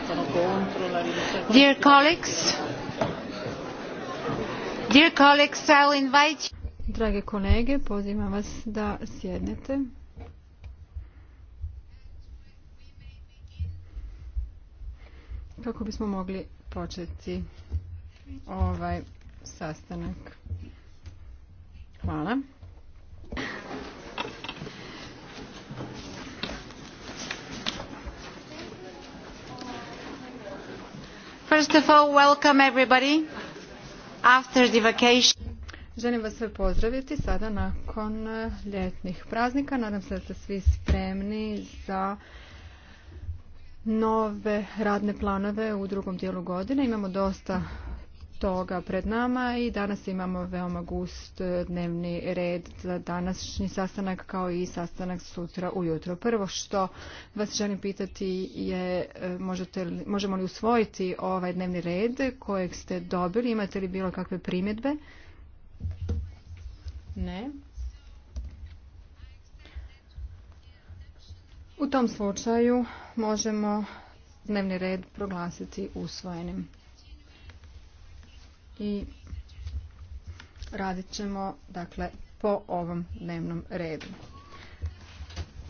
contro la Dear colleagues, dear colleagues, I'll invite you. Drage kolege, pozivam vas da sjednete. Kako bismo mogli početi ovaj sastanak? Hvala. First of all, welcome everybody after the vacation. Želim vas sve pozdraviti sada nakon e, ljetnih praznika. Nadam se da ste svi spremni za nove radne planove u drugom dijelu godine. Imamo dosta toga pred nama i danas imamo veoma gust dnevni red za današnji sastanak kao i sastanak sutra ujutro. Prvo što vas želim pitati je e, možemo li usvojiti ovaj dnevni red kojeg ste dobili, imate li bilo kakve primjedbe? Ne. U tom slučaju možemo dnevni red proglasiti usvojenim i radit ćemo dakle, po ovom dnevnom redu.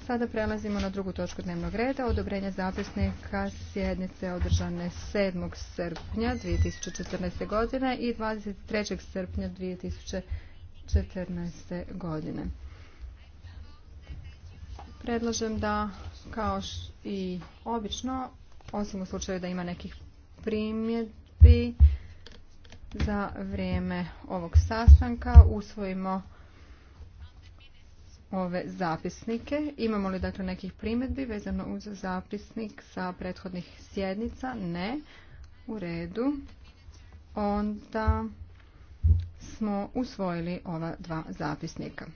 Sada prelazimo na drugu točku dnevnog reda, odobrenje zapisnika sjednice održane 7. srpnja 2014. godine i 23. srpnja 2014. godine. Predlažem da, kao i obično, osim u slučaju da ima nekih primjedbi, za vrijeme ovog sastanka usvojimo ove zapisnike. Imamo li dakle nekih primjedbi vezano uz zapisnik sa prethodnih sjednica? Ne. U redu. Onda smo usvojili ova dva zapisnika.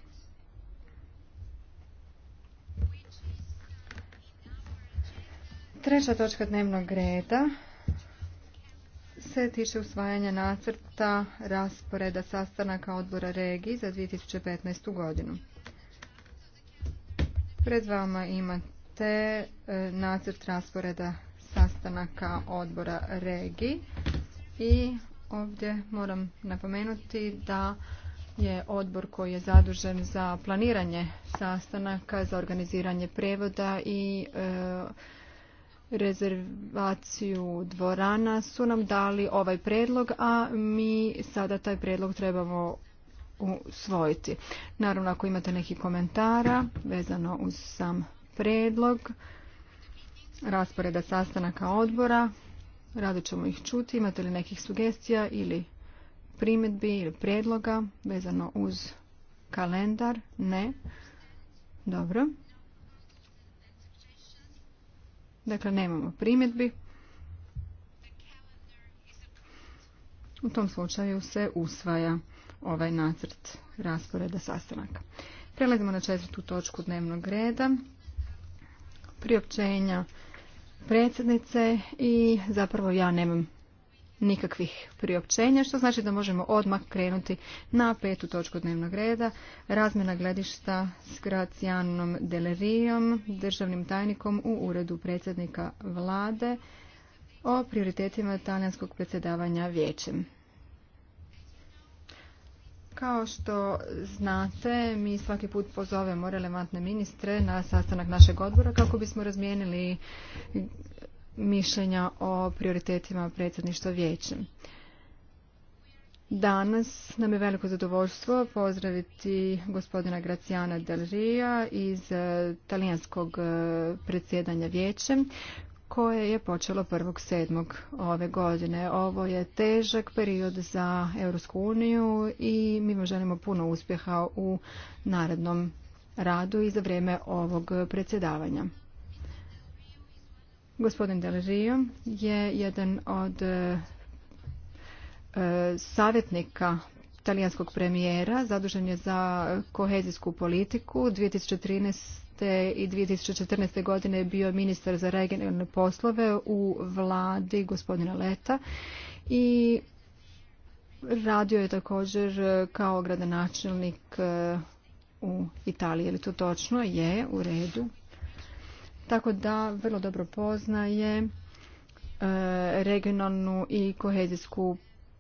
Treća točka dnevnog reda se tiče usvajanja nacrta rasporeda sastanaka odbora regiji za 2015. godinu. Pred vama imate e, nacrt rasporeda sastanaka odbora regiji i ovdje moram napomenuti da je odbor koji je zadužen za planiranje sastanaka, za organiziranje prevoda i e, rezervaciju dvorana su nam dali ovaj predlog, a mi sada taj predlog trebamo usvojiti. Naravno, ako imate neki komentara vezano uz sam predlog, rasporeda sastanaka odbora, rado ćemo ih čuti. Imate li nekih sugestija ili primjedbi ili predloga vezano uz kalendar? Ne. Dobro. Dakle, nemamo primjedbi. U tom slučaju se usvaja ovaj nacrt rasporeda sastanaka. Prelazimo na četvrtu točku dnevnog reda. Priopćenja predsjednice i zapravo ja nemam nikakvih priopćenja, što znači da možemo odmah krenuti na petu točku dnevnog reda, razmjena gledišta s Gracijanom Delerijom, državnim tajnikom u uredu predsjednika vlade o prioritetima talijanskog predsjedavanja vijećem. Kao što znate, mi svaki put pozovemo relevantne ministre na sastanak našeg odbora kako bismo razmijenili mišljenja o prioritetima predsjedništva vijećem. Danas nam je veliko zadovoljstvo pozdraviti gospodina Gracijana Del iz e, talijanskog e, predsjedanja vijećem koje je počelo 1.7. ove godine. Ovo je težak period za Europsku i mi vam želimo puno uspjeha u narednom radu i za vrijeme ovog predsjedavanja. Gospodin Deležio je jedan od e, e, savjetnika italijanskog premijera, zadužen je za kohezijsku politiku. 2013. i 2014. godine je bio ministar za regionalne poslove u vladi gospodina Leta i radio je također kao gradonačelnik e, u Italiji. Je li to točno? Je, u redu tako da vrlo dobro poznaje e, regionalnu i kohezijsku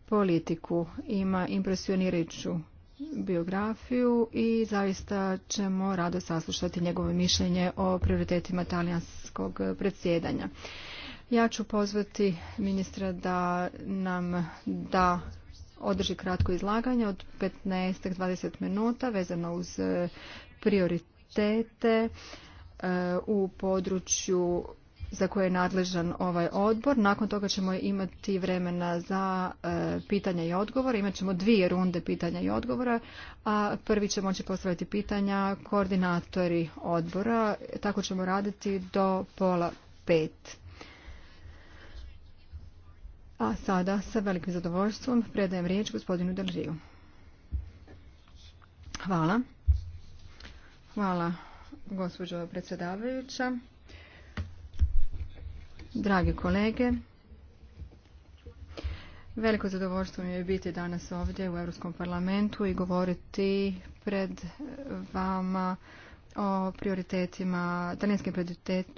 politiku. Ima impresionirajuću biografiju i zaista ćemo rado saslušati njegovo mišljenje o prioritetima talijanskog predsjedanja. Ja ću pozvati ministra da nam da održi kratko izlaganje od 15-20 minuta vezano uz e, prioritete E, u području za koje je nadležan ovaj odbor. Nakon toga ćemo imati vremena za e, pitanja i odgovore. Imat ćemo dvije runde pitanja i odgovora, a prvi će moći postaviti pitanja koordinatori odbora. Tako ćemo raditi do pola pet. A sada sa velikim zadovoljstvom predajem riječ gospodinu Delžiju. Hvala. Hvala gospođo predsjedavajuća. Dragi kolege, veliko zadovoljstvo mi je biti danas ovdje u Europskom parlamentu i govoriti pred vama o prioritetima, talijanskim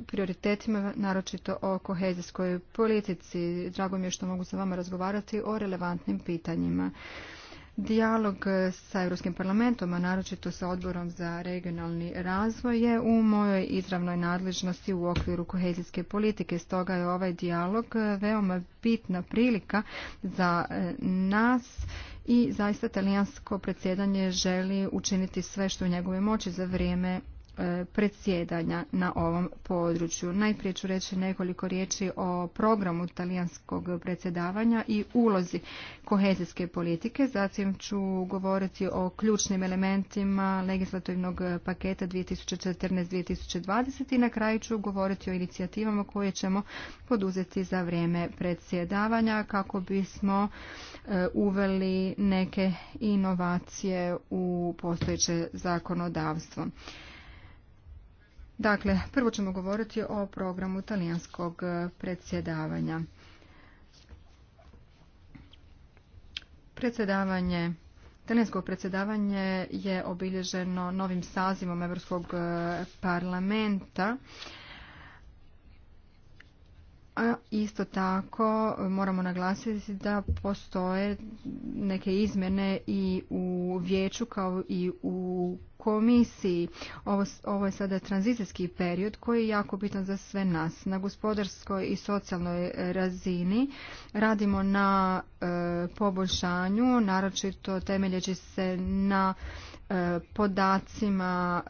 prioritetima, naročito o kohezijskoj politici. Drago mi je što mogu sa vama razgovarati o relevantnim pitanjima. Dijalog sa Europskim parlamentom, a naročito sa odborom za regionalni razvoj je u mojoj izravnoj nadležnosti u okviru kohezijske politike. Stoga je ovaj dijalog veoma bitna prilika za e, nas i zaista talijansko predsjedanje želi učiniti sve što u njegove moći za vrijeme E, predsjedanja na ovom području. Najprije ću reći nekoliko riječi o programu talijanskog predsjedavanja i ulozi kohezijske politike. Zatim ću govoriti o ključnim elementima legislativnog paketa 2014-2020 i na kraju ću govoriti o inicijativama koje ćemo poduzeti za vrijeme predsjedavanja kako bismo e, uveli neke inovacije u postojeće zakonodavstvo. Dakle, prvo ćemo govoriti o programu talijanskog e, predsjedavanja. Predsjedavanje Talijansko predsjedavanje je obilježeno novim sazivom Europskog e, parlamenta a isto tako moramo naglasiti da postoje neke izmjene i u vijeću kao i u komisiji. Ovo, ovo je sada tranzicijski period koji je jako bitan za sve nas. Na gospodarskoj i socijalnoj razini radimo na e, poboljšanju, naročito temeljeći se na podacima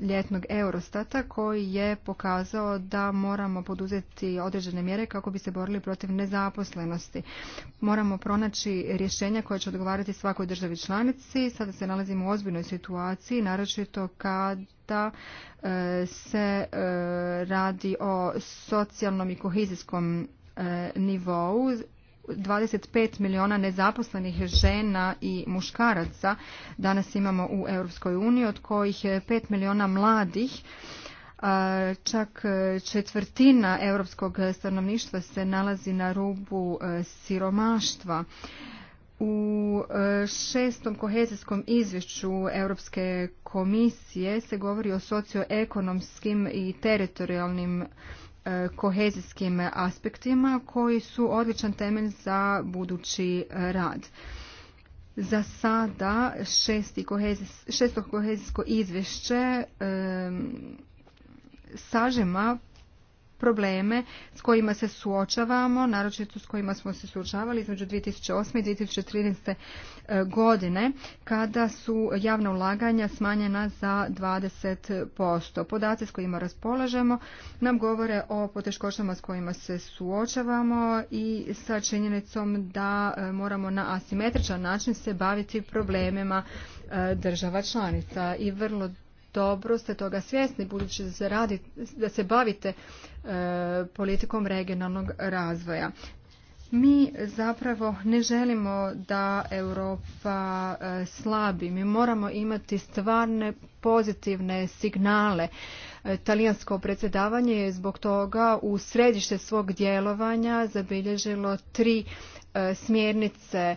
e, ljetnog Eurostata koji je pokazao da moramo poduzeti određene mjere kako bi se borili protiv nezaposlenosti. Moramo pronaći rješenja koja će odgovarati svakoj državi članici. Sada se nalazimo u ozbiljnoj situaciji, naročito kada e, se e, radi o socijalnom i kohizijskom nivou 25 milijuna nezaposlenih žena i muškaraca danas imamo u Europskoj uniji, od kojih 5 milijuna mladih čak e, četvrtina europskog stanovništva se nalazi na rubu e, siromaštva. U e, šestom kohezijskom izvješću Europske komisije se govori o socioekonomskim i teritorijalnim E, kohezijskim aspektima koji su odličan temelj za budući e, rad. Za sada šesti šesto kohezijsko izvješće e, sažema probleme s kojima se suočavamo, naročito s kojima smo se suočavali između 2008. i 2013. E, godine, kada su javna ulaganja smanjena za 20%. Podaci s kojima raspolažemo nam govore o poteškoćama s kojima se suočavamo i sa činjenicom da e, moramo na asimetričan način se baviti problemima e, država članica i vrlo dobro ste toga svjesni budući da se, da se bavite e, politikom regionalnog razvoja. Mi zapravo ne želimo da Europa e, slabi. Mi moramo imati stvarne pozitivne signale. E, talijansko predsjedavanje je zbog toga u središte svog djelovanja zabilježilo tri smjernice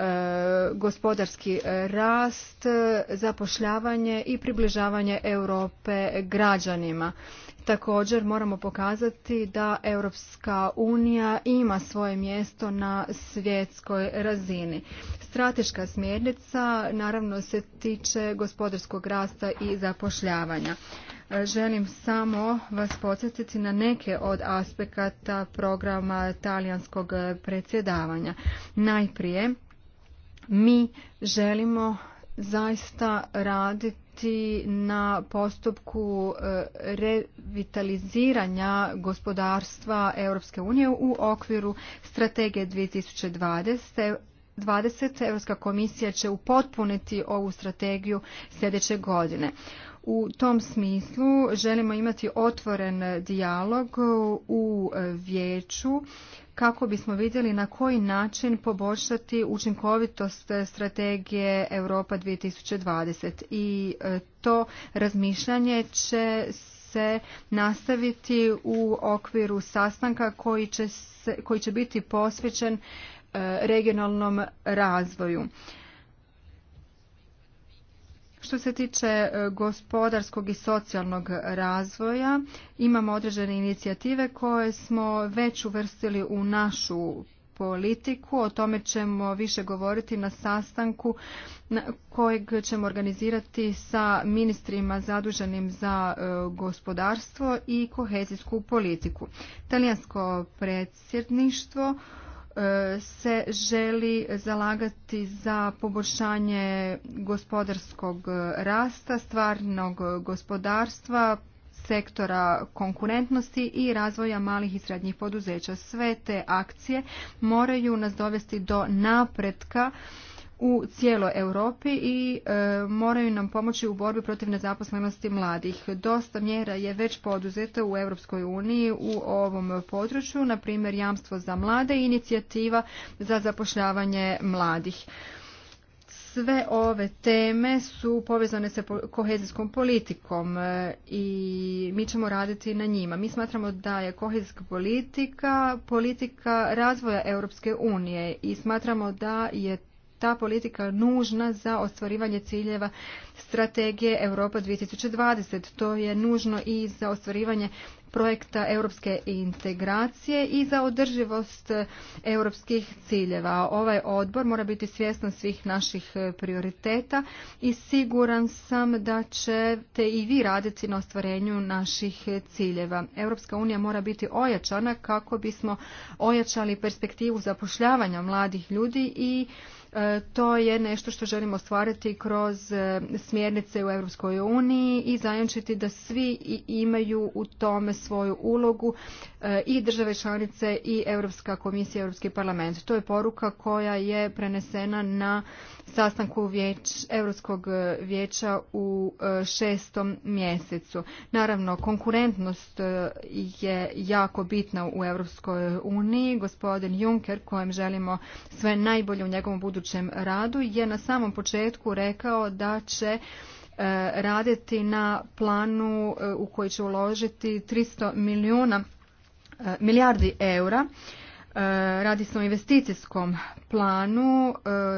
E, gospodarski rast, zapošljavanje i približavanje Europe građanima. Također moramo pokazati da Europska unija ima svoje mjesto na svjetskoj razini. Strateška smjernica naravno se tiče gospodarskog rasta i zapošljavanja. Želim samo vas podsjetiti na neke od aspekata programa talijanskog predsjedavanja. Najprije mi želimo zaista raditi na postupku e, revitaliziranja gospodarstva Europske unije u okviru strategije 2020. 20. Europska komisija će upotpuniti ovu strategiju sljedeće godine. U tom smislu želimo imati otvoren dijalog u e, vijeću kako bismo vidjeli na koji način poboljšati učinkovitost strategije Europa 2020 i e, to razmišljanje će se nastaviti u okviru sastanka koji će, se, koji će biti posvećen e, regionalnom razvoju. Što se tiče e, gospodarskog i socijalnog razvoja, imamo određene inicijative koje smo već uvrstili u našu politiku. O tome ćemo više govoriti na sastanku kojeg ćemo organizirati sa ministrima zaduženim za e, gospodarstvo i kohezijsku politiku. Talijansko predsjedništvo E, se želi zalagati za poboljšanje gospodarskog rasta, stvarnog gospodarstva, sektora konkurentnosti i razvoja malih i srednjih poduzeća. Sve te akcije moraju nas dovesti do napretka u cijeloj Europi i e, moraju nam pomoći u borbi protiv nezaposlenosti mladih. Dosta mjera je već poduzeta u Europskoj uniji u ovom području, na primjer jamstvo za mlade i inicijativa za zapošljavanje mladih. Sve ove teme su povezane sa kohezijskom politikom e, i mi ćemo raditi na njima. Mi smatramo da je kohezijska politika politika razvoja Europske unije i smatramo da je ta politika nužna za ostvarivanje ciljeva strategije Europa 2020. To je nužno i za ostvarivanje projekta europske integracije i za održivost europskih ciljeva. Ovaj odbor mora biti svjestan svih naših prioriteta i siguran sam da ćete i vi raditi na ostvarenju naših ciljeva. Europska unija mora biti ojačana kako bismo ojačali perspektivu zapošljavanja mladih ljudi i E, to je nešto što želimo ostvariti kroz e, smjernice u Europskoj uniji i zajamčiti da svi imaju u tome svoju ulogu e, i države članice i Europska komisija, i Europski parlament. To je poruka koja je prenesena na sastanku Europskog vijeća u šestom mjesecu. Naravno, konkurentnost je jako bitna u Europskoj uniji. Gospodin Juncker, kojem želimo sve najbolje u njegovom budućnosti, budućem radu je na samom početku rekao da će e, raditi na planu e, u koji će uložiti 300 milijuna e, milijardi eura. Radi se o investicijskom planu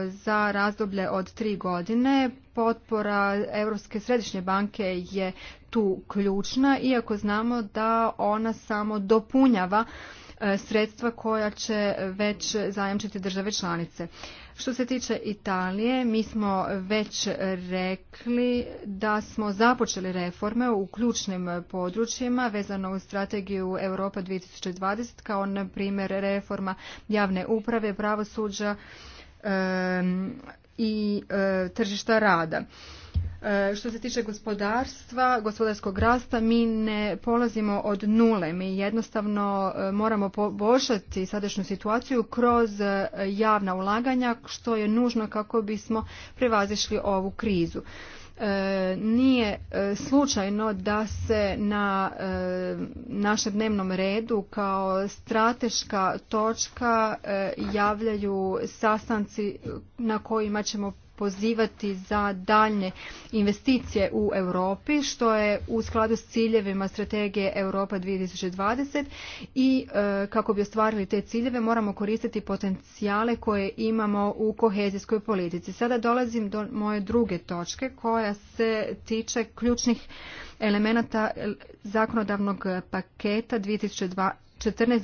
za razdoblje od tri godine. Potpora Europske središnje banke je tu ključna, iako znamo da ona samo dopunjava E, sredstva koja će već zajamčiti države članice. Što se tiče Italije, mi smo već rekli da smo započeli reforme u ključnim područjima vezano u strategiju Europa 2020 kao na primjer reforma javne uprave, pravosuđa e, i e, tržišta rada. E, što se tiče gospodarstva, gospodarskog rasta, mi ne polazimo od nule. Mi jednostavno e, moramo poboljšati sadašnju situaciju kroz e, javna ulaganja, što je nužno kako bismo prevazišli ovu krizu. Nije slučajno da se na našem dnevnom redu kao strateška točka javljaju sastanci na kojima ćemo pozivati za daljne investicije u Europi što je u skladu s ciljevima strategije Europa 2020 i e, kako bi ostvarili te ciljeve moramo koristiti potencijale koje imamo u kohezijskoj politici. Sada dolazim do moje druge točke koja se tiče ključnih elemenata zakonodavnog paketa 2020 14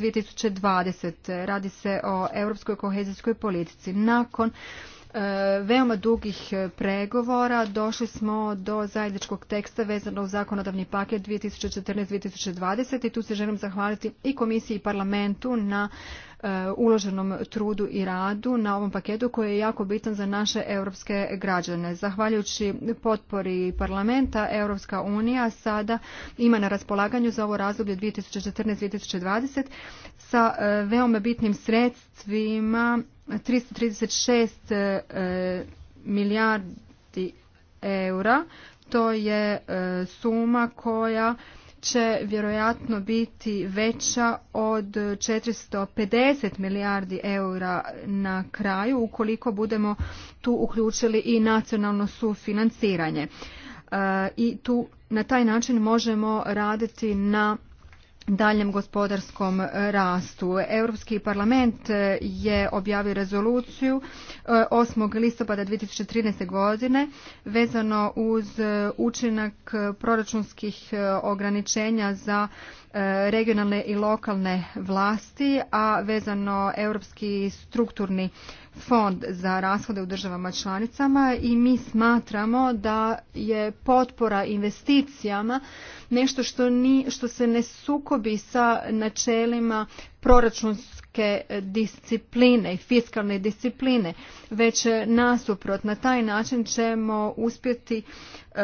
2020 radi se o europskoj kohezijskoj politici nakon E, veoma dugih e, pregovora došli smo do zajedničkog teksta vezano u zakonodavni paket 2014-2020 i tu se želim zahvaliti i komisiji i parlamentu na E, uloženom trudu i radu na ovom paketu koji je jako bitan za naše europske građane. Zahvaljujući potpori parlamenta, Europska unija sada ima na raspolaganju za ovo razdoblje 2014-2020 sa e, veoma bitnim sredstvima 336 e, milijardi eura. To je suma koja će vjerojatno biti veća od 450 milijardi eura na kraju ukoliko budemo tu uključili i nacionalno sufinanciranje. E, I tu na taj način možemo raditi na daljem gospodarskom rastu. Europski parlament e, je objavio rezoluciju 8. E, listopada 2013. godine vezano uz e, učinak proračunskih ograničenja za regionalne i lokalne vlasti, a vezano europski strukturni fond za rashode u državama članicama i mi smatramo da je potpora investicijama nešto što, ni, što se ne sukobi sa načelima proračunske discipline i fiskalne discipline, već nasuprot. Na taj način ćemo uspjeti E,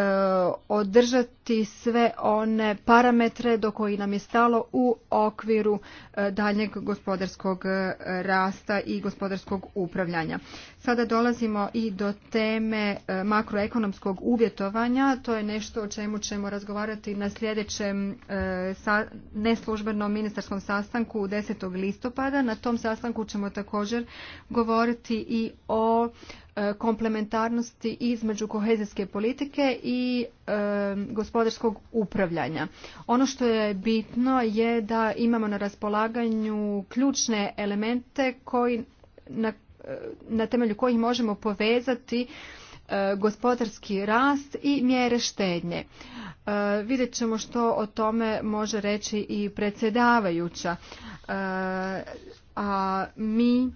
održati sve one parametre do koji nam je stalo u okviru e, daljnjeg gospodarskog e, rasta i gospodarskog upravljanja. Sada dolazimo i do teme makroekonomskog uvjetovanja. To je nešto o čemu ćemo razgovarati na sljedećem neslužbenom ministarskom sastanku 10. listopada. Na tom sastanku ćemo također govoriti i o E, komplementarnosti između kohezijske politike i e, gospodarskog upravljanja. Ono što je bitno je da imamo na raspolaganju ključne elemente koji na, e, temelju kojih možemo povezati gospodarski rast i mjere štednje. E, vidjet ćemo što o tome može reći i predsjedavajuća. A mi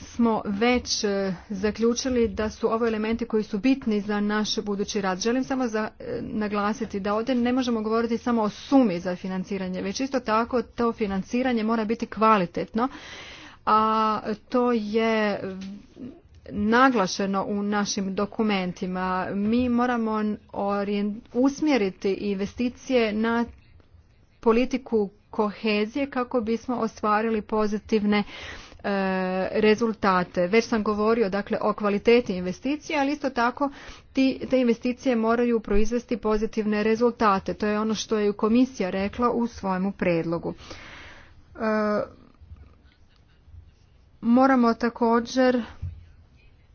smo već e, zaključili da su ovo elementi koji su bitni za naš budući rad. Želim samo e, naglasiti da ovdje ne možemo govoriti samo o sumi za financiranje, već isto tako to financiranje mora biti kvalitetno, a to je naglašeno u našim dokumentima. Mi moramo usmjeriti investicije na politiku kohezije kako bismo ostvarili pozitivne E, rezultate. Već sam govorio dakle o kvaliteti investicija, ali isto tako ti, te investicije moraju proizvesti pozitivne rezultate. To je ono što je komisija rekla u svojemu predlogu. E, moramo također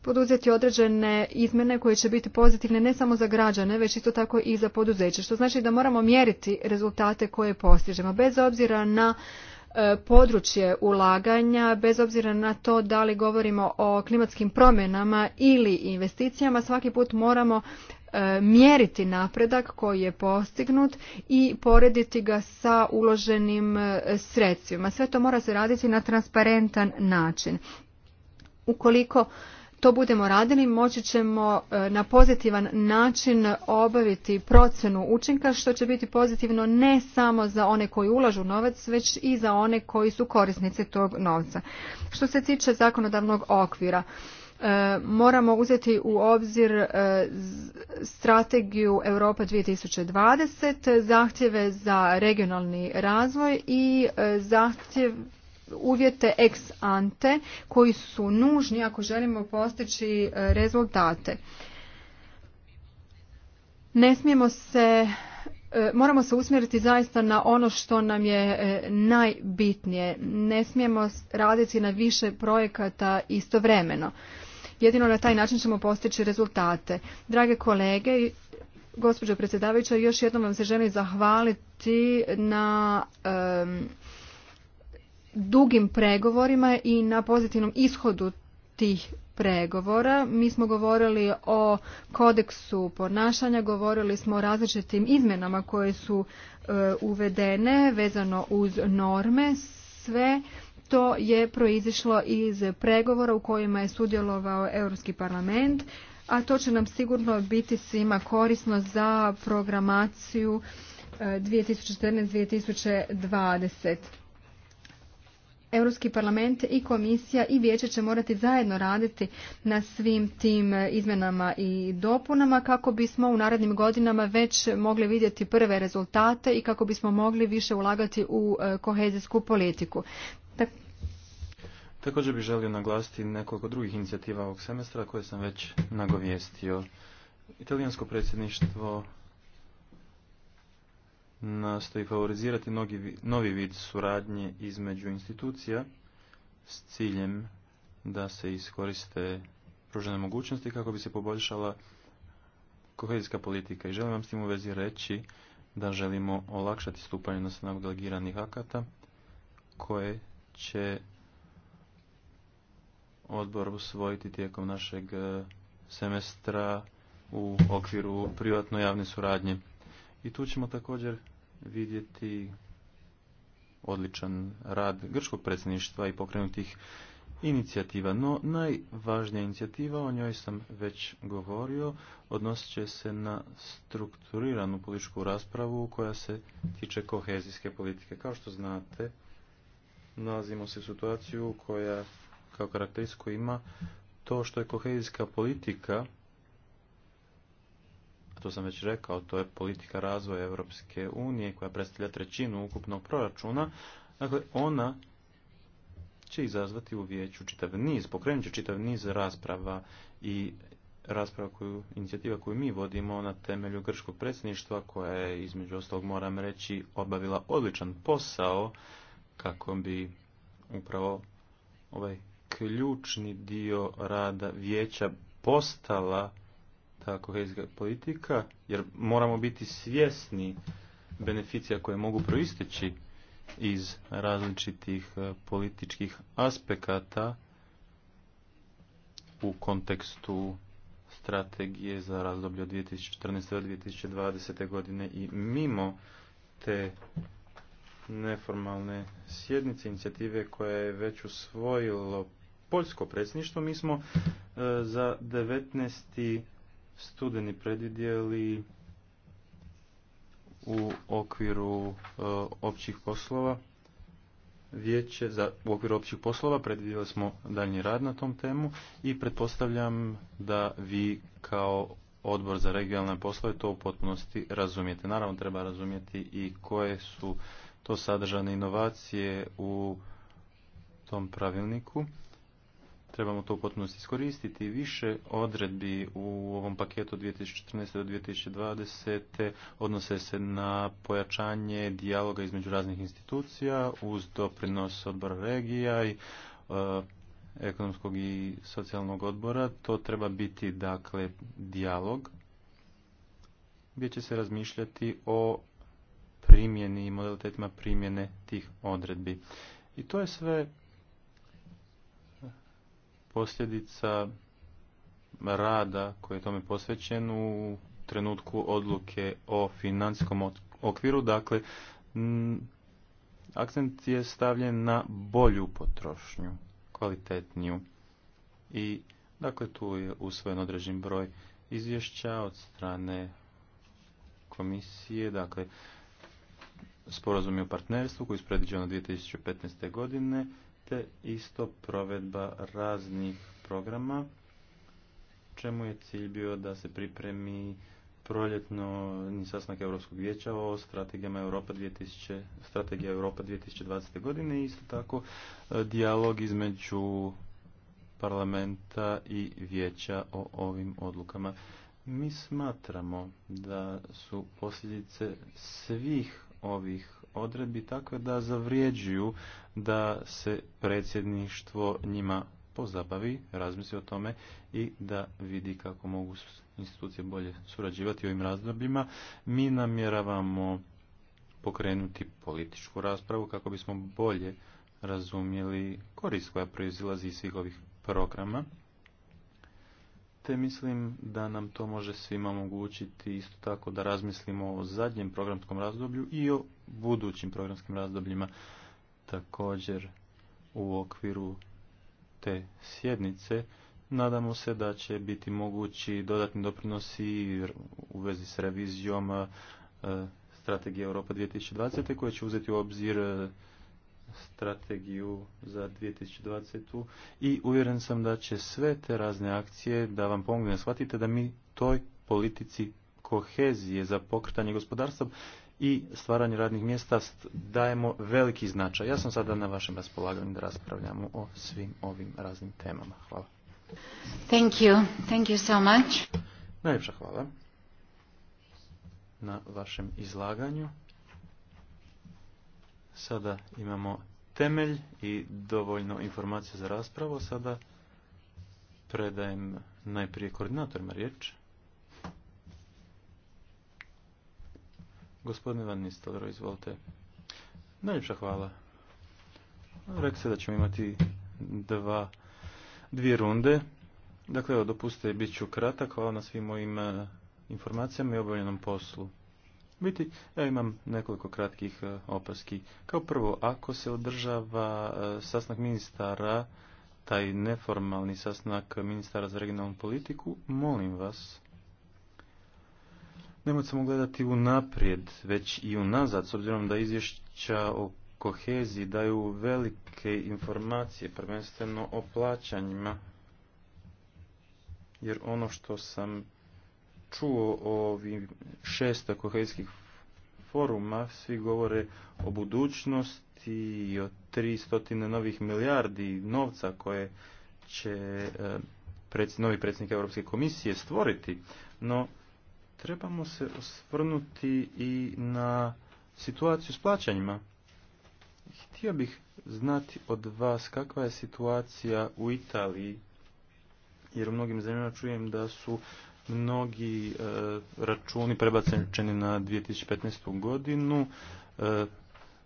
poduzeti određene izmjene koje će biti pozitivne ne samo za građane, već isto tako i za poduzeće. Što znači da moramo mjeriti rezultate koje postižemo, bez obzira na E, područje ulaganja bez obzira na to da li govorimo o klimatskim promjenama ili investicijama svaki put moramo e, mjeriti napredak koji je postignut i porediti ga sa uloženim e, sredstvima sve to mora se raditi na transparentan način ukoliko to budemo radili, moći ćemo e, na pozitivan način obaviti procjenu učinka, što će biti pozitivno ne samo za one koji ulažu novac, već i za one koji su korisnici tog novca. Što se tiče zakonodavnog okvira, e, moramo uzeti u obzir e, strategiju Europa 2020, zahtjeve za regionalni razvoj i zahtjeve uvjete ex ante koji su nužni ako želimo postići e, rezultate. Ne smijemo se e, moramo se usmjeriti zaista na ono što nam je e, najbitnije. Ne smijemo raditi na više projekata istovremeno. Jedino na taj način ćemo postići rezultate. Drage kolege, gospođo predsjedavajuća, još jednom vam se želim zahvaliti na dugim pregovorima i na pozitivnom ishodu tih pregovora. Mi smo govorili o kodeksu ponašanja, govorili smo o različitim izmenama koje su e, uvedene vezano uz norme. Sve to je proizišlo iz pregovora u kojima je sudjelovao Europski parlament, a to će nam sigurno biti svima korisno za programaciju 2014-2020. E, Europski parlament i komisija i vijeće će morati zajedno raditi na svim tim izmenama i dopunama kako bismo u narednim godinama već mogli vidjeti prve rezultate i kako bismo mogli više ulagati u e, kohezijsku politiku. Također bih želio naglasiti nekoliko drugih inicijativa ovog semestra koje sam već nagovijestio. Italijansko predsjedništvo nastoji favorizirati novi vid suradnje između institucija s ciljem da se iskoriste pružene mogućnosti kako bi se poboljšala kohezijska politika. I želim vam s tim u vezi reći da želimo olakšati stupanje na snagu delegiranih akata koje će odbor usvojiti tijekom našeg e, semestra u okviru privatno-javne suradnje. I tu ćemo također vidjeti odličan rad grčkog predsjedništva i pokrenutih inicijativa. No, najvažnija inicijativa, o njoj sam već govorio, odnosit će se na strukturiranu političku raspravu koja se tiče kohezijske politike. Kao što znate, nalazimo se u situaciju koja kao karakteristiku ima to što je kohezijska politika to sam već rekao, to je politika razvoja Europske unije koja predstavlja trećinu ukupnog proračuna. Dakle, ona će izazvati u vijeću čitav niz, pokrenut će čitav niz rasprava i rasprava koju, inicijativa koju mi vodimo na temelju grškog predsjedništva koja je između ostalog moram reći obavila odličan posao kako bi upravo ovaj ključni dio rada vijeća postala ta politika, jer moramo biti svjesni beneficija koje mogu proisteći iz različitih e, političkih aspekata u kontekstu strategije za razdoblje od 2014. do 2020. godine i mimo te neformalne sjednice inicijative koja je već usvojilo poljsko predsjedništvo, mi smo e, za 19 studeni predvidjeli u okviru e, općih poslova vijeće za u okviru općih poslova predvidjeli smo daljnji rad na tom temu i pretpostavljam da vi kao odbor za regionalne poslove to u potpunosti razumijete. Naravno treba razumjeti i koje su to sadržane inovacije u tom pravilniku trebamo to u potpunosti iskoristiti. Više odredbi u ovom paketu 2014. do 2020. odnose se na pojačanje dijaloga između raznih institucija uz doprinos odbora regija i e, ekonomskog i socijalnog odbora. To treba biti dakle dijalog gdje će se razmišljati o primjeni i modalitetima primjene tih odredbi. I to je sve posljedica rada koji je tome posvećen u trenutku odluke o financijskom okviru. Dakle, akcent je stavljen na bolju potrošnju, kvalitetniju. I dakle, tu je usvojen određen broj izvješća od strane komisije, dakle, sporazum je o partnerstvu koji je predviđen 2015. godine te isto provedba raznih programa, čemu je cilj bio da se pripremi proljetno sastanak Europskog vijeća o strategijama Europa 2000, strategija Europa 2020. godine i isto tako e, dijalog između parlamenta i vijeća o ovim odlukama. Mi smatramo da su posljedice svih ovih odredbi takve da zavrijeđuju da se predsjedništvo njima pozabavi, razmisli o tome i da vidi kako mogu institucije bolje surađivati u ovim razdobljima. Mi namjeravamo pokrenuti političku raspravu kako bismo bolje razumjeli korist koja proizilazi iz svih ovih programa te mislim da nam to može svima omogućiti isto tako da razmislimo o zadnjem programskom razdoblju i o budućim programskim razdobljima također u okviru te sjednice. Nadamo se da će biti mogući dodatni doprinosi u vezi s revizijom e, strategije Europa 2020. koje će uzeti u obzir e, strategiju za 2020. I uvjeren sam da će sve te razne akcije da vam pomogne. Shvatite da mi toj politici kohezije za pokretanje gospodarstva i stvaranje radnih mjesta dajemo veliki značaj. Ja sam sada na vašem raspolaganju da raspravljamo o svim ovim raznim temama. Hvala. Thank you. Thank you so much. Najljepša hvala na vašem izlaganju. Sada imamo temelj i dovoljno informacija za raspravo. Sada predajem najprije koordinatorima riječ. Gospodine Van Nistelro, izvolite. Najljepša hvala. Rekli se da ćemo imati dva, dvije runde. Dakle, evo, dopustite, bit ću kratak. Hvala na svim mojim eh, informacijama i obavljenom poslu biti, ja imam nekoliko kratkih e, opaski. Kao prvo, ako se održava e, sastanak ministara, taj neformalni sastanak ministara za regionalnu politiku, molim vas, nemojte samo gledati unaprijed, već i unazad, s obzirom da izvješća o koheziji daju velike informacije, prvenstveno o plaćanjima, jer ono što sam čuo o ovim šesta kohezijskih foruma, svi govore o budućnosti i o 300 novih milijardi novca koje će e, novi predsjednik Europske komisije stvoriti, no trebamo se osvrnuti i na situaciju s plaćanjima. Htio bih znati od vas kakva je situacija u Italiji, jer u mnogim zemljama čujem da su mnogi e, računi prebačeni na 2015. godinu, e,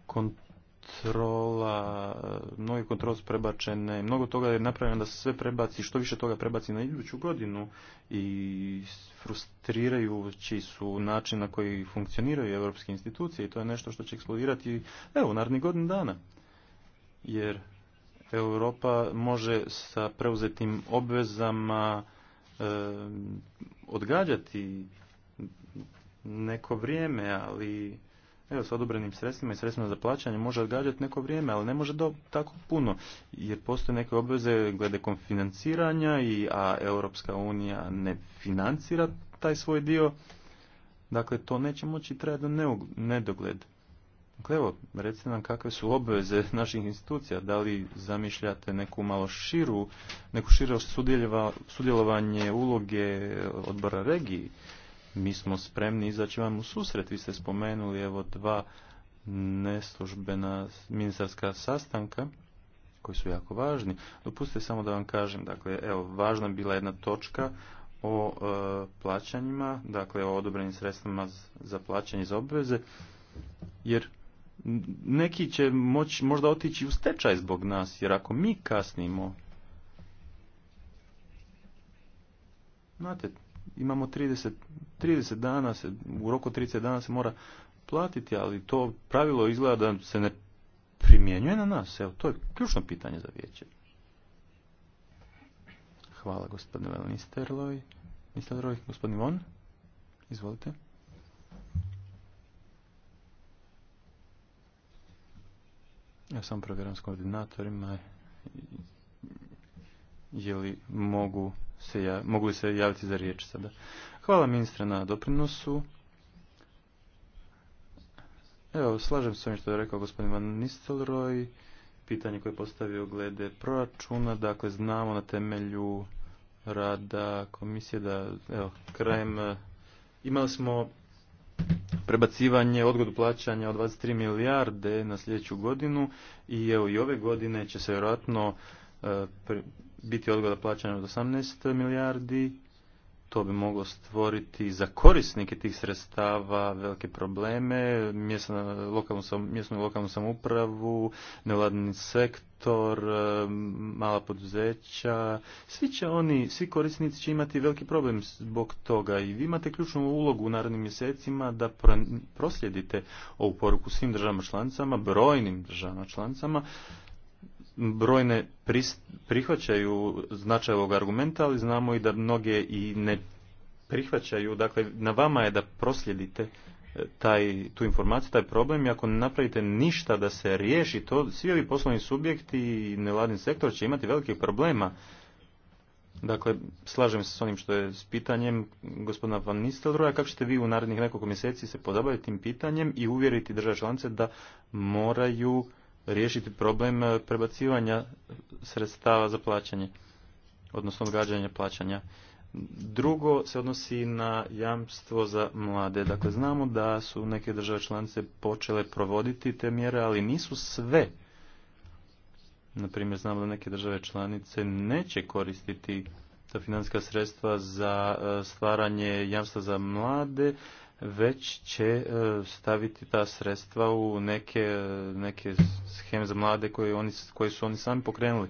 kontrola, e, mnogi kontrol su prebačene, mnogo toga je napravljeno da se sve prebaci, što više toga prebaci na iduću godinu i frustrirajući su način na koji funkcioniraju europske institucije i to je nešto što će eksplodirati evo, u narednih godinu dana. Jer Europa može sa preuzetim obvezama odgađati neko vrijeme, ali evo s odobrenim sredstvima i sredstvima za plaćanje može odgađati neko vrijeme, ali ne može tako puno, jer postoje neke obveze glede konfinanciranja, i, a Europska unija ne financira taj svoj dio, dakle to neće moći trajati do nedogled. Dakle, evo, recite nam kakve su obveze naših institucija, da li zamišljate neku malo širu, neku širo sudjelovanje uloge odbora regiji. Mi smo spremni izaći vam u susret, vi ste spomenuli evo dva neslužbena ministarska sastanka koji su jako važni. Dopustite samo da vam kažem, dakle, evo, važna je bila jedna točka o e, plaćanjima, dakle o odobrenim sredstvima za plaćanje za obveze, jer neki će moći možda otići u stečaj zbog nas, jer ako mi kasnimo, znate, imamo 30, 30 dana, se, u roku 30 dana se mora platiti, ali to pravilo izgleda da se ne primjenjuje na nas. Evo, to je ključno pitanje za vijeće. Hvala gospodine Velnisterloj. gospodin Von, izvolite. Ja sam provjeram s koordinatorima je li mogu, se ja, mogu li se javiti za riječ sada. Hvala ministre na doprinosu. Evo, slažem se s što je rekao gospodin Van Nistelroj. Pitanje koje je postavio glede proračuna, dakle znamo na temelju rada komisije da, evo, krajem, eh, imali smo prebacivanje odgodu plaćanja od 23 milijarde na sljedeću godinu i evo i ove godine će se vjerojatno e, biti odgoda plaćanja od 18 milijardi to bi moglo stvoriti za korisnike tih sredstava velike probleme, mjesna, lokalnu, mjesnu lokalnu samoupravu, nevladni sektor, e, mala poduzeća, svi će oni, svi korisnici će imati veliki problem zbog toga i vi imate ključnu ulogu u narednim mjesecima da proslijedite ovu poruku svim državama članicama, brojnim državama članicama, brojne prihvaćaju značaj ovog argumenta, ali znamo i da mnoge i ne prihvaćaju. Dakle, na vama je da proslijedite e, taj, tu informaciju, taj problem i ako ne napravite ništa da se riješi to, svi ovi poslovni subjekti i nevladin sektor će imati velikih problema. Dakle, slažem se s onim što je s pitanjem gospodina Van Nistelroja, kako ćete vi u narednih nekoliko mjeseci se pozabaviti tim pitanjem i uvjeriti države članice da moraju riješiti problem e, prebacivanja sredstava za plaćanje, odnosno odgađanje plaćanja. Drugo se odnosi na jamstvo za mlade. Dakle, znamo da su neke države članice počele provoditi te mjere, ali nisu sve. Naprimjer, znamo da neke države članice neće koristiti ta financijska sredstva za e, stvaranje jamstva za mlade, već će e, staviti ta sredstva u neke, e, neke scheme za mlade koje, oni, su oni sami pokrenuli.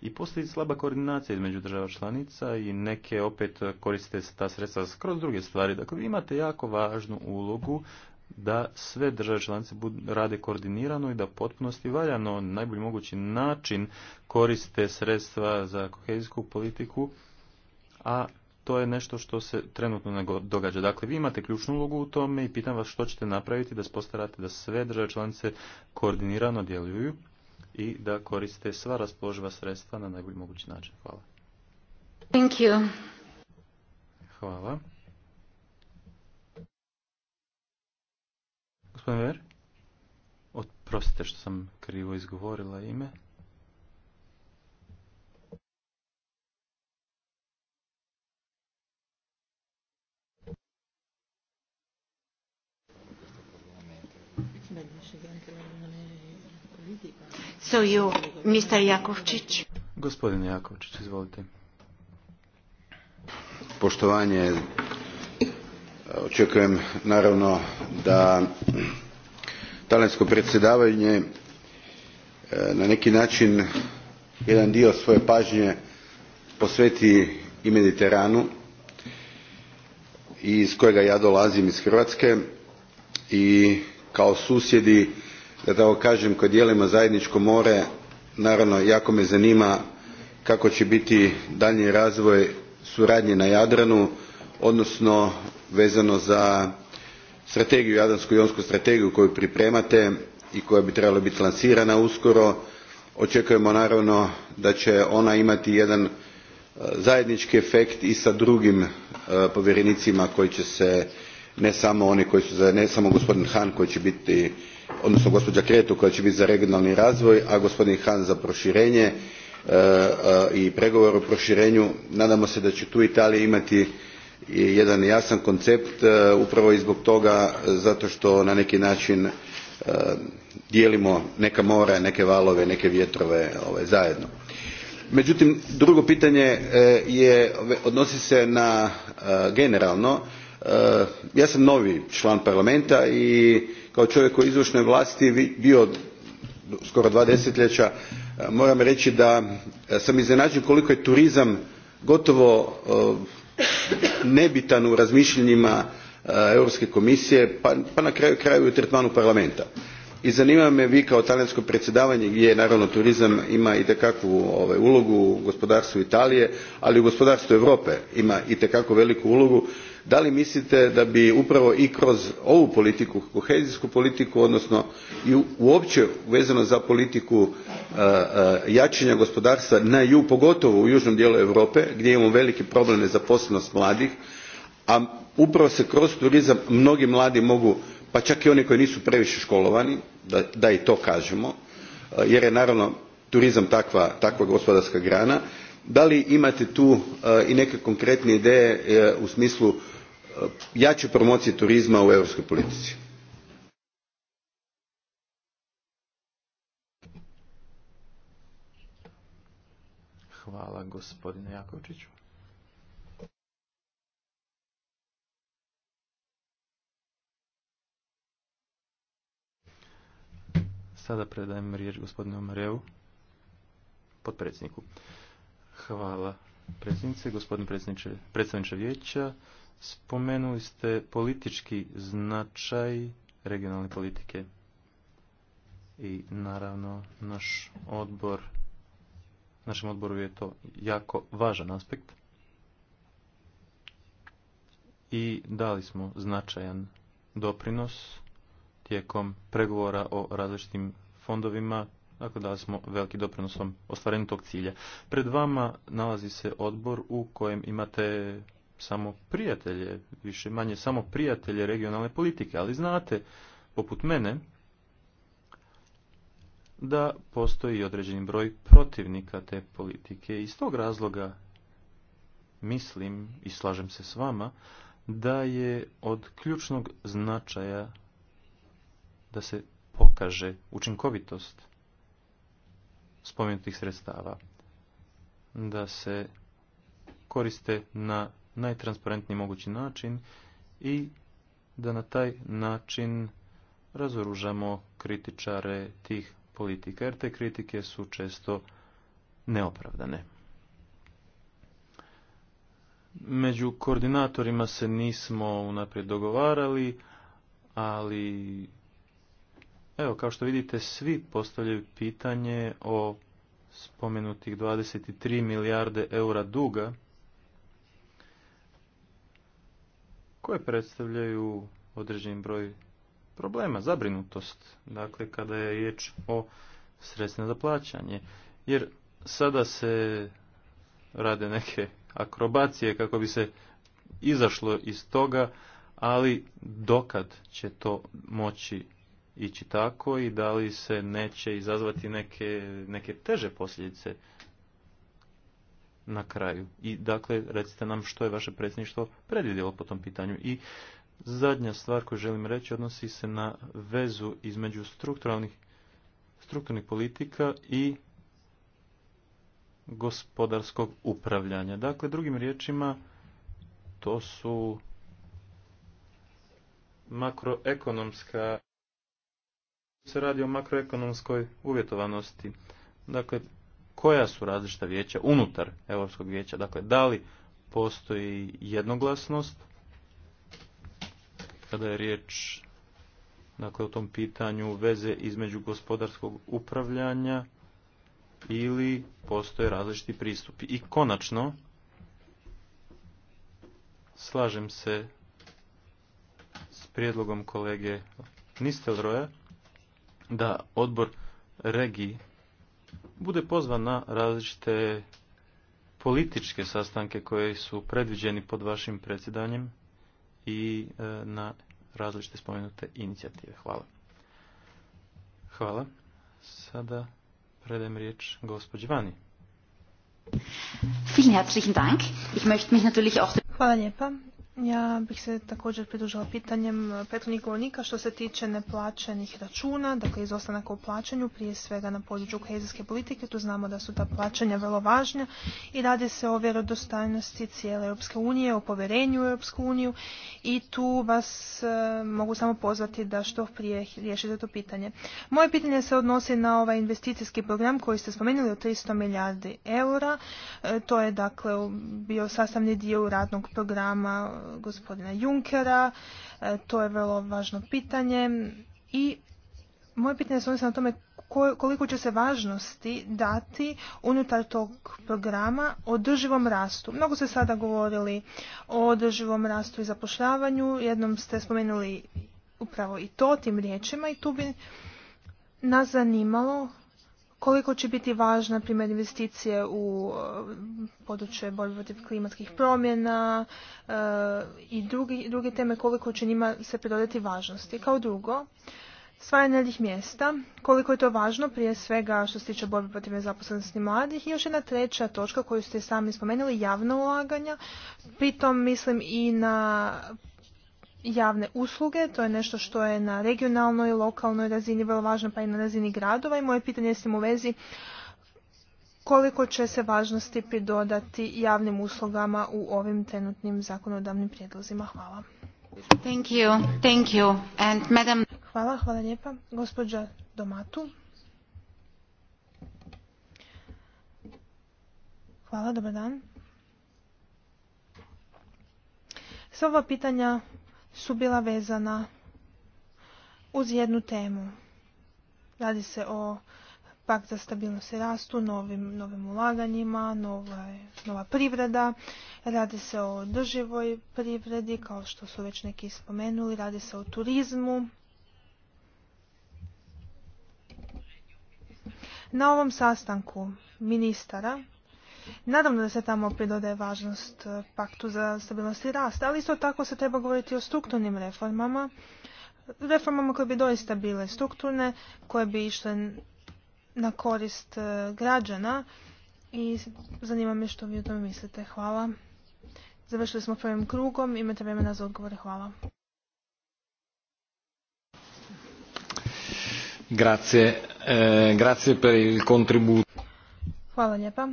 I postoji slaba koordinacija između država članica i neke opet koriste ta sredstva skroz druge stvari. Dakle, vi imate jako važnu ulogu da sve države članice rade koordinirano i da potpunosti valjano na najbolji mogući način koriste sredstva za kohezijsku politiku, a to je nešto što se trenutno ne događa. Dakle, vi imate ključnu ulogu u tome i pitam vas što ćete napraviti da spostarate da sve države članice koordinirano djeluju i da koriste sva raspoloživa sredstva na najbolji mogući način. Hvala. Thank you. Hvala. Gospodin Ver, oprostite što sam krivo izgovorila ime. So you, Mr. Jakovčić. Jakovčić, izvolite. Poštovanje, e, očekujem naravno da talijansko predsjedavanje e, na neki način jedan dio svoje pažnje posveti i mediteranu iz kojega ja dolazim iz hrvatske i kao susjedi da tako kažem kad dijelimo zajedničko more naravno jako me zanima kako će biti daljnji razvoj suradnje na jadranu odnosno vezano za strategiju jadransko jonsku strategiju koju pripremate i koja bi trebala biti lansirana uskoro očekujemo naravno da će ona imati jedan e, zajednički efekt i sa drugim e, povjerenicima koji će se ne samo oni koji su ne samo gospodin Han koji će biti odnosno gospođa creu koja će biti za regionalni razvoj a gospodin Han za proširenje e, e, i pregovore o proširenju nadamo se da će tu italija imati jedan jasan koncept e, upravo i zbog toga zato što na neki način dijelimo neka mora neke valove neke vjetrove ovaj, zajedno. međutim drugo pitanje je, odnosi se na generalno ja sam novi član parlamenta i kao čovjek u izvršnoj vlasti bio skoro dva desetljeća e, moram reći da e, sam iznenađen koliko je turizam gotovo e, nebitan u razmišljanjima europske komisije pa, pa na kraju krajeva i u tretmanu parlamenta i zanima me vi kao talijansko predsjedavanje gdje naravno turizam ima itekakvu ovaj, ulogu u gospodarstvu italije ali i u gospodarstvu europe ima itekako veliku ulogu da li mislite da bi upravo i kroz ovu politiku kohezijsku politiku odnosno i uopće vezano za politiku e, e, jačanja gospodarstva na ju, pogotovo u južnom dijelu europe gdje imamo veliki problem nezaposlenosti mladih a upravo se kroz turizam mnogi mladi mogu pa čak i oni koji nisu previše školovani da i to kažemo e, jer je naravno turizam takva gospodarska grana da li imate tu i neke konkretne ideje u smislu Eh, ...jaču promociju turizma u europskoj politici? Hvala gospodine Jakovčiću. Sada predajem riječ gospodinu Mareu, potpredsjedniku. Hvala predsjednice, gospodine predsjedniče vijeća. Spomenuli ste politički značaj regionalne politike i naravno naš odbor, našem odboru je to jako važan aspekt i dali smo značajan doprinos tijekom pregovora o različitim fondovima, dakle dali smo veliki doprinosom ostvarenju tog cilja. Pred vama nalazi se odbor u kojem imate samo prijatelje, više manje samo prijatelje regionalne politike, ali znate, poput mene, da postoji određeni broj protivnika te politike. Iz tog razloga mislim i slažem se s vama da je od ključnog značaja da se pokaže učinkovitost spomenutih sredstava, da se koriste na najtransparentniji mogući način i da na taj način razoružamo kritičare tih politika, jer te kritike su često neopravdane. Među koordinatorima se nismo unaprijed dogovarali, ali evo kao što vidite svi postavljaju pitanje o spomenutih 23 milijarde eura duga koje predstavljaju određen broj problema, zabrinutost. Dakle, kada je riječ o sredstvima za plaćanje. Jer sada se rade neke akrobacije kako bi se izašlo iz toga, ali dokad će to moći ići tako i da li se neće izazvati neke, neke teže posljedice na kraju. I dakle, recite nam što je vaše predsjedništvo predvidjelo po tom pitanju. I zadnja stvar koju želim reći odnosi se na vezu između strukturalnih strukturnih politika i gospodarskog upravljanja. Dakle, drugim riječima, to su makroekonomska se radi o makroekonomskoj uvjetovanosti. Dakle, koja su različita vijeća unutar Europskog vijeća. Dakle, da li postoji jednoglasnost kada je riječ dakle, o tom pitanju veze između gospodarskog upravljanja ili postoje različiti pristupi. I konačno, slažem se s prijedlogom kolege Nistelroja da odbor regi bude pozvan na različite političke sastanke koje su predviđeni pod vašim predsjedanjem i e, na različite spomenute inicijative. Hvala. Hvala. Sada predajem riječ gospođi Vani. Hvala lijepa. Ja bih se također pridružila pitanjem eh, prethodnih govornika što se tiče neplaćenih računa, dakle izostanaka u plaćanju, prije svega na području kohezijske politike, tu znamo da su ta plaćanja vrlo važna i radi se o vjerodostojnosti cijele Europske unije, o povjerenju u Europsku uniju i tu vas eh, mogu samo pozvati da što prije riješite to pitanje. Moje pitanje se odnosi na ovaj investicijski program koji ste spomenuli od 300 milijardi eura, eh, to je dakle bio sastavni dio radnog programa gospodina Junkera. E, to je vrlo važno pitanje i moje pitanje se odnosi na tome koliko će se važnosti dati unutar tog programa o održivom rastu. Mnogo ste sada govorili o održivom rastu i zapošljavanju. Jednom ste spomenuli upravo i to tim riječima i tu bi nas zanimalo koliko će biti važna primjer investicije u eh, područje borbe protiv klimatskih promjena eh, i drugi, druge teme koliko će njima se pridodati važnosti. Kao drugo, stvaranje radnih mjesta, koliko je to važno prije svega što se tiče borbe protiv nezaposlenosti mladih i još jedna treća točka koju ste sami spomenuli, javna ulaganja, pritom mislim i na javne usluge, to je nešto što je na regionalnoj i lokalnoj razini vrlo važno pa i na razini gradova i moje pitanje je s tim u vezi koliko će se važnosti pridodati javnim uslugama u ovim trenutnim zakonodavnim prijedlozima. Hvala. Thank you. Thank you. And madam... Hvala, hvala lijepa. Gospođa Domatu. Hvala, dobar dan. Sva ova pitanja su bila vezana uz jednu temu. Radi se o pakt za stabilnost i rastu, novim, novim ulaganjima, nova, nova privreda. Radi se o drživoj privredi, kao što su već neki spomenuli. Radi se o turizmu. Na ovom sastanku ministara Naravno da se tamo pridode važnost e, paktu za stabilnost i rast, ali isto tako se treba govoriti o strukturnim reformama, reformama koje bi doista bile strukturne, koje bi išle na korist e, građana i zanima me što vi o tome mislite. Hvala. Završili smo prvim krugom, imate vremena za odgovore. Hvala. Grazie, e, grazie per il contributo. Hvala lijepa.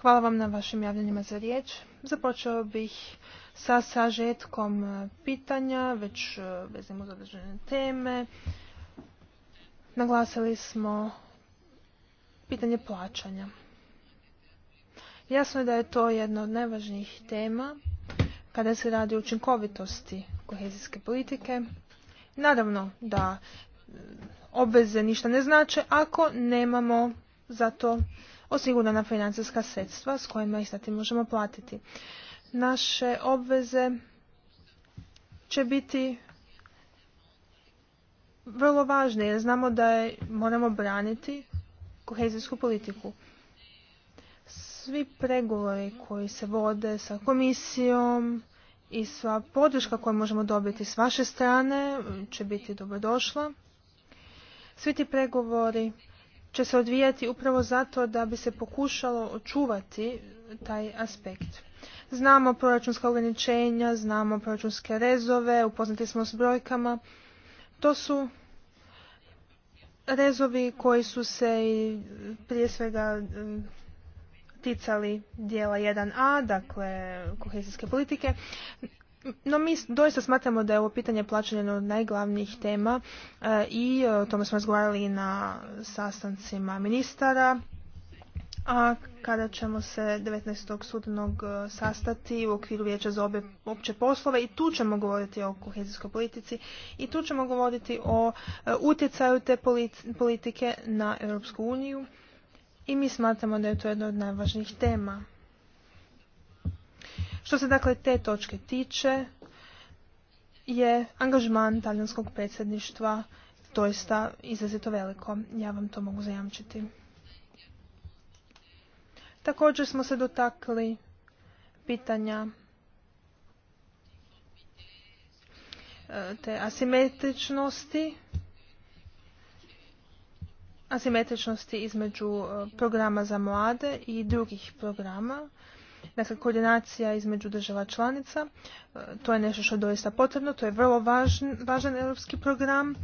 Hvala vam na vašim javljanjima za riječ. Započeo bih sa sažetkom e, pitanja, već e, vezimo za određene teme. Naglasili smo pitanje plaćanja. Jasno je da je to jedna od najvažnijih tema kada se radi o učinkovitosti kohezijske politike. Naravno da e, obveze ništa ne znače ako nemamo za to osigurana financijska sredstva s kojima ih zatim možemo platiti. Naše obveze će biti vrlo važne jer znamo da je, moramo braniti kohezijsku politiku. Svi pregovori koji se vode sa komisijom i sva podrška koju možemo dobiti s vaše strane će biti dobrodošla. Svi ti pregovori će se odvijati upravo zato da bi se pokušalo očuvati taj aspekt. Znamo proračunska ograničenja, znamo proračunske rezove, upoznati smo s brojkama. To su rezovi koji su se prije svega mm, ticali dijela 1a, dakle kohezijske politike, no mi doista smatramo da je ovo pitanje plaćanja jedna od najglavnijih tema e, i e, o tome smo razgovarali na sastancima ministara. A kada ćemo se 19. sudnog e, sastati u okviru vijeća za obje opće poslove i tu ćemo govoriti o kohezijskoj politici i tu ćemo govoriti o utjecaju te politike na Europsku uniju i mi smatramo da je to jedna od najvažnijih tema. Što se dakle te točke tiče, je angažman talijanskog predsjedništva doista izrazito veliko. Ja vam to mogu zajamčiti. Također smo se dotakli pitanja e, te asimetričnosti asimetričnosti između e, programa za mlade i drugih programa Dakle, koordinacija između država članica, e, to je nešto što je doista potrebno, to je vrlo važan europski program,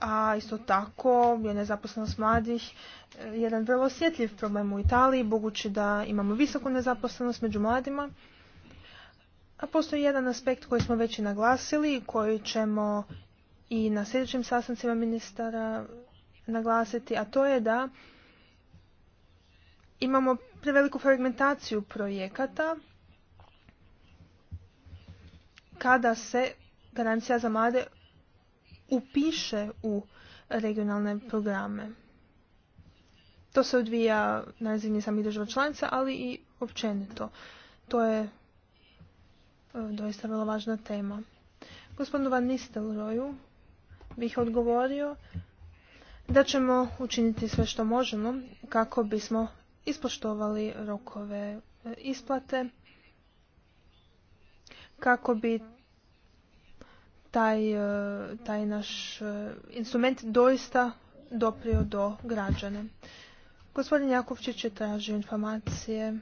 a isto tako je nezaposlenost mladih e, jedan vrlo osjetljiv problem u Italiji, budući da imamo visoku nezaposlenost među mladima. A postoji jedan aspekt koji smo već i naglasili i koji ćemo i na sljedećim sastancima ministara naglasiti, a to je da imamo preveliku fragmentaciju projekata kada se garancija za mlade upiše u regionalne programe. To se odvija na razini samih država članica, ali i općenito. To je e, doista vrlo važna tema. Gospodinu Van Nistelroju bih odgovorio da ćemo učiniti sve što možemo kako bismo ispoštovali rokove e, isplate kako bi taj, e, taj naš e, instrument doista doprio do građana. Gospodin Jakovčić je tražio informacije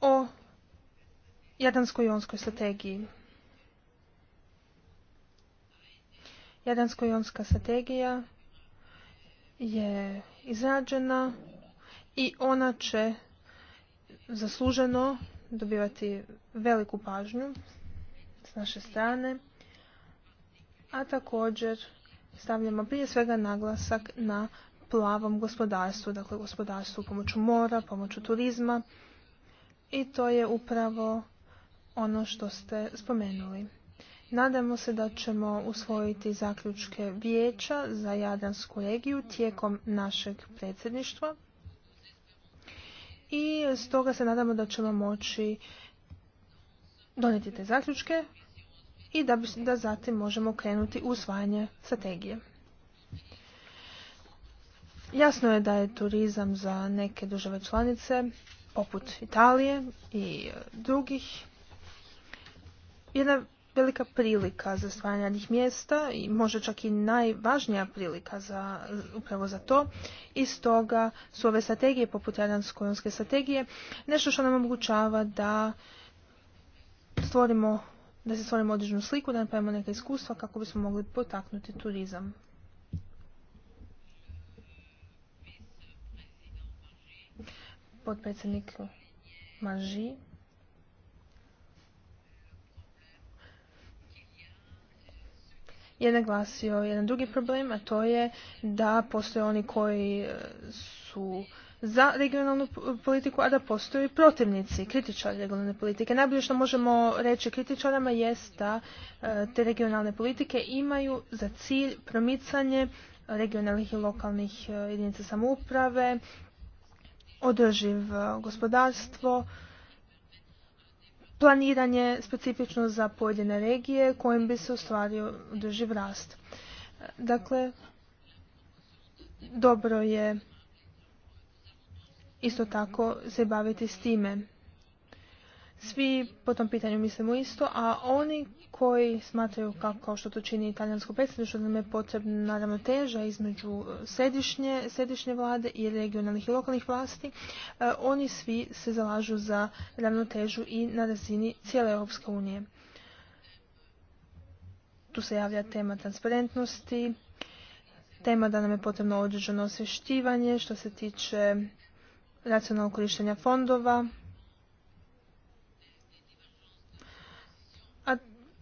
o jadansko jonskoj strategiji. jadansko jonska strategija je izrađena i ona će zasluženo dobivati veliku pažnju s naše strane, a također stavljamo prije svega naglasak na plavom gospodarstvu, dakle gospodarstvu pomoću mora, pomoću turizma i to je upravo ono što ste spomenuli. Nadamo se da ćemo usvojiti zaključke vijeća za Jadransku regiju tijekom našeg predsjedništva i stoga se nadamo da ćemo moći donijeti te zaključke i da, bi, da zatim možemo krenuti u usvajanje strategije. Jasno je da je turizam za neke države članice, poput Italije i drugih, jedna velika prilika za stvaranje radnih mjesta i možda čak i najvažnija prilika za, upravo za to. I stoga su ove strategije poput Jadansko-jonske strategije nešto što nam omogućava da stvorimo da se stvorimo određenu sliku, da napravimo neka iskustva kako bismo mogli potaknuti turizam. Potpredsjednik maži. je naglasio jedan drugi problem, a to je da postoje oni koji e, su za regionalnu politiku, a da postoje protivnici, kritičari regionalne politike. Najbolje što možemo reći kritičarama jest da e, te regionalne politike imaju za cilj promicanje regionalnih i lokalnih e, jedinica samouprave, održiv gospodarstvo, planiranje specifično za pojedine regije kojim bi se ostvario održiv rast. Dakle, dobro je isto tako se baviti s time. Svi po tom pitanju mislimo isto, a oni koji smatraju kako što to čini italijansko predsjedništvo, nam je potrebna ravnoteža između e, središnje, vlade i regionalnih i lokalnih vlasti, e, oni svi se zalažu za ravnotežu i na razini cijele Europske unije. Tu se javlja tema transparentnosti, tema da nam je potrebno određeno osvještivanje, što se tiče racionalnog korištenja fondova,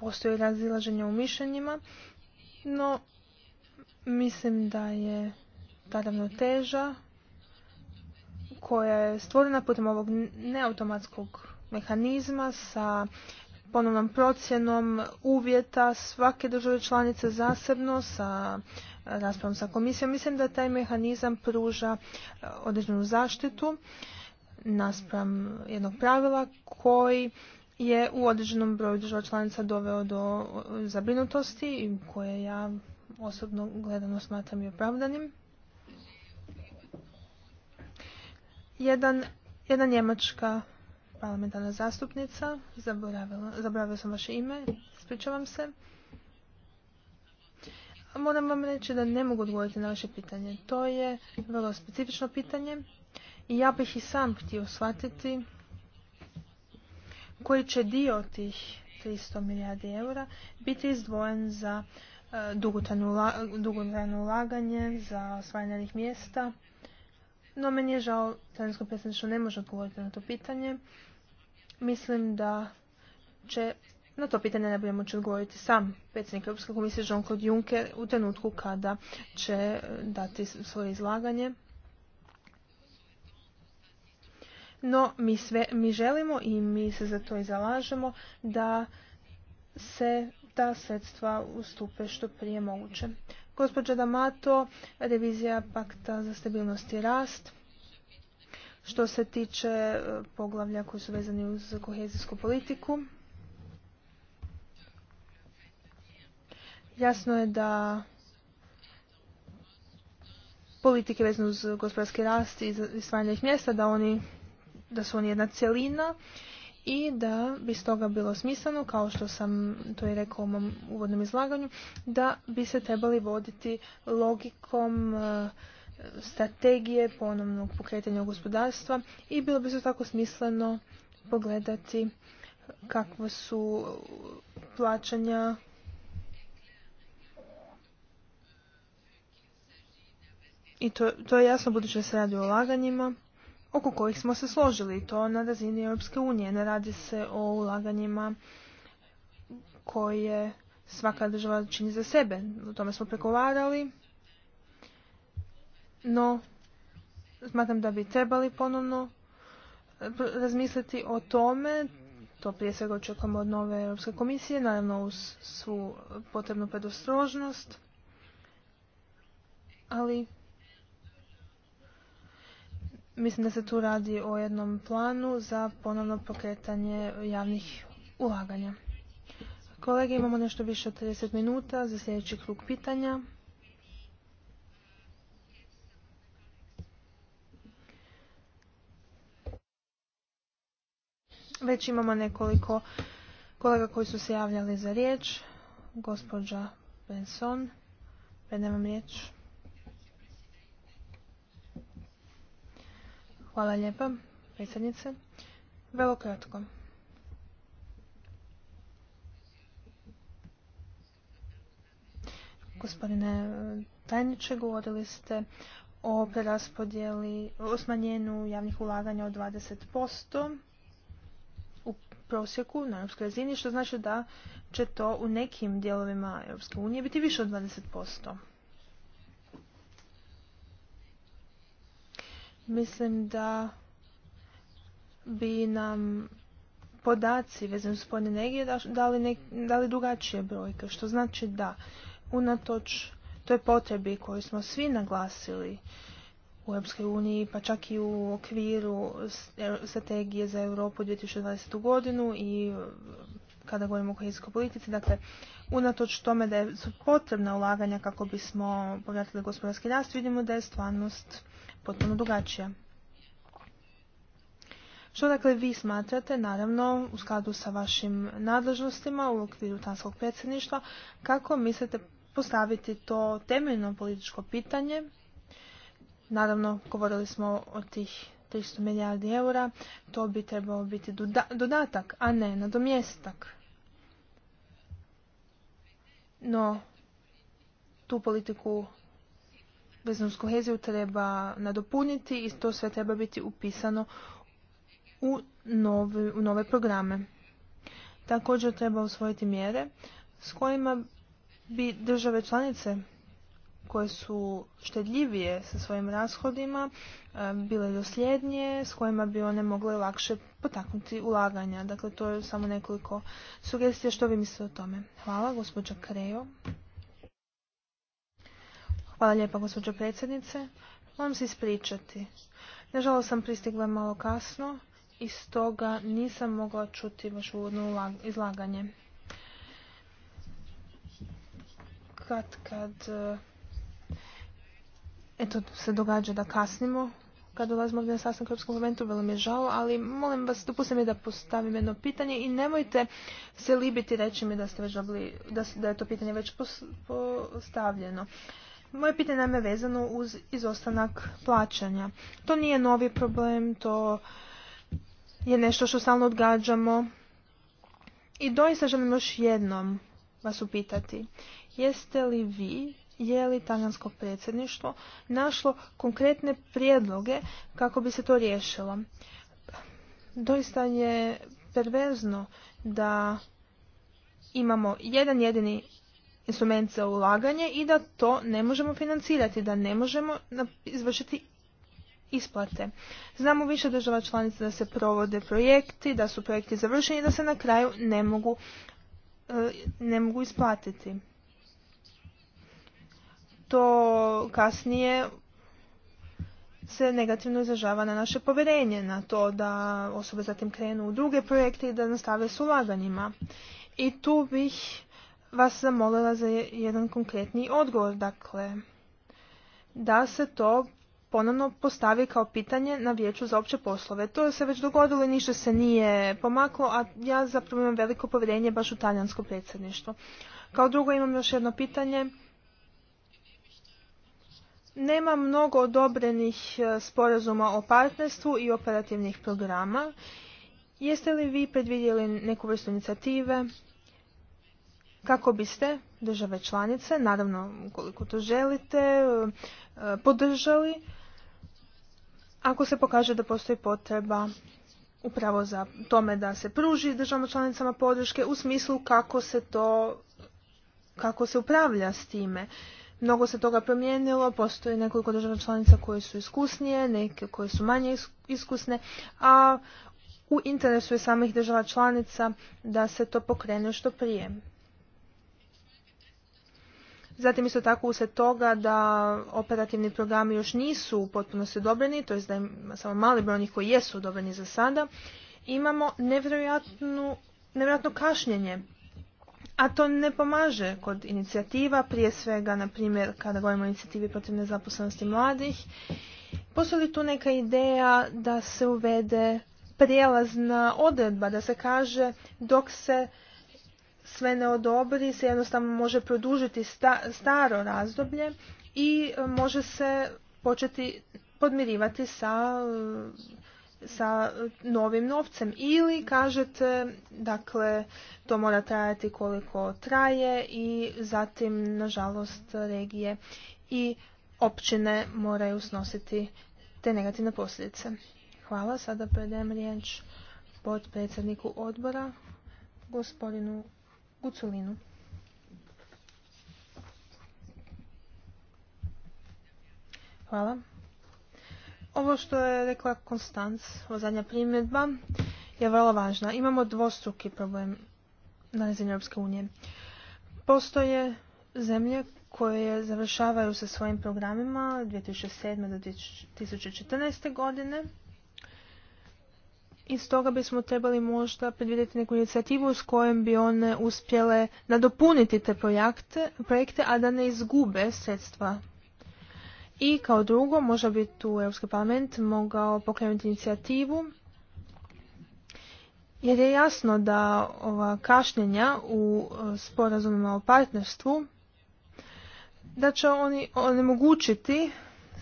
postoji razilaženje u mišljenjima, no mislim da je ta ravnoteža koja je stvorena putem ovog neautomatskog mehanizma sa ponovnom procjenom uvjeta svake države članice zasebno sa eh, raspravom sa komisijom. Mislim da taj mehanizam pruža eh, određenu zaštitu naspram jednog pravila koji je u određenom broju država članica doveo do e, zabrinutosti koje ja osobno gledano smatram i opravdanim. Jedan, jedna njemačka parlamentarna zastupnica, zaboravila sam vaše ime, ispričavam se. Moram vam reći da ne mogu odgovoriti na vaše pitanje. To je vrlo specifično pitanje i ja bih i sam htio shvatiti koji će dio tih 300 milijardi eura biti izdvojen za e, dugotrajno ulaganje, za osvajanje njih mjesta. No, meni je žao, Talijansko predsjedništvo ne može odgovoriti na to pitanje. Mislim da će na to pitanje ne budemo odgovoriti sam predsjednik Europske komisije Jean-Claude Juncker u trenutku kada će e, dati svoje izlaganje. No, mi, sve, mi želimo i mi se za to i zalažemo da se ta sredstva ustupe što prije moguće. Gospođa D'Amato, revizija pakta za stabilnost i rast. Što se tiče e, poglavlja koji su vezani uz kohezijsku politiku, jasno je da politike vezane uz gospodarski rast i stvaranje mjesta, da oni da su oni jedna cjelina i da bi stoga bilo smisleno, kao što sam to i rekao u mom uvodnom izlaganju, da bi se trebali voditi logikom e, strategije ponovnog pokretanja gospodarstva i bilo bi se tako smisleno pogledati kakva su plaćanja i to, to je jasno budući da se radi o ulaganjima oko kojih smo se složili to na razini Europske unije. Ne radi se o ulaganjima koje svaka država čini za sebe. O tome smo pregovarali, no smatram da bi trebali ponovno eh, razmisliti o tome. To prije svega očekujemo od nove Europske komisije, naravno uz svu potrebnu predostrožnost, ali Mislim da se tu radi o jednom planu za ponovno pokretanje javnih ulaganja. Kolege, imamo nešto više od 30 minuta za sljedeći krug pitanja. Već imamo nekoliko kolega koji su se javljali za riječ. Gospođa Benson, predajem vam riječ. Hvala lijepa, predsjednice. Vrlo kratko. Gospodine tajniče, govorili ste o preraspodjeli, o smanjenju javnih ulaganja od 20% u prosjeku na europskoj razini, što znači da će to u nekim dijelovima Europske unije biti više od 20%. Mislim da bi nam podaci vezani uz podne negije dali, dali drugačije brojke, što znači da unatoč toj potrebi koju smo svi naglasili u Europskoj uniji, pa čak i u okviru strategije za Europu 2020. godinu i e, kada govorimo o kohezijskoj politici, dakle, unatoč tome da su potrebna ulaganja kako bismo povratili gospodarski rast, vidimo da je stvarnost potpuno drugačija. Što dakle vi smatrate, naravno, u skladu sa vašim nadležnostima u okviru tanskog predsjedništva, kako mislite postaviti to temeljno političko pitanje? Naravno, govorili smo o tih 300 milijardi eura, to bi trebao biti dodatak, a ne nadomjestak. No, tu politiku vezano uz koheziju treba nadopuniti i to sve treba biti upisano u nove, nove programe. Također treba usvojiti mjere s kojima bi države članice koje su štedljivije sa svojim rashodima e, bile dosljednije, s kojima bi one mogle lakše potaknuti ulaganja. Dakle, to je samo nekoliko sugestija što vi mislite o tome. Hvala, gospođa Krejo. Hvala lijepa, gospođo predsjednice. Moram se ispričati. Nažalost sam pristigla malo kasno i stoga nisam mogla čuti vaš uvodno izlaganje. Kad, kad, eh, eto, se događa da kasnimo, kad dolazimo ovdje na sastanak Europskom momentu, velo mi je žao, ali molim vas, dopustite mi da postavim jedno pitanje i nemojte se libiti reći mi da, ste već dobili, da je to pitanje već postavljeno. Moje pitanje nam je vezano uz izostanak plaćanja. To nije novi problem, to je nešto što stalno odgađamo. I doista želim još jednom vas upitati. Jeste li vi, je li talijansko predsjedništvo, našlo konkretne prijedloge kako bi se to riješilo? Doista je perverzno da imamo jedan jedini instrument za ulaganje i da to ne možemo financirati, da ne možemo izvršiti isplate. Znamo više država članica da se provode projekti, da su projekti završeni i da se na kraju ne mogu, e, ne mogu isplatiti. To kasnije se negativno izražava na naše povjerenje, na to da osobe zatim krenu u druge projekte i da nastave s ulaganjima. I tu bih vas zamolila za jedan konkretni odgovor. Dakle, da se to ponovno postavi kao pitanje na vijeću za opće poslove. To se već dogodilo i ništa se nije pomaklo, a ja zapravo imam veliko povjerenje baš u talijansko predsjedništvo. Kao drugo imam još jedno pitanje. Nema mnogo odobrenih e, sporazuma o partnerstvu i operativnih programa. Jeste li vi predvidjeli neku vrstu inicijative kako biste države članice, naravno koliko to želite, e, podržali ako se pokaže da postoji potreba upravo za tome da se pruži državama članicama podrške u smislu kako se to kako se upravlja s time. Mnogo se toga promijenilo, postoji nekoliko država članica koje su iskusnije, neke koje su manje iskusne, a u interesu je samih država članica da se to pokrene što prije. Zatim isto tako usred toga da operativni programi još nisu potpuno se odobreni, to je da ima samo mali broj onih koji jesu odobreni za sada, imamo nevjerojatno, nevjerojatno kašnjenje. A to ne pomaže kod inicijativa, prije svega, na primjer, kada govorimo o inicijativi protiv nezaposlenosti mladih. Postoji li tu neka ideja da se uvede prijelazna odredba, da se kaže dok se sve ne odobri se jednostavno može produžiti sta, staro razdoblje i e, može se početi podmirivati sa e, sa novim novcem ili kažete dakle to mora trajati koliko traje i zatim nažalost regije i općine moraju snositi te negativne posljedice. Hvala, sada predajem riječ pod predsjedniku odbora gospodinu kuculinu. Hvala. Ovo što je rekla Konstanc, ova zadnja primjedba, je vrlo važna. Imamo dvostruki problem na razini Europske unije. Postoje zemlje koje završavaju sa svojim programima 2007. do 2014. godine i stoga bismo trebali možda predvidjeti neku inicijativu s kojom bi one uspjele nadopuniti te projekte, projekte a da ne izgube sredstva. I kao drugo, možda bi tu Europski parlament mogao pokrenuti inicijativu jer je jasno da ova kašnjenja u e, sporazumima o partnerstvu da će oni onemogućiti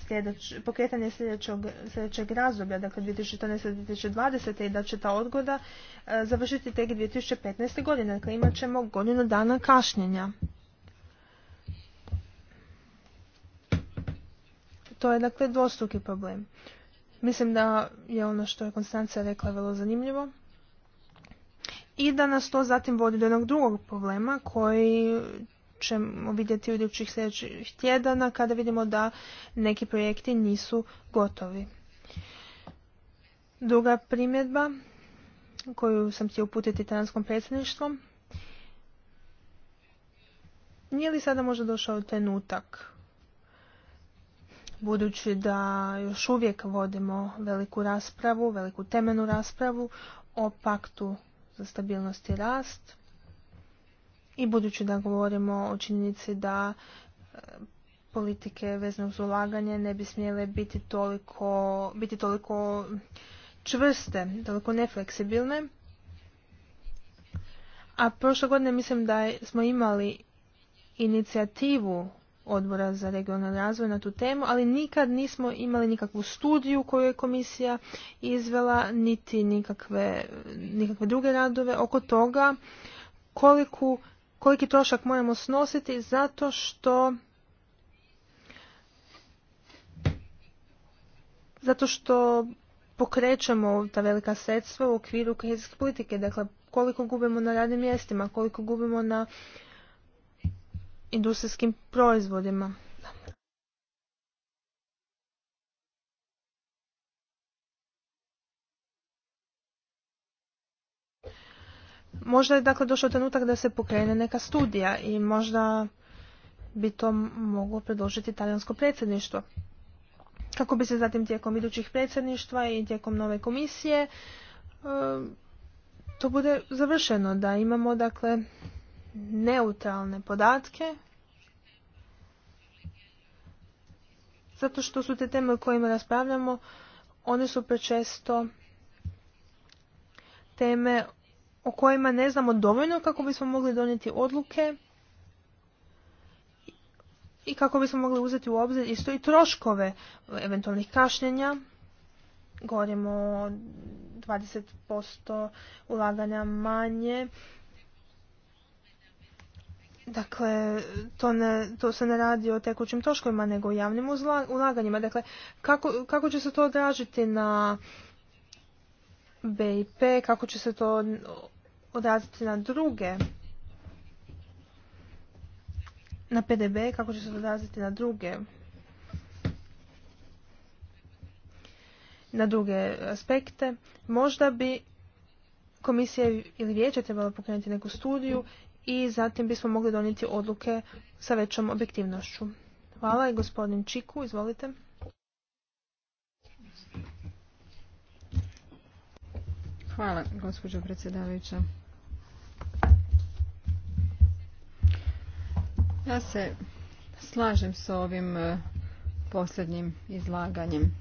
sljedeć, pokretanje sljedećeg, sljedećeg razdoblja, dakle 2014-2020 i da će ta odgoda e, završiti tek 2015. godine, dakle imat ćemo godinu dana kašnjenja. To je dakle dvostruki problem. Mislim da je ono što je Konstancija rekla vrlo zanimljivo i da nas to zatim vodi do jednog drugog problema koji ćemo vidjeti u idućih sljedećih tjedana kada vidimo da neki projekti nisu gotovi. Druga primjedba koju sam htio uputiti transkom predsjedništvom. Nije li sada možda došao trenutak? Budući da još uvijek vodimo veliku raspravu, veliku temenu raspravu o paktu za stabilnost i rast, i budući da govorimo o činjenici da e, politike veznog uz ulaganje ne bi smjele biti toliko, biti toliko čvrste, toliko nefleksibilne. A prošle godine mislim da smo imali inicijativu odbora za regionalni razvoj na tu temu, ali nikad nismo imali nikakvu studiju koju je komisija izvela, niti nikakve, nikakve druge radove oko toga koliku koliki trošak moramo snositi zato što zato što pokrećemo ta velika sredstva u okviru krizijske politike. Dakle, koliko gubimo na radnim mjestima, koliko gubimo na industrijskim proizvodima. Možda je dakle došao trenutak da se pokrene neka studija i možda bi to moglo predložiti talijansko predsjedništvo. Kako bi se zatim tijekom idućih predsjedništva i tijekom nove komisije e, to bude završeno, da imamo dakle neutralne podatke, zato što su te teme o kojima raspravljamo, one su prečesto teme o kojima ne znamo dovoljno kako bismo mogli donijeti odluke i kako bismo mogli uzeti u obzir isto i troškove eventualnih kašnjenja. Govorimo o 20% ulaganja manje. Dakle, to, ne, to se ne radi o tekućim troškovima, nego o javnim ulaganjima. Dakle, kako, kako će se to odražiti na BIP, kako će se to odraziti na druge na PDB, kako će se to odraziti na druge na druge aspekte. Možda bi komisija ili vijeće trebalo pokrenuti neku studiju i zatim bismo mogli donijeti odluke sa većom objektivnošću. Hvala i gospodin Čiku, izvolite. Hvala, gospođo predsjedavajuća. Ja se slažem s ovim e, posljednjim izlaganjem,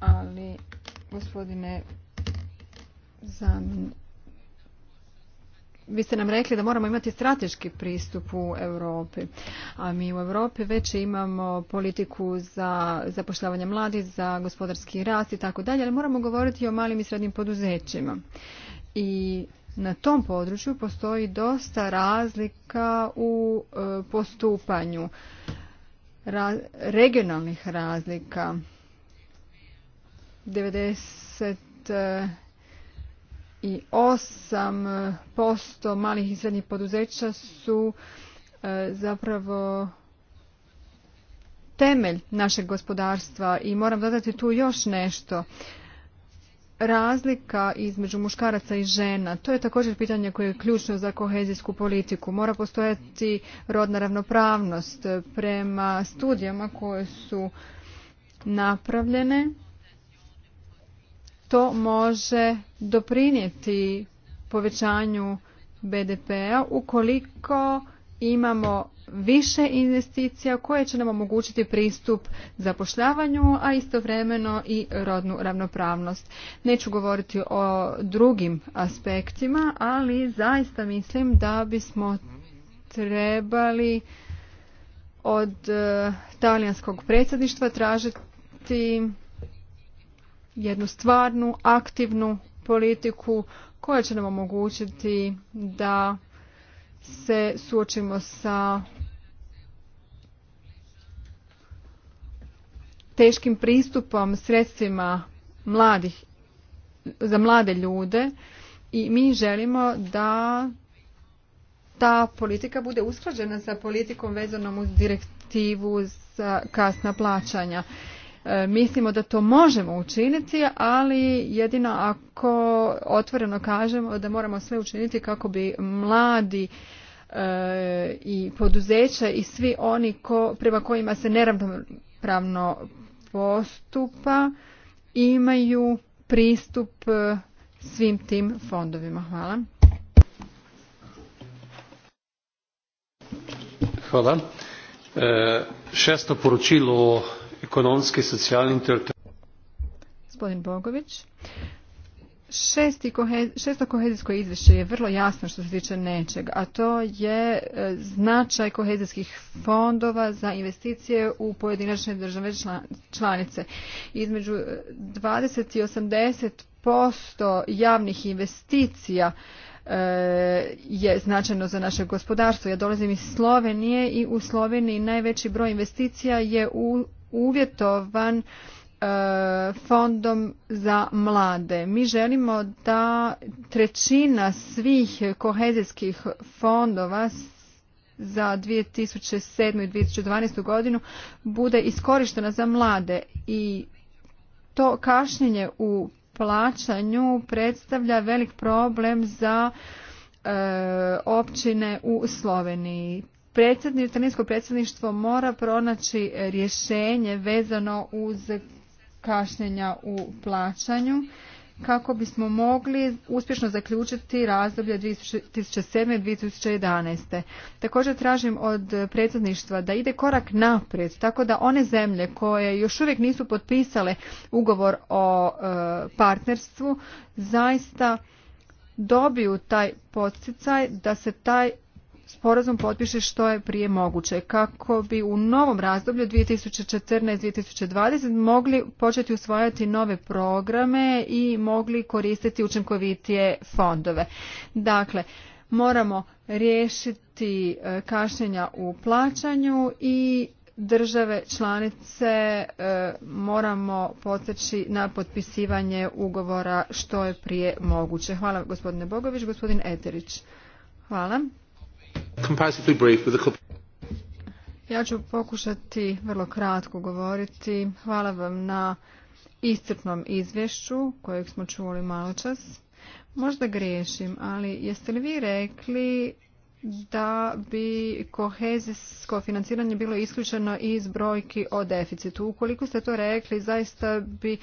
ali gospodine zamin, vi ste nam rekli da moramo imati strateški pristup u Europi. A mi u Europi već imamo politiku za zapošljavanje mladih, za gospodarski rast i tako dalje, ali moramo govoriti o malim i srednjim poduzećima. I na tom području postoji dosta razlika u e, postupanju regionalnih razlika. 90 posto malih i srednjih poduzeća su e, zapravo temelj našeg gospodarstva i moram dodati tu još nešto. Razlika između muškaraca i žena, to je također pitanje koje je ključno za kohezijsku politiku. Mora postojati rodna ravnopravnost prema studijama koje su napravljene to može doprinijeti povećanju BDP-a ukoliko imamo više investicija koje će nam omogućiti pristup zapošljavanju, a istovremeno i rodnu ravnopravnost. Neću govoriti o drugim aspektima, ali zaista mislim da bismo trebali od eh, talijanskog predsjedništva tražiti jednu stvarnu, aktivnu politiku koja će nam omogućiti da se suočimo sa teškim pristupom sredstvima mladih, za mlade ljude i mi želimo da ta politika bude usklađena sa politikom vezanom uz direktivu za kasna plaćanja. E, mislimo da to možemo učiniti, ali jedino ako otvoreno kažemo da moramo sve učiniti kako bi mladi e, i poduzeća i svi oni ko, prema kojima se neravnopravno postupa imaju pristup e, svim tim fondovima. Hvala. Hvala. šesto ekonomski, socijalni integracije. Gospodin Bogović. Šesto kohezijsko izvješće je vrlo jasno što se tiče nečeg, a to je e, značaj kohezijskih fondova za investicije u pojedinačne države članice. Između 20 i 80 posto javnih investicija e, je značajno za naše gospodarstvo. Ja dolazim iz Slovenije i u Sloveniji najveći broj investicija je u uvjetovan e, fondom za mlade. Mi želimo da trećina svih kohezijskih fondova za 2007. i 2012. godinu bude iskorištena za mlade i to kašnjenje u plaćanju predstavlja velik problem za e, općine u Sloveniji. Predsjednik, predsjedništvo mora pronaći rješenje vezano uz kašnjenja u plaćanju kako bismo mogli uspješno zaključiti razdoblje 2007. i 2011. Također tražim od predsjedništva da ide korak naprijed, tako da one zemlje koje još uvijek nisu potpisale ugovor o e, partnerstvu, zaista dobiju taj podsticaj da se taj sporazum potpiše što je prije moguće kako bi u novom razdoblju 2014-2020 mogli početi usvajati nove programe i mogli koristiti učinkovitije fondove. Dakle, moramo riješiti e, kašnjenja u plaćanju i države članice e, moramo poteći na potpisivanje ugovora što je prije moguće. Hvala gospodine Bogović, gospodin Eterić. Hvala. Ja ću pokušati vrlo kratko govoriti. Hvala vam na iscrpnom izvješću kojeg smo čuli malo čas. Možda griješim, ali jeste li vi rekli da bi kohezijsko financiranje bilo isključeno iz brojki o deficitu. Ukoliko ste to rekli, zaista bi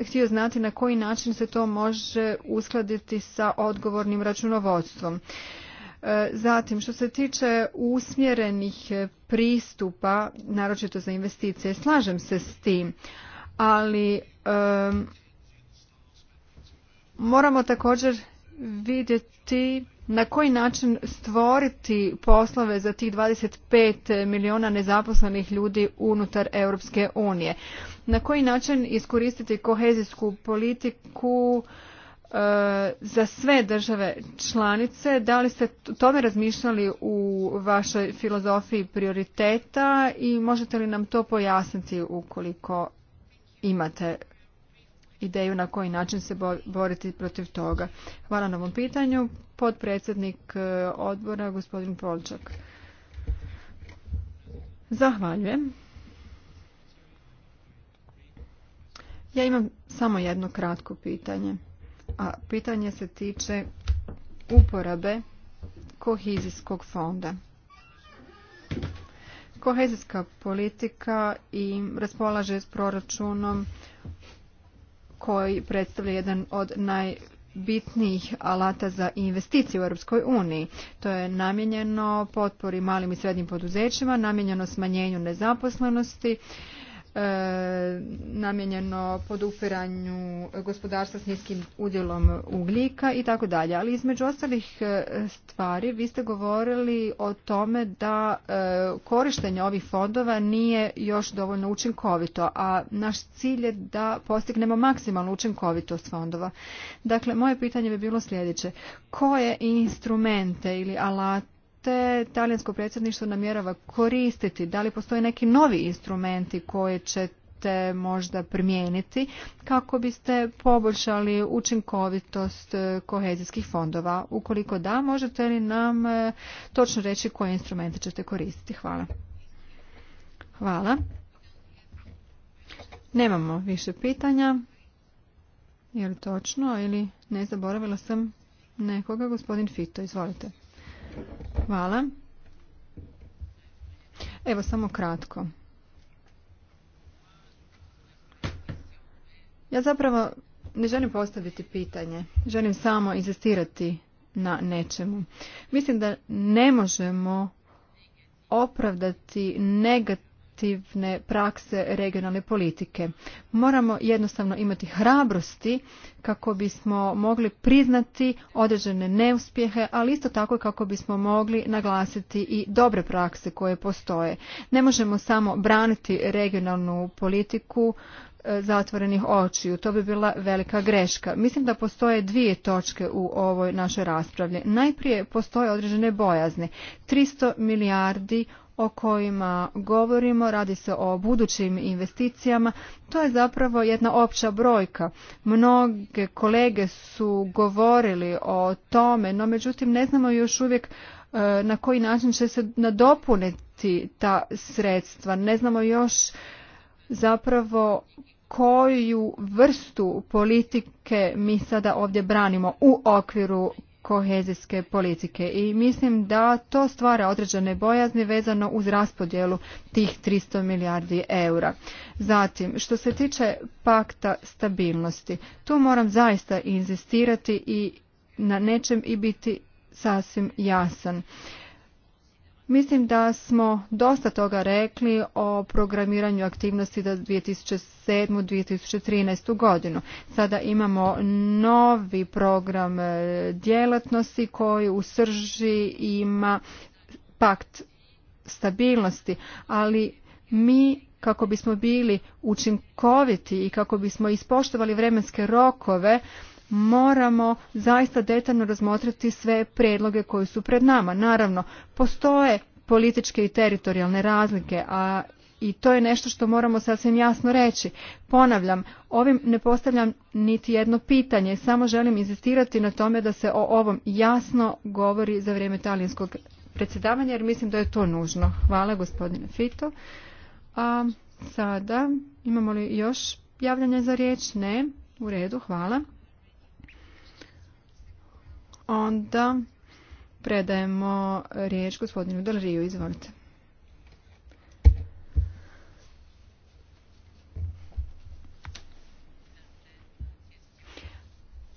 htio znati na koji način se to može uskladiti sa odgovornim računovodstvom. Zatim, što se tiče usmjerenih pristupa, naročito za investicije, slažem se s tim, ali moramo također vidjeti na koji način stvoriti poslove za tih 25 miliona nezaposlenih ljudi unutar Europske unije. Na koji način iskoristiti kohezijsku politiku, za sve države članice. Da li ste tome razmišljali u vašoj filozofiji prioriteta i možete li nam to pojasniti ukoliko imate ideju na koji način se boriti protiv toga. Hvala na ovom pitanju. Potpredsjednik e, odbora, gospodin Polčak. Zahvaljujem. Ja imam samo jedno kratko pitanje a pitanje se tiče uporabe kohezijskog fonda. Kohezijska politika i raspolaže s proračunom koji predstavlja jedan od najbitnijih alata za investicije u Europskoj uniji. To je namijenjeno potpori malim i srednjim poduzećima, namijenjeno smanjenju nezaposlenosti, E, namijenjeno podupiranju gospodarstva s niskim udjelom ugljika i tako dalje. Ali između ostalih e, stvari vi ste govorili o tome da e, korištenje ovih fondova nije još dovoljno učinkovito, a naš cilj je da postignemo maksimalnu učinkovitost fondova. Dakle, moje pitanje bi bilo sljedeće. Koje instrumente ili alate te talijansko predsjedništvo namjerava koristiti? Da li postoje neki novi instrumenti koje ćete možda primijeniti kako biste poboljšali učinkovitost e, kohezijskih fondova? Ukoliko da, možete li nam e, točno reći koje instrumente ćete koristiti? Hvala. Hvala. Nemamo više pitanja. Je li točno ili ne zaboravila sam nekoga? Gospodin Fito, izvolite. Hvala. Evo samo kratko. Ja zapravo ne želim postaviti pitanje, želim samo inzistirati na nečemu. Mislim da ne možemo opravdati negativno aktivne prakse regionalne politike. Moramo jednostavno imati hrabrosti kako bismo mogli priznati određene neuspjehe, ali isto tako kako bismo mogli naglasiti i dobre prakse koje postoje. Ne možemo samo braniti regionalnu politiku e, zatvorenih očiju. To bi bila velika greška. Mislim da postoje dvije točke u ovoj našoj raspravi. Najprije postoje određene bojazne. 300 milijardi o kojima govorimo, radi se o budućim investicijama, to je zapravo jedna opća brojka. Mnoge kolege su govorili o tome, no međutim ne znamo još uvijek e, na koji način će se nadopuniti ta sredstva. Ne znamo još zapravo koju vrstu politike mi sada ovdje branimo u okviru kohezijske politike i mislim da to stvara određene bojazni vezano uz raspodjelu tih 300 milijardi eura. Zatim, što se tiče pakta stabilnosti, tu moram zaista inzistirati i na nečem i biti sasvim jasan. Mislim da smo dosta toga rekli o programiranju aktivnosti za 2007-2013 godinu. Sada imamo novi program e, djelatnosti koji u srži ima pakt stabilnosti, ali mi kako bismo bili učinkoviti i kako bismo ispoštovali vremenske rokove, moramo zaista detaljno razmotriti sve predloge koji su pred nama. Naravno, postoje političke i teritorijalne razlike, a i to je nešto što moramo sasvim jasno reći. Ponavljam, ovim ne postavljam niti jedno pitanje, samo želim inzistirati na tome da se o ovom jasno govori za vrijeme talijanskog predsjedavanja, jer mislim da je to nužno. Hvala gospodine Fito. A sada, imamo li još javljanja za riječ? Ne. U redu, hvala. Onda predajemo riječ gospodinu Dalriju. Izvolite.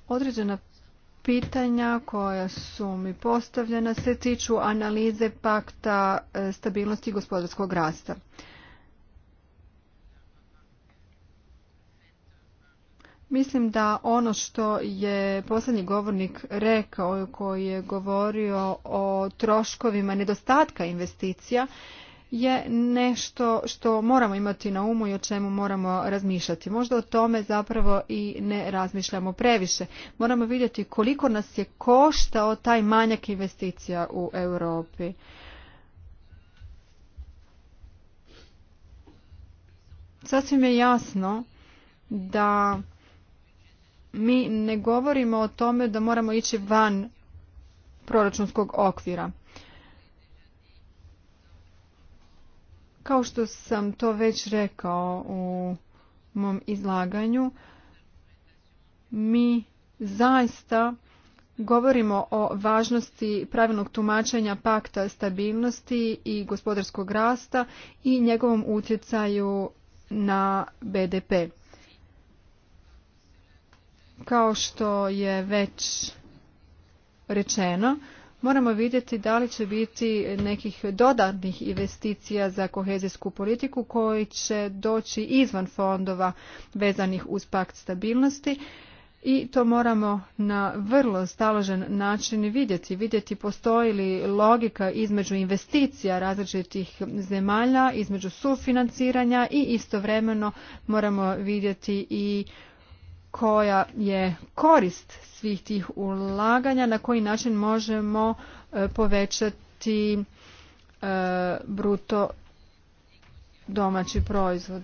Određena pitanja koja su mi postavljena se tiču analize pakta e, stabilnosti gospodarskog rasta. Mislim da ono što je posljednji govornik rekao koji je govorio o troškovima nedostatka investicija je nešto što moramo imati na umu i o čemu moramo razmišljati. Možda o tome zapravo i ne razmišljamo previše. Moramo vidjeti koliko nas je koštao taj manjak investicija u Europi. Sasvim je jasno da mi ne govorimo o tome da moramo ići van proračunskog okvira. Kao što sam to već rekao u mom izlaganju, mi zaista govorimo o važnosti pravilnog tumačenja pakta stabilnosti i gospodarskog rasta i njegovom utjecaju na BDP. Kao što je već rečeno, moramo vidjeti da li će biti nekih dodatnih investicija za kohezijsku politiku koji će doći izvan fondova vezanih uz pakt stabilnosti i to moramo na vrlo staložen način vidjeti. Vidjeti postoji li logika između investicija različitih zemalja, između sufinanciranja i istovremeno moramo vidjeti i koja je korist svih tih ulaganja, na koji način možemo e, povećati e, bruto domaći proizvod.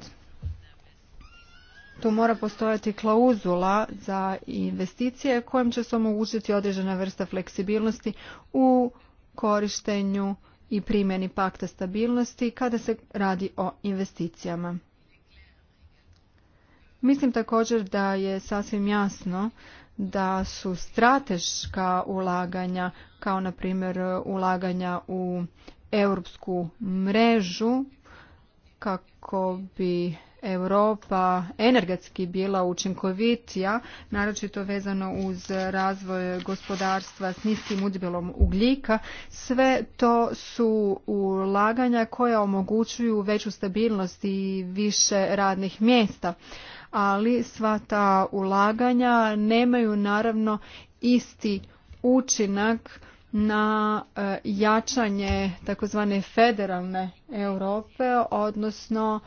Tu mora postojati klauzula za investicije kojim će se omogućiti određena vrsta fleksibilnosti u korištenju i primjeni pakta stabilnosti kada se radi o investicijama. Mislim također da je sasvim jasno da su strateška ulaganja, kao na primjer ulaganja u europsku mrežu, kako bi Europa energetski bila učinkovitija, naročito vezano uz razvoj gospodarstva s niskim udjelom ugljika, sve to su ulaganja koja omogućuju veću stabilnost i više radnih mjesta ali sva ta ulaganja nemaju naravno isti učinak na e, jačanje takozvane federalne Europe, odnosno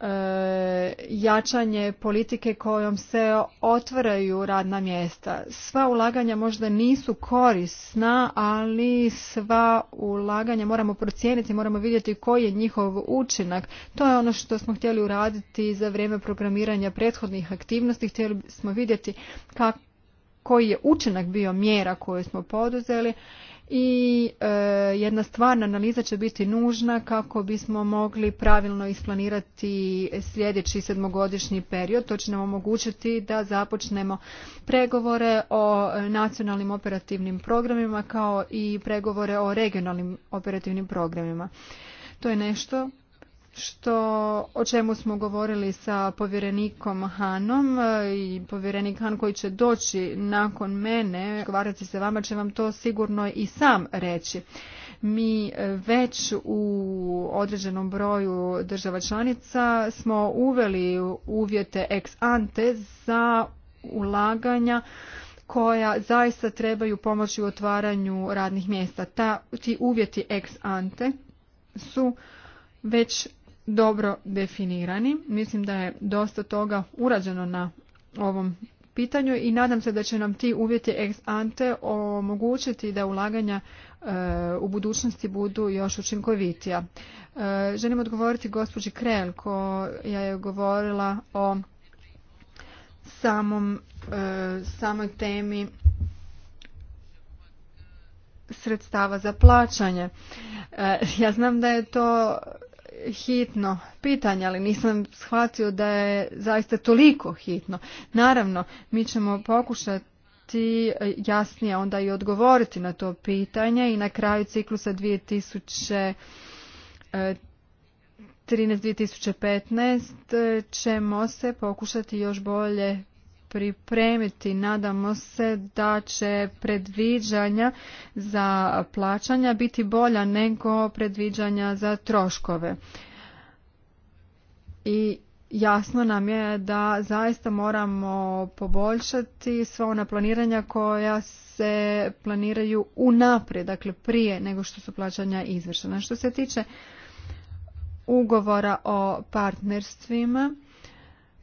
E, jačanje politike kojom se otvaraju radna mjesta. Sva ulaganja možda nisu korisna, ali sva ulaganja moramo procijeniti, moramo vidjeti koji je njihov učinak. To je ono što smo htjeli uraditi za vrijeme programiranja prethodnih aktivnosti. Htjeli smo vidjeti koji je učinak bio mjera koje smo poduzeli i e, jedna stvarna analiza će biti nužna kako bismo mogli pravilno isplanirati sljedeći sedmogodišnji period. To će nam omogućiti da započnemo pregovore o nacionalnim operativnim programima kao i pregovore o regionalnim operativnim programima. To je nešto što o čemu smo govorili sa povjerenikom Hanom e, i povjerenik Han koji će doći nakon mene, govarati se vama će vam to sigurno i sam reći. Mi e, već u određenom broju država članica smo uveli uvjete ex ante za ulaganja koja zaista trebaju pomoći u otvaranju radnih mjesta. Ta, ti uvjeti ex ante su već dobro definirani. Mislim da je dosta toga urađeno na ovom pitanju i nadam se da će nam ti uvjeti ex ante omogućiti da ulaganja e, u budućnosti budu još učinkovitija. E, želim odgovoriti gospođi Krel koja je govorila o samom, e, samoj temi sredstava za plaćanje. Ja znam da je to hitno pitanje, ali nisam shvatio da je zaista toliko hitno. Naravno, mi ćemo pokušati e, jasnije onda i odgovoriti na to pitanje i na kraju ciklusa 2013-2015 e, e, ćemo se pokušati još bolje pripremiti. Nadamo se da će predviđanja za plaćanja biti bolja nego predviđanja za troškove. I jasno nam je da zaista moramo poboljšati sva ona planiranja koja se planiraju unaprijed, dakle prije nego što su plaćanja izvršena. Što se tiče ugovora o partnerstvima,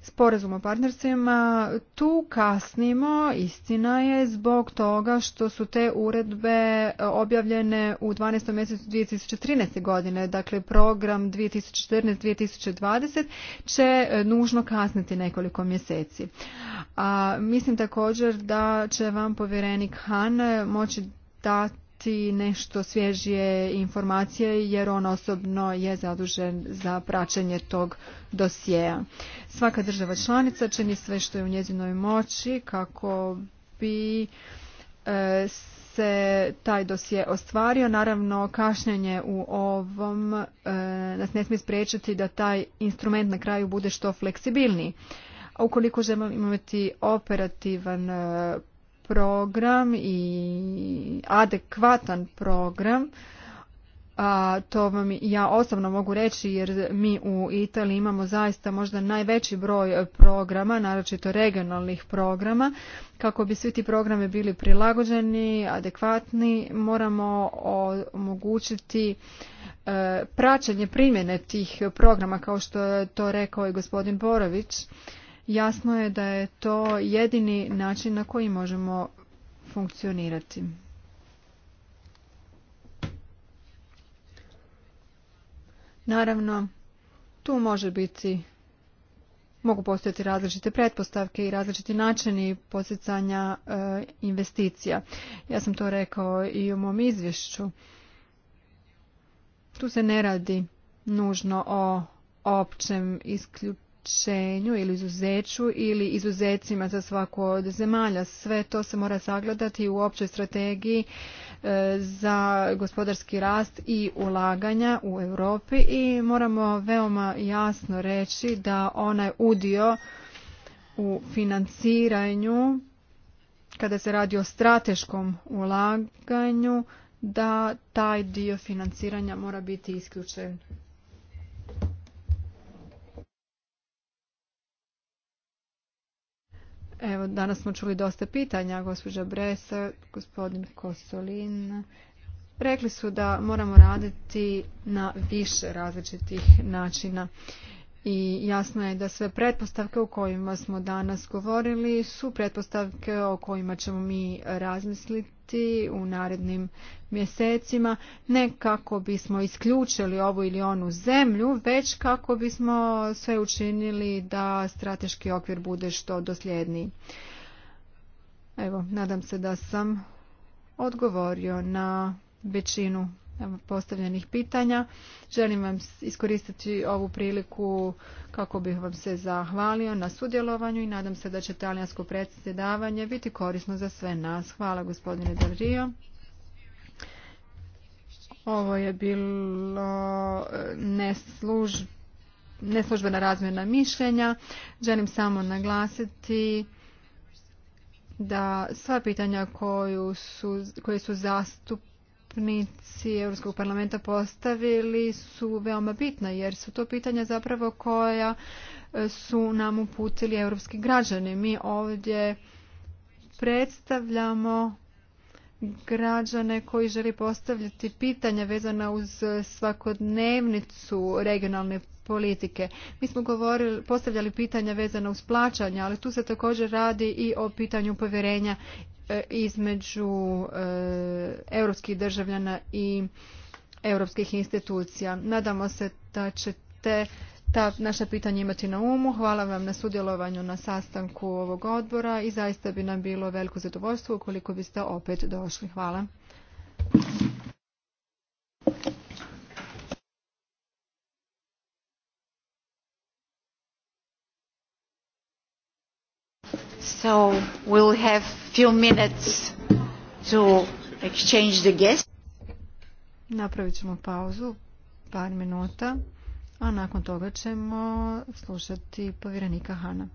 sporazum o partnerstvima tu kasnimo istina je zbog toga što su te uredbe e, objavljene u 12. mjesecu 2013. godine dakle program 2014-2020 će e, nužno kasniti nekoliko mjeseci a mislim također da će vam povjerenik Han e, moći dati dati nešto svježije informacije jer on osobno je zadužen za praćenje tog dosjeja. Svaka država članica čini sve što je u njezinoj moći kako bi e, se taj dosje ostvario. Naravno, kašnjenje u ovom e, nas ne smije spriječiti da taj instrument na kraju bude što fleksibilniji. ukoliko želimo imati operativan e, program i adekvatan program a to vam ja osobno mogu reći jer mi u Italiji imamo zaista možda najveći broj programa, naročito regionalnih programa. Kako bi svi ti programe bili prilagođeni, adekvatni, moramo omogućiti e, praćenje primjene tih programa kao što je to rekao i gospodin Borović jasno je da je to jedini način na koji možemo funkcionirati. Naravno, tu može biti, mogu postojati različite pretpostavke i različiti načini posjecanja e, investicija. Ja sam to rekao i u mom izvješću. Tu se ne radi nužno o općem isključenju ograničenju ili izuzeću ili izuzecima za svaku od zemalja. Sve to se mora zagledati u općoj strategiji e, za gospodarski rast i ulaganja u Europi i moramo veoma jasno reći da onaj udio u financiranju kada se radi o strateškom ulaganju da taj dio financiranja mora biti isključen Evo, danas smo čuli dosta pitanja, gospođa Bresa, gospodin Kosolin. Rekli su da moramo raditi na više različitih načina. I jasno je da sve pretpostavke o kojima smo danas govorili su pretpostavke o kojima ćemo mi razmisliti raditi u narednim mjesecima, ne kako bismo isključili ovu ili onu zemlju, već kako bismo sve učinili da strateški okvir bude što dosljedniji. Evo, nadam se da sam odgovorio na većinu postavljenih pitanja. Želim vam iskoristiti ovu priliku kako bih vam se zahvalio na sudjelovanju i nadam se da će talijansko predsjedavanje biti korisno za sve nas. Hvala gospodine Del Ovo je bilo e, neslužbena razmjena mišljenja. Želim samo naglasiti da sva pitanja koju su, koje su zastup zastupnici Europskog parlamenta postavili su veoma bitna jer su to pitanja zapravo koja e, su nam uputili europski građani. Mi ovdje predstavljamo građane koji želi postavljati pitanja vezana uz svakodnevnicu regionalne politike. Mi smo govorili, postavljali pitanja vezana uz plaćanja, ali tu se također radi i o pitanju povjerenja e, između e, europskih državljana i europskih institucija. Nadamo se da te ta naša pitanja imati na umu. Hvala vam na sudjelovanju na sastanku ovog odbora i zaista bi nam bilo veliko zadovoljstvo ukoliko biste opet došli. Hvala. So we'll have few minutes to exchange the guests. Napravit ćemo pauzu, par minuta, a nakon toga ćemo slušati povjerenika Hana.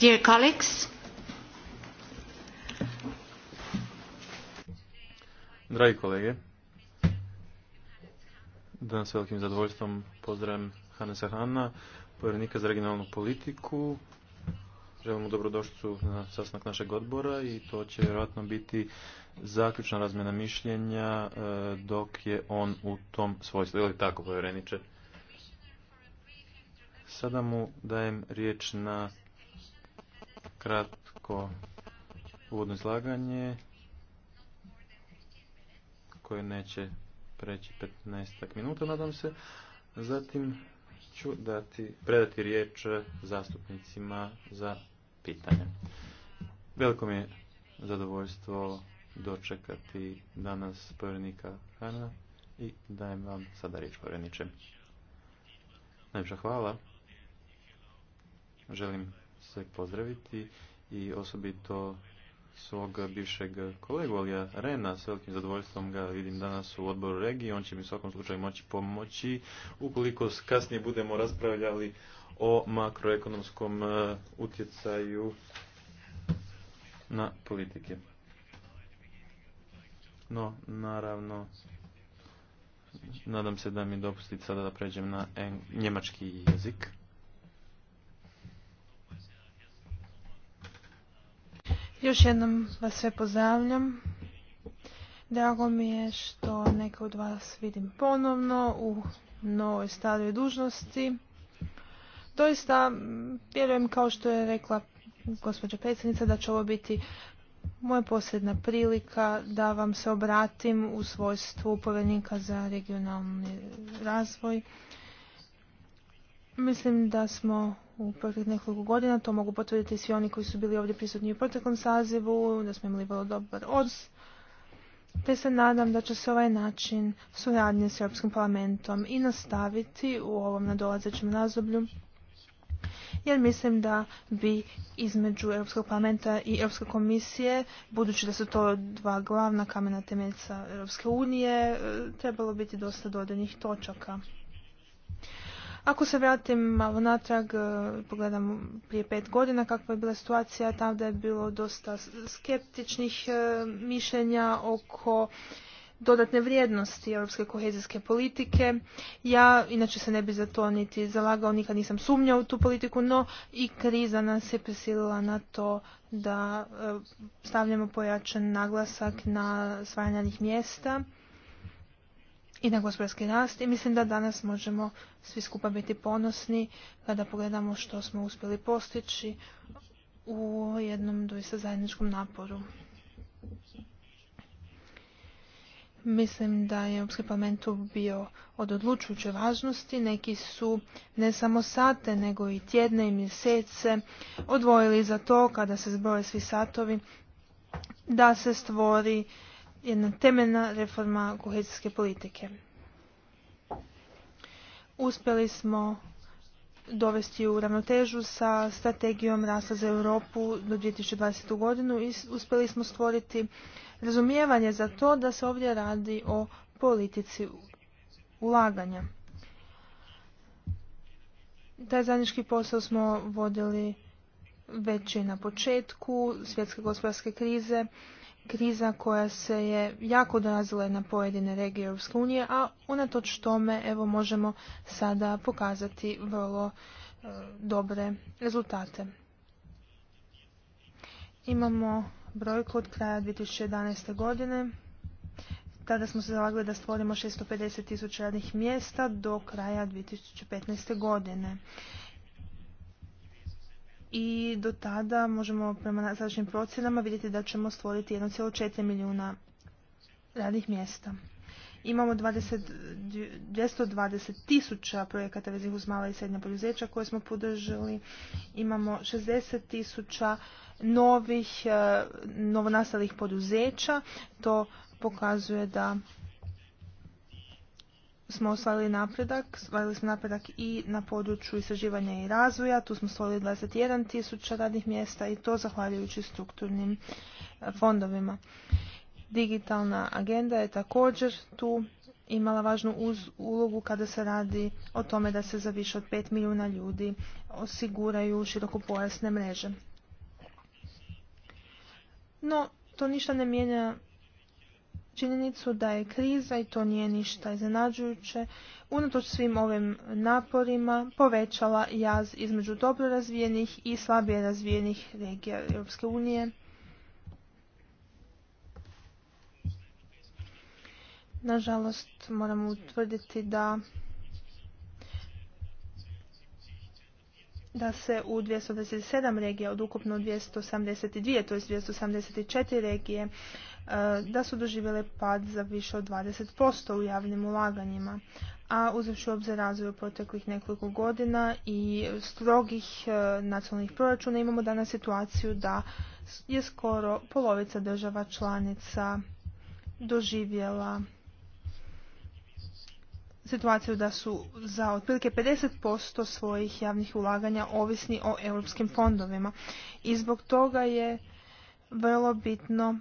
Dear Dragi kolege, danas velikim zadovoljstvom pozdravim Hanesa Hanna, povjerenika za regionalnu politiku. Želimo dobrodošću na sastanak našeg odbora i to će vjerojatno biti zaključna razmjena mišljenja e, dok je on u tom svojstvu. Ili tako, povjereniče? Sada mu dajem riječ na kratko uvodno izlaganje koje neće preći 15 minuta, nadam se. Zatim ću dati, predati riječ zastupnicima za pitanje. Veliko mi je zadovoljstvo dočekati danas povjerenika Hana i dajem vam sada riječ povjereniče. Najviše hvala. Želim sve pozdraviti i osobito svog bivšeg kolegu Alija Rena s velikim zadovoljstvom ga vidim danas u odboru regije. On će mi u svakom slučaju moći pomoći ukoliko kasnije budemo raspravljali o makroekonomskom e, utjecaju na politike. No, naravno, nadam se da mi dopustite sada da pređem na njemački jezik. Još jednom vas sve pozdravljam. Drago mi je što neke od vas vidim ponovno u novoj staroj dužnosti. Doista vjerujem kao što je rekla gospođa predsjednica da će ovo biti moja posljedna prilika da vam se obratim u svojstvu povjerenika za regionalni razvoj Mislim da smo u proteklih nekoliko godina, to mogu potvrditi svi oni koji su bili ovdje prisutni u proteklom sazivu, da smo imali vrlo dobar odnos, te se nadam da će se ovaj način suradnje s Europskim parlamentom i nastaviti u ovom nadolazećem razdoblju, jer mislim da bi između Europskog parlamenta i Europske komisije, budući da su to dva glavna kamena temeljca Europske unije, e, trebalo biti dosta dodanih točaka. Ako se vratim malo natrag, e, pogledam prije pet godina kakva je bila situacija, tada je bilo dosta skeptičnih e, mišljenja oko dodatne vrijednosti europske kohezijske politike. Ja inače se ne bi za to niti zalagao, nikad nisam sumnjao u tu politiku, no i kriza nas je prisilila na to da e, stavljamo pojačan naglasak na svajanjanih mjesta i na gospodarski rast i mislim da danas možemo svi skupa biti ponosni kada pogledamo što smo uspjeli postići u jednom doista zajedničkom naporu. Mislim da je Europski parlament bio od odlučujuće važnosti. Neki su ne samo sate, nego i tjedne i mjesece odvojili za to kada se zbroje svi satovi da se stvori jedna temeljna reforma kohezijske politike. Uspjeli smo dovesti u ravnotežu sa strategijom rasta za Europu do 2020. godinu i uspjeli smo stvoriti razumijevanje za to da se ovdje radi o politici ulaganja. Taj zajednički posao smo vodili već i na početku svjetske gospodarske krize kriza koja se je jako odrazila na pojedine regije Europske unije, a unatoč tome evo možemo sada pokazati vrlo e, dobre rezultate. Imamo brojku od kraja 2011. godine. Tada smo se zalagali da stvorimo 650 tisuća radnih mjesta do kraja 2015. godine i do tada možemo prema sadašnjim procjenama vidjeti da ćemo stvoriti 1,4 milijuna radnih mjesta. Imamo dvjesto 220 tisuća projekata vezih uz mala i srednja poduzeća koje smo podržali. Imamo 60 tisuća novih, e, novonastalih poduzeća. To pokazuje da smo ostvarili napredak, osvojili smo napredak i na području istraživanja i razvoja, tu smo stvorili 21 tisuća radnih mjesta i to zahvaljujući strukturnim e, fondovima. Digitalna agenda je također tu imala važnu ulogu kada se radi o tome da se za više od 5 milijuna ljudi osiguraju širokopojasne mreže. No, to ništa ne mijenja činjenicu da je kriza i to nije ništa iznenađujuće, unatoč svim ovim naporima povećala jaz između dobro razvijenih i slabije razvijenih regija Europske unije. Nažalost, moramo utvrditi da da se u 227 regija od ukupno 272, to je 274 regije, E, da su doživjele pad za više od 20% u javnim ulaganjima. A uzevši u obzir razvoj proteklih nekoliko godina i strogih e, nacionalnih proračuna imamo danas situaciju da je skoro polovica država članica doživjela situaciju da su za otprilike 50% svojih javnih ulaganja ovisni o europskim fondovima. I zbog toga je vrlo bitno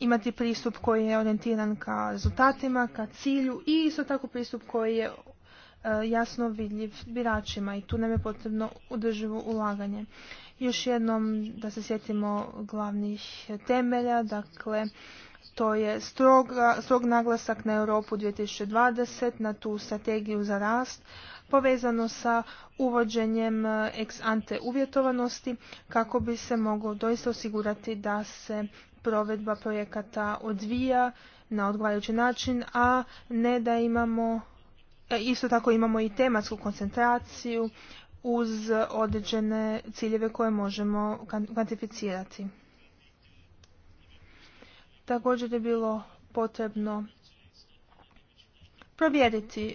imati pristup koji je orijentiran ka rezultatima, ka cilju i isto tako pristup koji je e, jasno vidljiv biračima i tu nam je potrebno održivo ulaganje. Još jednom da se sjetimo glavnih temelja, dakle to je strog, naglasak na Europu 2020, na tu strategiju za rast, povezano sa uvođenjem e, ex ante uvjetovanosti kako bi se moglo doista osigurati da se provedba projekata odvija na odgovarajući način, a ne da imamo, e, isto tako imamo i tematsku koncentraciju uz određene ciljeve koje možemo kvantificirati. Također je bilo potrebno provjeriti e,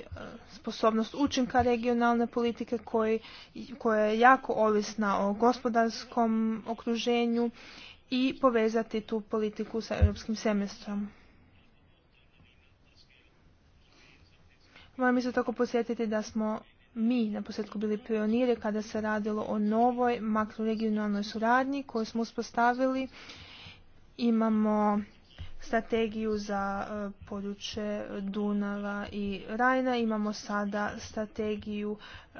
sposobnost učinka regionalne politike koji, koja je jako ovisna o gospodarskom okruženju i povezati tu politiku sa europskim semestrom. Moram isto tako posjetiti da smo mi na posljedku bili pioniri kada se radilo o novoj makroregionalnoj suradnji koju smo uspostavili. Imamo strategiju za e, područje Dunava i Rajna, imamo sada strategiju e,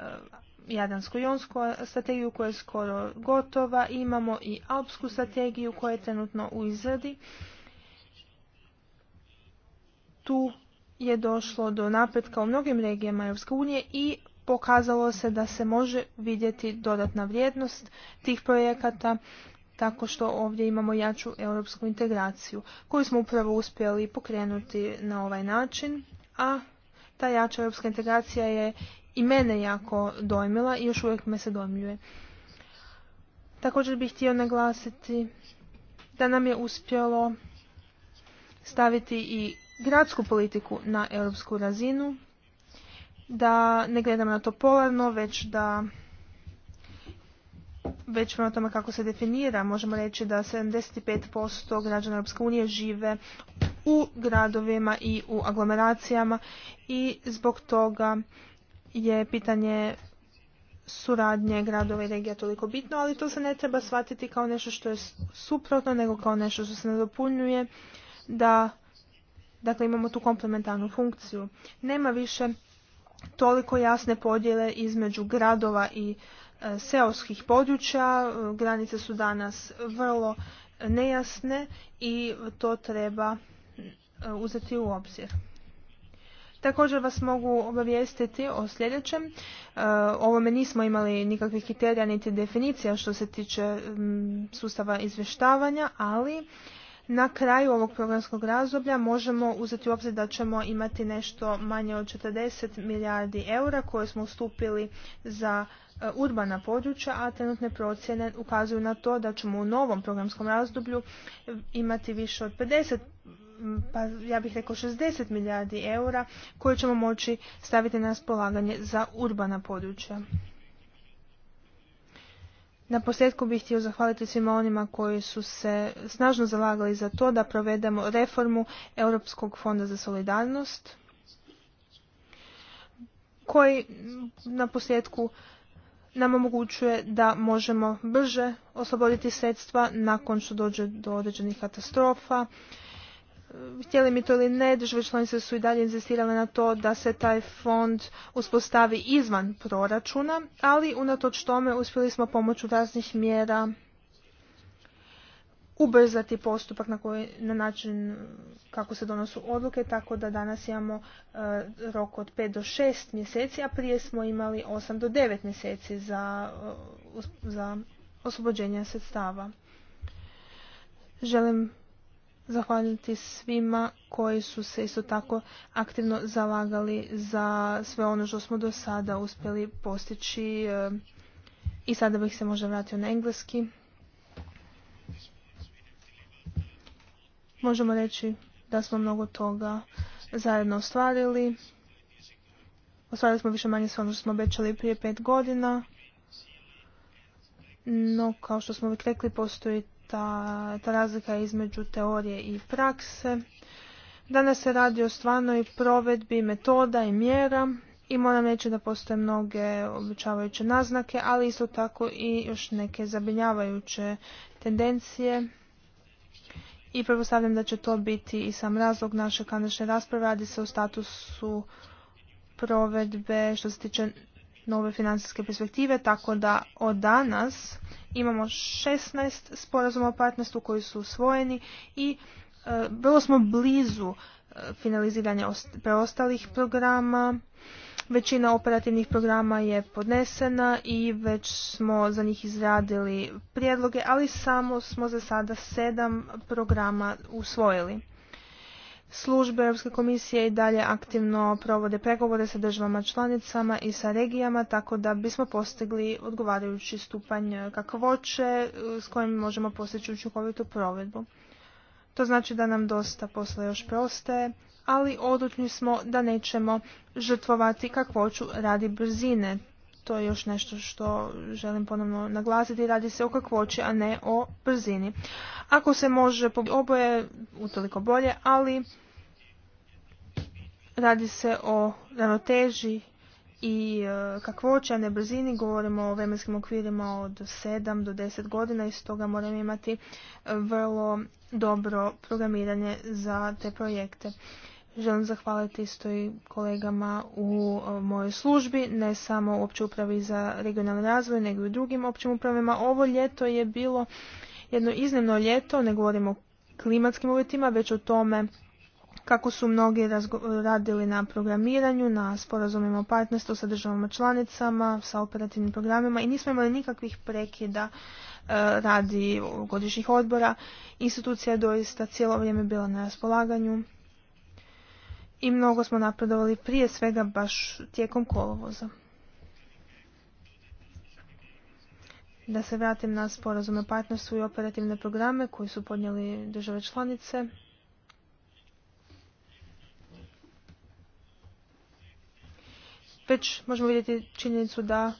Jadansko-Jonsku strategiju koja je skoro gotova, imamo i Alpsku strategiju koja je trenutno u izradi. Tu je došlo do napretka u mnogim regijama Europske unije i pokazalo se da se može vidjeti dodatna vrijednost tih projekata tako što ovdje imamo jaču europsku integraciju koju smo upravo uspjeli pokrenuti na ovaj način, a ta jača europska integracija je i mene jako dojmila i još uvijek me se dojmljuje. Također bih htio naglasiti da nam je uspjelo staviti i gradsku politiku na europsku razinu, da ne gledamo na to polarno, već da već prema tome kako se definira, možemo reći da 75% građana Europske unije žive u gradovima i u aglomeracijama i zbog toga je pitanje suradnje gradova i regija toliko bitno, ali to se ne treba shvatiti kao nešto što je suprotno, nego kao nešto što se nadopunjuje, da dakle, imamo tu komplementarnu funkciju. Nema više toliko jasne podjele između gradova i e, seoskih područja, granice su danas vrlo nejasne i to treba e, uzeti u obzir. Također vas mogu obavijestiti o sljedećem. E, ovome nismo imali nikakvih kriterija niti definicija što se tiče sustava izvještavanja, ali na kraju ovog programskog razdoblja možemo uzeti u obzir da ćemo imati nešto manje od 40 milijardi eura koje smo ustupili za e, urbana područja, a trenutne procjene ukazuju na to da ćemo u novom programskom razdoblju e, imati više od 50 pa ja bih rekao 60 milijardi eura koje ćemo moći staviti na raspolaganje za urbana područja. Na posljedku bih htio zahvaliti svima onima koji su se snažno zalagali za to da provedemo reformu Europskog fonda za solidarnost koji na posljedku nam omogućuje da možemo brže osloboditi sredstva nakon što dođe do određenih katastrofa htjeli mi to ili ne, države članice su i dalje inzistirale na to da se taj fond uspostavi izvan proračuna, ali unatoč tome uspjeli smo pomoću raznih mjera ubrzati postupak na, koji, na način kako se donosu odluke, tako da danas imamo e, rok od 5 do 6 mjeseci, a prije smo imali 8 do 9 mjeseci za, e, za oslobođenje sredstava. Želim zahvaliti svima koji su se isto tako aktivno zalagali za sve ono što smo do sada uspjeli postići. E, I sada bih se možda vratio na engleski. Možemo reći da smo mnogo toga zajedno ostvarili. Ostvarili smo više manje sve ono što smo obećali prije pet godina. No, kao što smo uvijek rekli, postoji ta, razlika između teorije i prakse. Danas se radi o stvarnoj provedbi metoda i mjera i moram reći da postoje mnoge običavajuće naznake, ali isto tako i još neke zabrinjavajuće tendencije. I pretpostavljam da će to biti i sam razlog naše kanačne rasprave. Radi se o statusu provedbe što se tiče nove financijske perspektive, tako da od danas imamo 16 sporazuma o partnerstvu koji su usvojeni i bilo e, vrlo smo blizu e, finaliziranja preostalih programa. Većina operativnih programa je podnesena i već smo za njih izradili prijedloge, ali samo smo za sada sedam programa usvojili. Službe Europske komisije i dalje aktivno provode pregovore sa državama članicama i sa regijama tako da bismo postigli odgovarajući stupanj kakvoće eh, s kojim možemo postići učinkovitu provedbu. To znači da nam dosta posla još preostaje, ali odlučni smo da nećemo žrtvovati kakvoću radi brzine. To je još nešto što želim ponovno naglasiti. Radi se o kakvoći, a ne o brzini. Ako se može oboje, utoliko bolje, ali Radi se o ravnoteži i e, kakvoća, ne brzini, govorimo o vremenskim okvirima od 7 do 10 godina i stoga moramo imati vrlo dobro programiranje za te projekte. Želim zahvaliti isto i kolegama u e, mojoj službi, ne samo u općoj upravi za regionalni razvoj, nego i u drugim općim upravima. Ovo ljeto je bilo jedno iznimno ljeto, ne govorimo o klimatskim uvjetima, već o tome kako su mnogi radili na programiranju, na sporazumima o partnerstvu sa državama članicama, sa operativnim programima i nismo imali nikakvih prekida e, radi godišnjih odbora. Institucija je doista cijelo vrijeme bila na raspolaganju i mnogo smo napredovali prije svega baš tijekom kolovoza. Da se vratim na sporazume partnerstvu i operativne programe koji su podnijeli države članice. već možemo vidjeti činjenicu da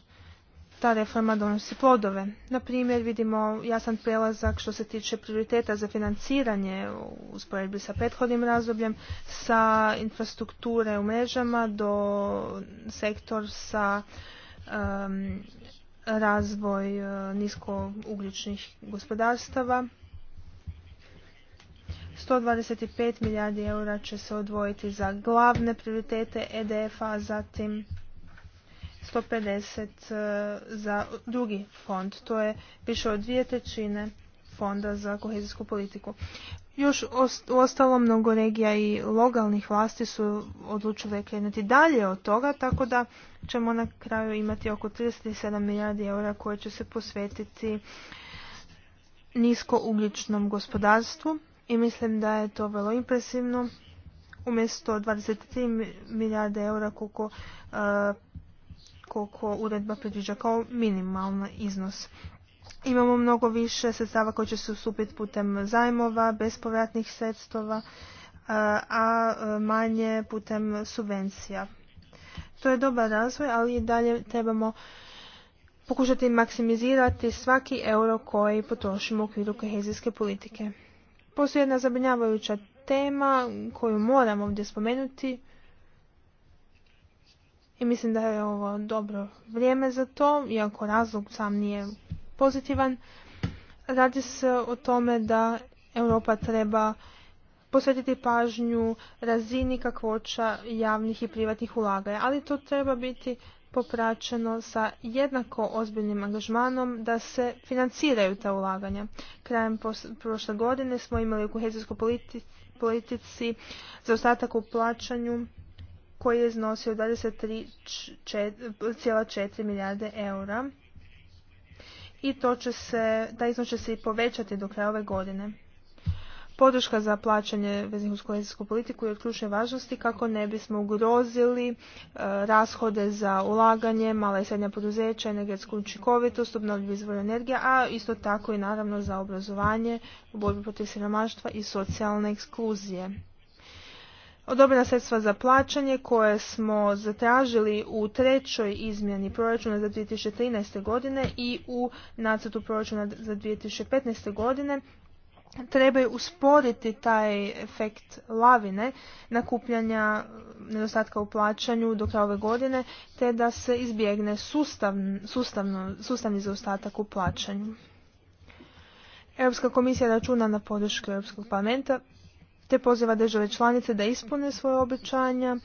ta reforma donosi plodove. Na primjer, vidimo jasan prelazak što se tiče prioriteta za financiranje u usporedbi sa prethodnim razdobljem, sa infrastrukture u mrežama do sektor sa um, razvoj uh, niskougljičnih gospodarstava 125 milijardi eura će se odvojiti za glavne prioritete EDF-a, zatim 150 e, za drugi fond. To je više od dvije trećine fonda za kohezijsku politiku. Još u ostalom mnogo regija i lokalnih vlasti su odlučile krenuti dalje od toga, tako da ćemo na kraju imati oko 37 milijardi eura koje će se posvetiti niskougljičnom gospodarstvu i mislim da je to vrlo impresivno. Umjesto 23 milijarde eura koliko, uh, uredba predviđa kao minimalni iznos. Imamo mnogo više sredstava koje će se usupiti putem zajmova, bespovratnih sredstava, uh, a e, manje putem subvencija. To je dobar razvoj, ali i dalje trebamo pokušati maksimizirati svaki euro koji potrošimo u okviru kohezijske politike. Postoji jedna zabrinjavajuća tema koju moram ovdje spomenuti i mislim da je ovo dobro vrijeme za to, iako razlog sam nije pozitivan. Radi se o tome da Europa treba posvetiti pažnju razini kakvoća javnih i privatnih ulaganja, ali to treba biti popraćeno sa jednako ozbiljnim angažmanom da se financiraju ta ulaganja. Krajem prošle godine smo imali u kohezijskoj politici, za zaostatak u plaćanju koji je iznosio 23,4 milijarde eura i to će se, taj iznos će se i povećati do kraja ove godine. Podrška za plaćanje veznih uz kohezijsku politiku je od ključne važnosti kako ne bismo ugrozili e, rashode za ulaganje, mala i srednja poduzeća, energetsku učinkovitost, obnovljivi izvor energije, a isto tako i naravno za obrazovanje, borbu protiv siromaštva i socijalne ekskluzije. Odobrena sredstva za plaćanje koje smo zatražili u trećoj izmjeni proračuna za 2013. godine i u nacrtu proračuna za 2015. godine trebaju usporiti taj efekt lavine nakupljanja nedostatka u plaćanju do kraja ove godine, te da se izbjegne sustavni zaostatak u plaćanju. Europska komisija računa na podršku Europskog parlamenta te poziva države članice da ispune svoje obećanja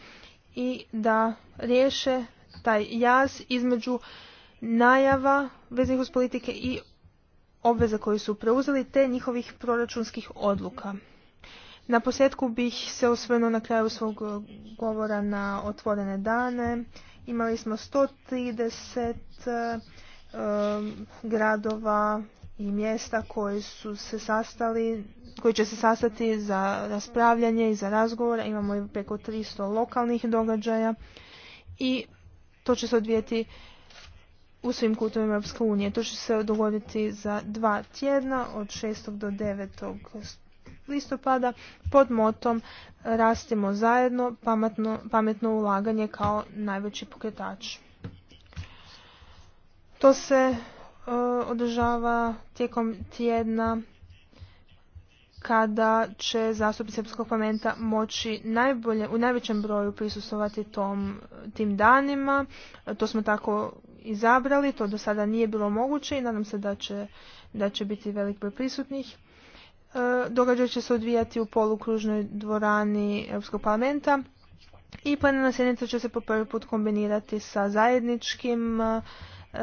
i da riješe taj jaz između najava veznih uz politike i obveza koju su preuzeli te njihovih proračunskih odluka. Na posjetku bih se osvrnuo na kraju svog eh, govora na otvorene dane. Imali smo 130 eh, gradova i mjesta koji su se sastali, koji će se sastati za raspravljanje i za razgovor. Imamo i preko 300 lokalnih događaja i to će se odvijeti u svim kutovima Europske unije. To će se dogoditi za dva tjedna od 6. do 9. listopada pod motom Rastimo zajedno, pametno, pametno ulaganje kao najveći pokretač. To se e, održava tijekom tjedna kada će zastupnici srpskog parlamenta moći u najvećem broju prisustovati tom, tim danima. To smo tako izabrali. To do sada nije bilo moguće i nadam se da će, da će biti velik broj prisutnih. E, događaj će se odvijati u polukružnoj dvorani Europskog parlamenta i plenarna sjednica će se po prvi put kombinirati sa zajedničkim e,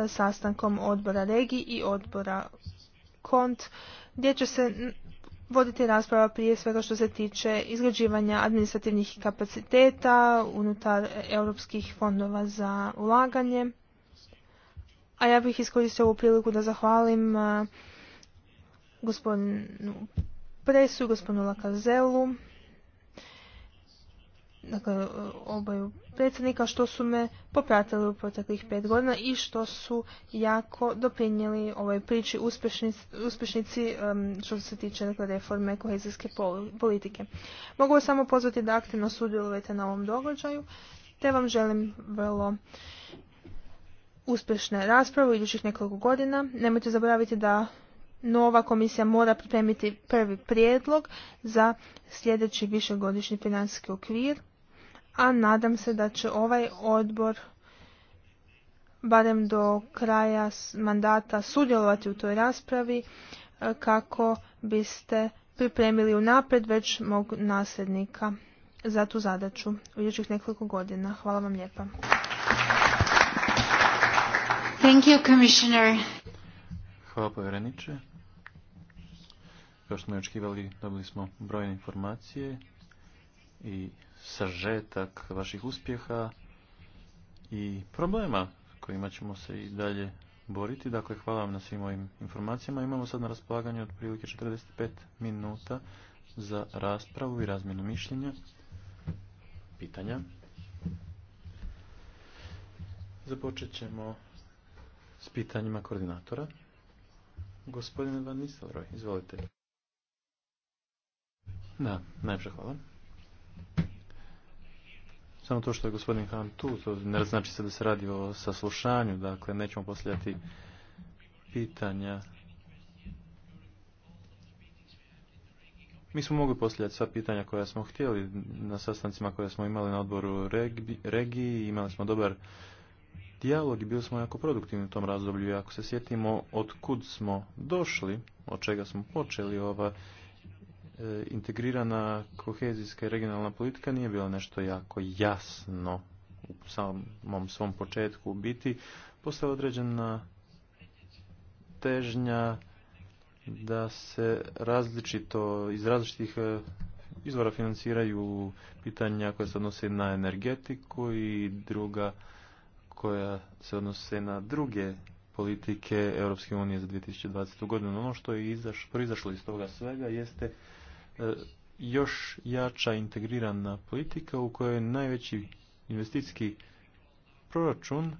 sastankom odbora regiji i odbora Kont gdje će se voditi rasprava prije svega što se tiče izgrađivanja administrativnih kapaciteta unutar europskih fondova za ulaganje a ja bih iskoristio ovu priliku da zahvalim gospodinu Presu i gospodinu Lakazelu, dakle, obaju predsjednika, što su me popratili u proteklih pet godina i što su jako doprinijeli ovoj priči uspješnici, što se tiče dakle, reforme kohezijske politike. Mogu vas samo pozvati da aktivno sudjelujete na ovom događaju, te vam želim vrlo uspješne rasprave u idućih nekoliko godina. Nemojte zaboraviti da nova komisija mora pripremiti prvi prijedlog za sljedeći višegodišnji financijski okvir, a nadam se da će ovaj odbor barem do kraja mandata sudjelovati u toj raspravi e, kako biste pripremili unaprijed već mog nasljednika za tu zadaću u idućih nekoliko godina. Hvala vam lijepa. Hvala povjereniče. Kao što smo očekivali, dobili smo brojne informacije i sažetak vaših uspjeha i problema kojima ćemo se i dalje boriti. Dakle, hvala vam na svim ovim informacijama. Imamo sad na raspolaganju otprilike 45 minuta za raspravu i razmjenu mišljenja, pitanja. Započet ćemo s pitanjima koordinatora. Gospodine Van Nistelroj, izvolite. Da, najpša hvala. Samo to što je gospodin Han tu, to ne znači se da se radi o saslušanju, dakle nećemo poslijati pitanja. Mi smo mogli poslijati sva pitanja koja smo htjeli na sastancima koja smo imali na odboru regiji, imali smo dobar dijalog i bili smo jako produktivni u tom razdoblju. I ako se sjetimo od kud smo došli, od čega smo počeli ova e, integrirana kohezijska i regionalna politika nije bila nešto jako jasno u samom svom početku u biti. Postala određena težnja da se različito, iz različitih e, izvora financiraju pitanja koja se odnose na energetiku i druga koja se odnose na druge politike Europske unije za 2020. godinu. Ono što je proizašlo iz toga svega jeste e, još jača integrirana politika u kojoj najveći investicijski proračun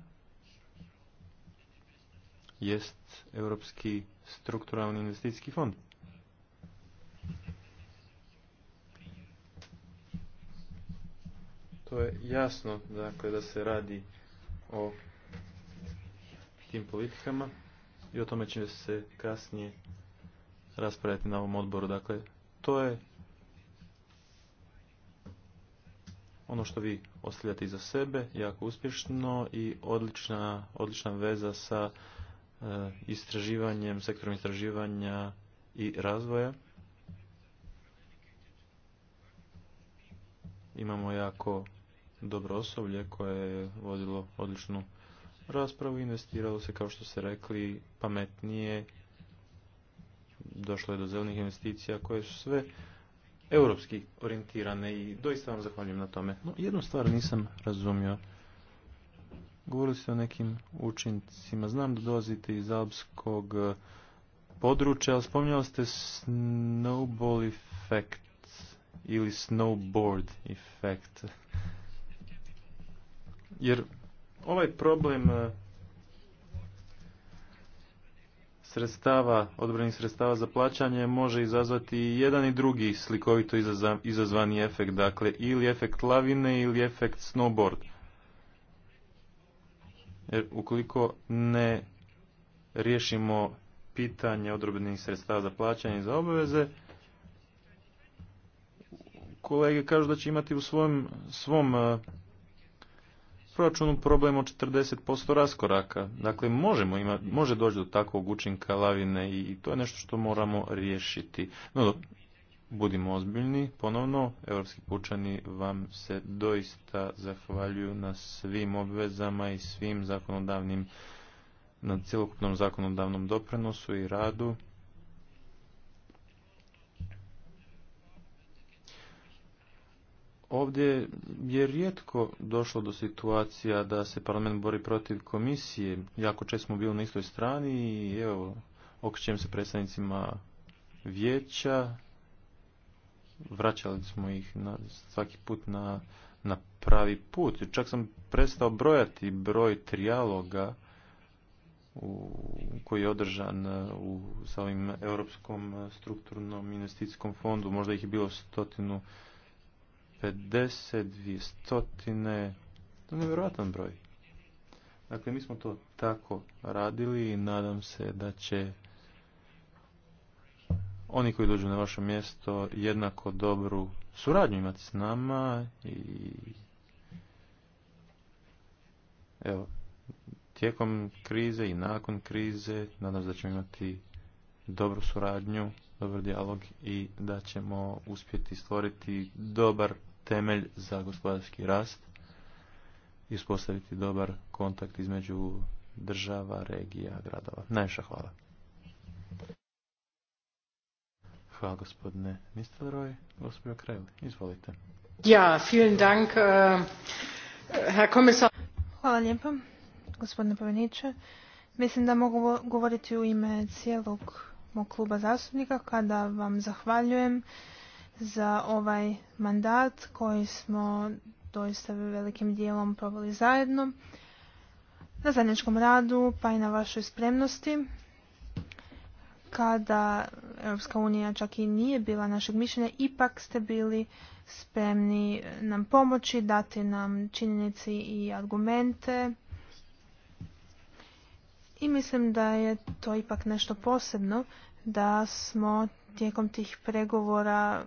jest Europski strukturalni investicijski fond. To je jasno, dakle, da se radi o tim politikama i o tome će se kasnije raspraviti na ovom odboru. Dakle, to je ono što vi ostavljate iza sebe, jako uspješno i odlična, odlična veza sa e, istraživanjem, sektorom istraživanja i razvoja. Imamo jako dobro osoblje koje je vodilo odličnu raspravu, investiralo se, kao što ste rekli, pametnije, došlo je do zelenih investicija koje su sve europski orijentirane i doista vam zahvaljujem na tome. No, jednu stvar nisam razumio. Govorili ste o nekim učincima. Znam da dolazite iz alpskog eh, područja, ali spominjali ste snowball effect ili snowboard effect. Jer ovaj problem e, sredstava, odbranih sredstava za plaćanje može izazvati i jedan i drugi slikovito izazvani efekt, dakle ili efekt lavine ili efekt snowboard. Jer ukoliko ne riješimo pitanje odrobenih sredstava za plaćanje i za obaveze, kolege kažu da će imati u svom, svom e, proračunu problem od 40% raskoraka. Dakle, možemo ima, može doći do takvog učinka lavine i to je nešto što moramo riješiti. No, budimo ozbiljni, ponovno, europski pučani vam se doista zahvaljuju na svim obvezama i svim zakonodavnim, na cjelokupnom zakonodavnom doprinosu i radu. Ovdje je rijetko došlo do situacija da se parlament bori protiv komisije. Jako često smo bili na istoj strani i evo, okrećem se predstavnicima vijeća. Vraćali smo ih svaki put na, na pravi put. Čak sam prestao brojati broj trijaloga koji je održan e, u, sa ovim Europskom strukturnom investicijskom fondu. Možda ih je bilo stotinu 150, 200, to je nevjerojatan broj. Dakle, mi smo to tako radili i nadam se da će oni koji dođu na vaše mjesto jednako dobru suradnju imati s nama i evo, tijekom krize i nakon krize nadam se da ćemo imati dobru suradnju, dobar dijalog i da ćemo uspjeti stvoriti dobar temelj za gospodarski rast i uspostaviti dobar kontakt između država, regija, gradova. Najviše hvala. Hvala gospodine Nistelroj. Gospodin Krajli, izvolite. Ja, vielen dank, eh, herr komisar. Hvala lijepo, gospodine poveniče. Mislim da mogu govoriti u ime cijelog mog kluba zastupnika kada vam zahvaljujem za ovaj mandat koji smo doista velikim dijelom proveli zajedno na zajedničkom radu pa i na vašoj spremnosti kada Europska unija čak i nije bila našeg mišljenja, ipak ste bili spremni nam pomoći, dati nam činjenici i argumente. I mislim da je to ipak nešto posebno da smo tijekom tih pregovora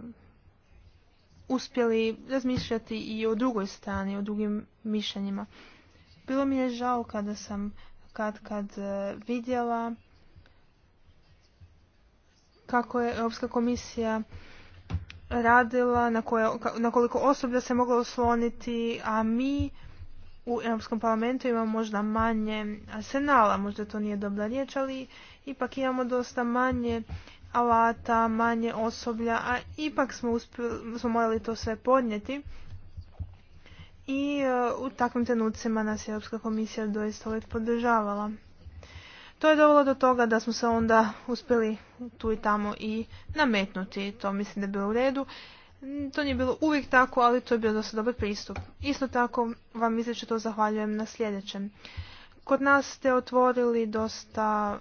uspjeli razmišljati i o drugoj strani, o drugim mišljenjima. Bilo mi je žao kada sam kad kad e, vidjela kako je Europska komisija radila, na, na koliko osoblja se moglo osloniti, a mi u Europskom parlamentu imamo možda manje arsenala, možda to nije dobra riječ, ali ipak imamo dosta manje alata, manje osoblja, a ipak smo, uspjeli, smo morali to sve podnijeti. I uh, u takvim trenucima nas je Europska komisija doista uvijek podržavala. To je dovelo do toga da smo se onda uspjeli tu i tamo i nametnuti. To mislim da je bilo u redu. To nije bilo uvijek tako, ali to je bio dosta dobar pristup. Isto tako vam to zahvaljujem na sljedećem. Kod nas ste otvorili dosta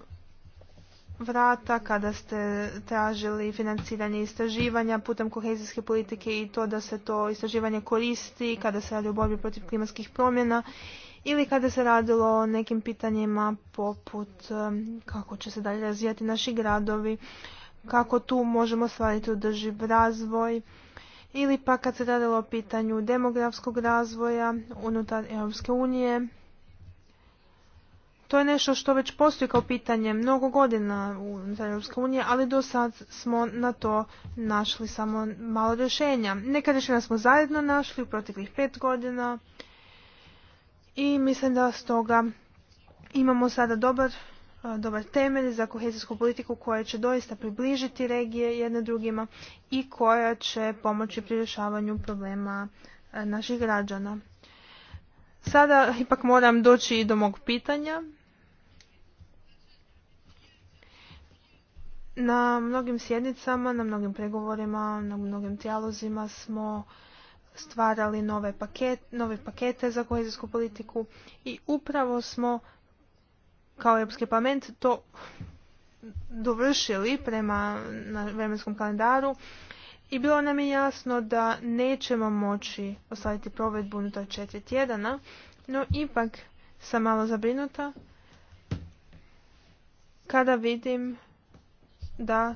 vrata kada ste tražili financiranje istraživanja putem kohezijske politike i to da se to istraživanje koristi kada se radi o borbi protiv klimatskih promjena ili kada se radilo o nekim pitanjima poput kako će se dalje razvijati naši gradovi, kako tu možemo stvariti održiv razvoj ili pa kad se radilo o pitanju demografskog razvoja unutar Europske unije to je nešto što već postoji kao pitanje mnogo godina u Europske unije, ali do sad smo na to našli samo malo rješenja. Neka rješenja smo zajedno našli u proteklih pet godina i mislim da toga imamo sada dobar dobar temelj za kohezijsku politiku koja će doista približiti regije jedne drugima i koja će pomoći pri rješavanju problema naših građana. Sada ipak moram doći i do mog pitanja. Na mnogim sjednicama, na mnogim pregovorima, na mnogim tijalozima smo stvarali nove, paket, nove pakete za kohezijsku politiku i upravo smo kao Europski parlament to dovršili prema vremenskom kalendaru i bilo nam je jasno da nećemo moći ostaviti provedbu unutar četiri tjedana, no ipak sam malo zabrinuta kada vidim da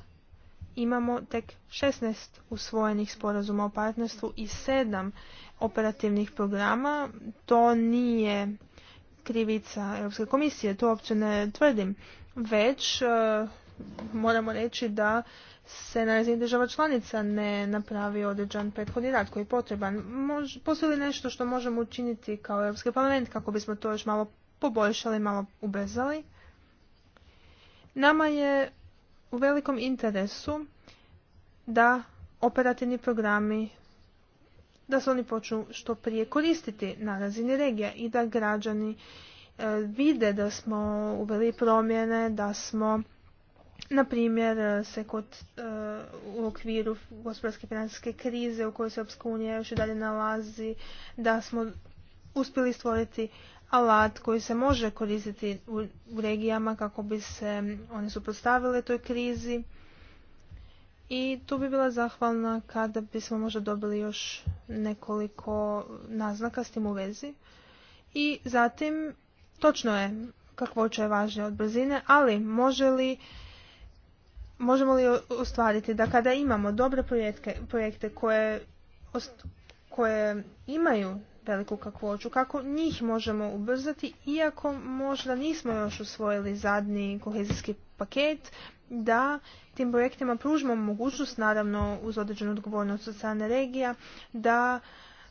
imamo tek 16 usvojenih sporazuma o partnerstvu i 7 operativnih programa. To nije krivica Europske komisije, to uopće ne tvrdim, već e, moramo reći da se na razini država članica ne napravi određen prethodni rad koji je potreban. postoji li nešto što možemo učiniti kao Europski parlament kako bismo to još malo poboljšali, malo ubezali? Nama je u velikom interesu da operativni programi da se oni počnu što prije koristiti na razini regija i da građani e, vide da smo uveli promjene, da smo na primjer e, se kod e, u okviru gospodarske financijske krize u kojoj se Europska unija još i dalje nalazi, da smo uspjeli stvoriti alat koji se može koristiti u regijama kako bi se one suprotstavile toj krizi. I tu bi bila zahvalna kada bismo možda dobili još nekoliko naznaka s tim u vezi. I zatim, točno je kakvoća je važnija od brzine, ali može li možemo li ostvariti da kada imamo dobre projekte, projekte koje, koje imaju veliku kakvoću, kako njih možemo ubrzati, iako možda nismo još usvojili zadnji kohezijski paket, da tim projektima pružimo mogućnost, naravno uz određenu odgovornost od strane regija, da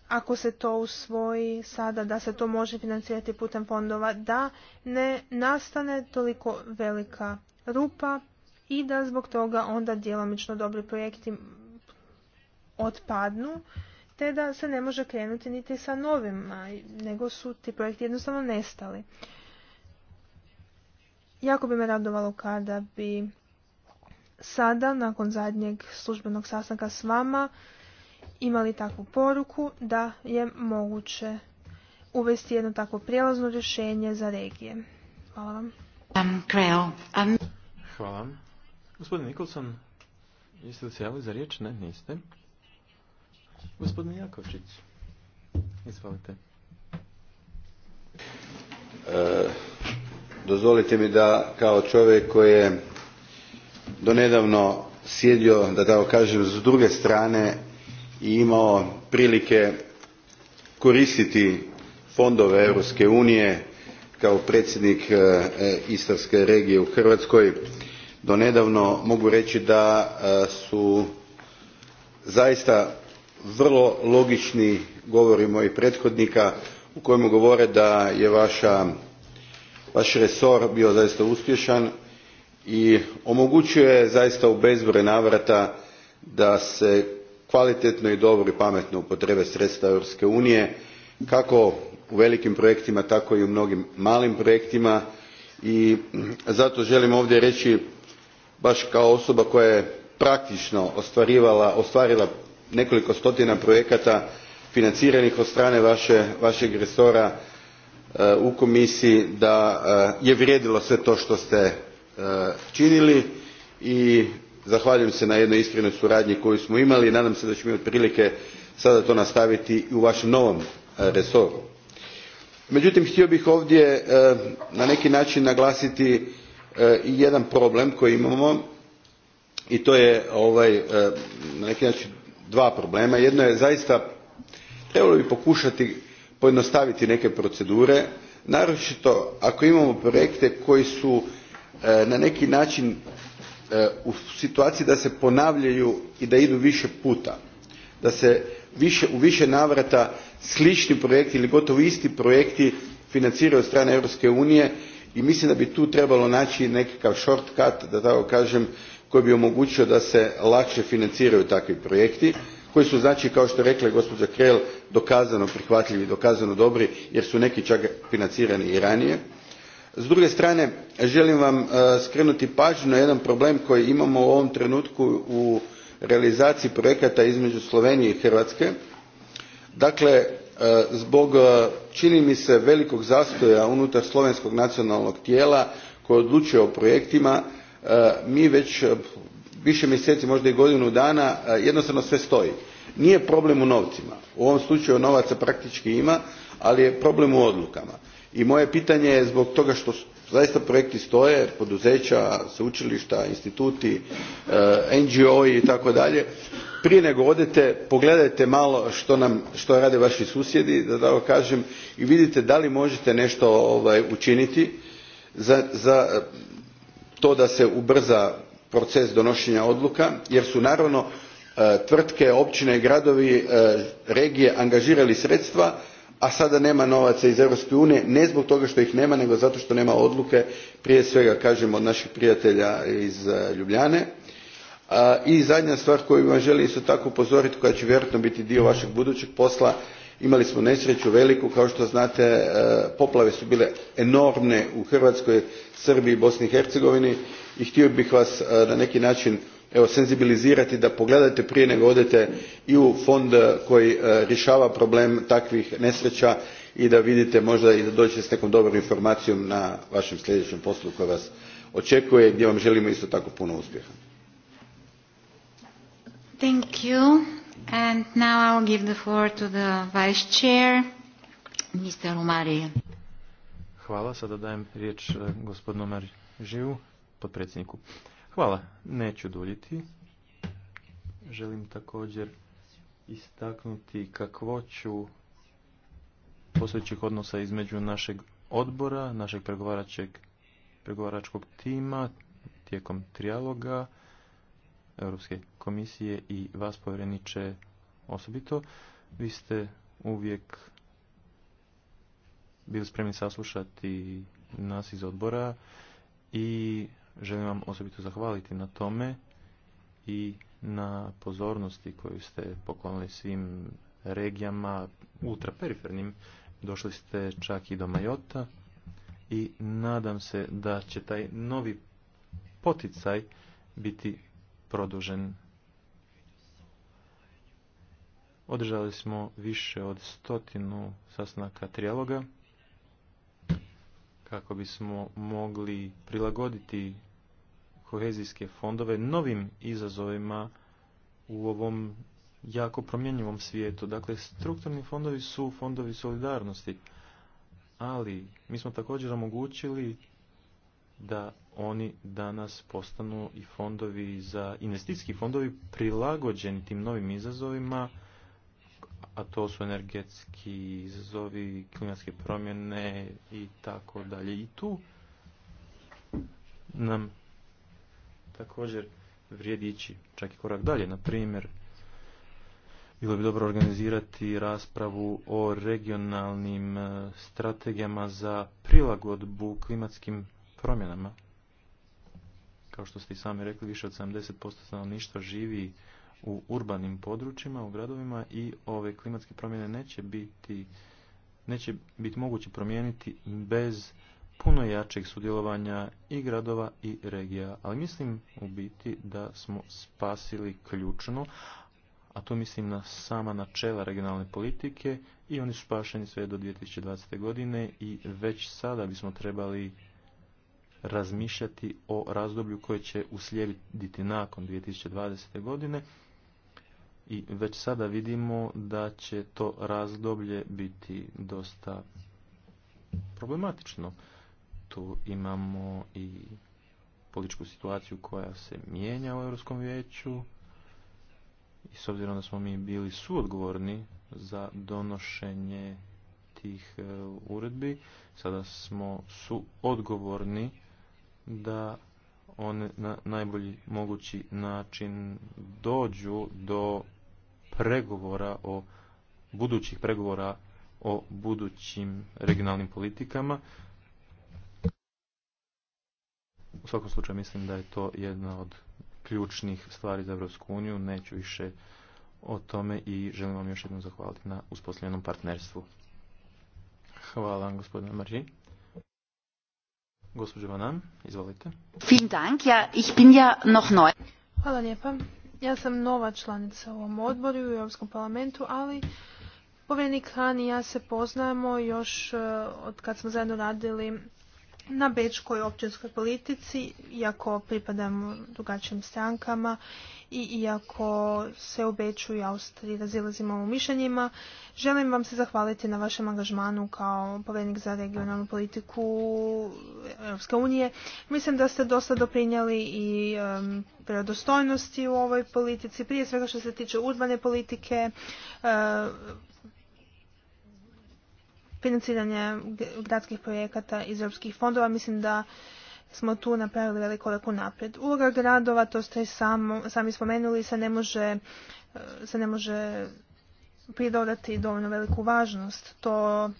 ako se to usvoji sada, da se to može financirati putem fondova, da ne nastane toliko velika rupa i da zbog toga onda djelomično dobri projekti otpadnu te da se ne može krenuti niti sa novima, nego su ti projekti jednostavno nestali. Jako bi me radovalo kada bi sada, nakon zadnjeg službenog sastanka s vama, imali takvu poruku da je moguće uvesti jedno takvo prijelazno rješenje za regije. Hvala vam. Um, um, Hvala Gospodin Nikolson, jeste li se javili za riječ? Ne, niste. Gospodin Jakovčić, izvolite. E, dozvolite mi da kao čovjek koji je donedavno sjedio, da tako kažem, s druge strane i imao prilike koristiti fondove Europske unije kao predsjednik e, e, istarske regije u Hrvatskoj donedavno mogu reći da su zaista vrlo logični govori mojih prethodnika u kojima govore da je vaš resor bio zaista uspješan i omogućio je zaista u bezbroj navrata da se kvalitetno i dobro i pametno upotrijebe sredstva europske unije kako u velikim projektima tako i u mnogim malim projektima i zato želim ovdje reći baš kao osoba koja je praktično ostvarila nekoliko stotina projekata financiranih od strane vašeg resora e, u komisiji da e, je vrijedilo sve to što ste e, činili i zahvaljujem se na jednoj iskrenoj suradnji koju smo imali i nadam se da ćemo imati prilike sada to nastaviti i u vašem novom resoru. međutim htio bih ovdje na neki način naglasiti i jedan problem koji imamo i to je ovaj, na neki način dva problema jedno je zaista trebalo bi pokušati pojednostaviti neke procedure naročito ako imamo projekte koji su e, na neki način e, u situaciji da se ponavljaju i da idu više puta da se u više navrata slični projekti ili gotovo isti projekti financiraju od strane europske unije i mislim da bi tu trebalo naći nekakav shortcut da tako kažem koji bi omogućio da se lakše financiraju takvi projekti koji su znači kao što je rekla gospođa krehl dokazano prihvatljivi dokazano dobri jer su neki čak financirani i ranije. s druge strane želim vam e, skrenuti pažnju na jedan problem koji imamo u ovom trenutku u realizaciji projekata između slovenije i hrvatske. dakle e, zbog e, čini mi se velikog zastoja unutar slovenskog nacionalnog tijela koje odlučuje o projektima E, mi već e, više mjeseci možda i godinu dana e, jednostavno sve stoji. nije problem u novcima u ovom slučaju novaca praktički ima ali je problem u odlukama i moje pitanje je zbog toga što zaista projekti stoje poduzeća sveučilišta instituti ngo i tako dalje prije nego odete pogledajte malo što, nam, što rade vaši susjedi da tako kažem i vidite da li možete nešto ovaj, učiniti za to da se ubrza proces donošenja odluka jer su naravno e, tvrtke općine i gradovi e, regije angažirali sredstva a sada nema novaca iz europske unije ne zbog toga što ih nema nego zato što nema odluke prije svega kažem od naših prijatelja iz e, ljubljane. i zadnja stvar na koju vas želim isto tako upozoriti koja će vjerojatno biti dio vašeg budućeg posla imali smo nesreću veliku kao što znate e, poplave su bile enormne u hrvatskoj srbiji i bosni i hercegovini i htio bih vas e, na neki način senzibilizirati da pogledate prije nego odete i u fond koji e, rješava problem takvih nesreća i da vidite možda i da dođete s nekom dobrom informacijom na vašem sljedećem poslu koji vas očekuje gdje vam želimo isto tako puno uspjeha. And now Hvala, sada dajem riječ e, gospodinu Mariju Živu, podpredsjedniku. Hvala, neću duljiti. Želim također istaknuti kakvoću postojećih odnosa između našeg odbora, našeg pregovaračkog tima, tijekom trijaloga, Europske komisije i vas povjereniče osobito. Vi ste uvijek bili spremni saslušati nas iz odbora i želim vam osobito zahvaliti na tome i na pozornosti koju ste poklonili svim regijama ultraperifernim. Došli ste čak i do Majota i nadam se da će taj novi poticaj biti produžen Održali smo više od stotinu sastanaka trijaloga kako bismo mogli prilagoditi kohezijske fondove novim izazovima u ovom jako promjenjivom svijetu. Dakle, strukturni fondovi su fondovi solidarnosti, ali mi smo također omogućili da oni danas postanu i fondovi za investicijski fondovi prilagođeni tim novim izazovima a to su energetski izazovi, klimatske promjene i tako dalje. I tu nam također vrijedi ići čak i korak dalje. Na primjer, bilo bi dobro organizirati raspravu o regionalnim e, strategijama za prilagodbu klimatskim promjenama. Kao što ste i sami rekli, više od 70% stanovništva živi u urbanim područjima, u gradovima i ove klimatske promjene neće biti, neće biti moguće promijeniti bez puno jačeg sudjelovanja i gradova i regija. Ali mislim u biti da smo spasili ključno, a to mislim na sama načela regionalne politike i oni su spašeni sve do 2020. godine i već sada bismo trebali razmišljati o razdoblju koje će uslijediti nakon 2020. godine i već sada vidimo da će to razdoblje biti dosta problematično. Tu imamo i političku situaciju koja se mijenja u Europskom vijeću i s obzirom da smo mi bili suodgovorni za donošenje tih e, uredbi, sada smo suodgovorni da one na najbolji mogući način dođu do pregovora o budućih pregovora o budućim regionalnim politikama. U svakom slučaju mislim da je to jedna od ključnih stvari za Evropsku uniju. Neću više o tome i želim vam još jednom zahvaliti na uspostavljenom partnerstvu. Hvala vam, gospodine Marji. Gospođo Vanam, izvolite. Vielen Dank, ja, ich bin ja noch neu. Hvala lijepa. Ja sam nova članica u ovom odboru u Europskom parlamentu, ali povjerenik Han i ja se poznajemo još eh, od kad smo zajedno radili na bečkoj općinskoj politici, iako pripadam drugačijim strankama i iako se u Beču i Austriji razilazimo u mišljenjima, želim vam se zahvaliti na vašem angažmanu kao povjednik za regionalnu politiku Europske unije. Mislim da ste dosta doprinjali i predostojnosti u ovoj politici, prije svega što se tiče urbane politike, eh, financiranje gradskih projekata iz europskih fondova. Mislim da smo tu napravili veliko korak naprijed. Uloga gradova, to ste sami spomenuli, e, se ne može, pridodati dovoljno veliku važnost. To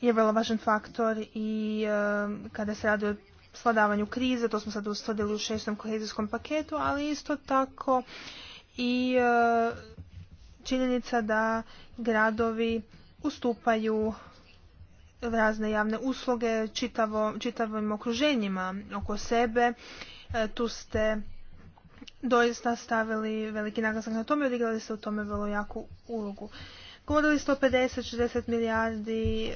je vrlo važan faktor i e, kada se radi o sladavanju krize, to smo sad ustvrdili u šestom kohezijskom paketu, ali isto tako i e, činjenica da gradovi ustupaju razne javne usluge čitavo, čitavim okruženjima oko sebe. E, tu ste doista stavili veliki naglasak na tome i odigrali ste u tome vrlo jaku ulogu. Govorili ste o 50-60 milijardi e,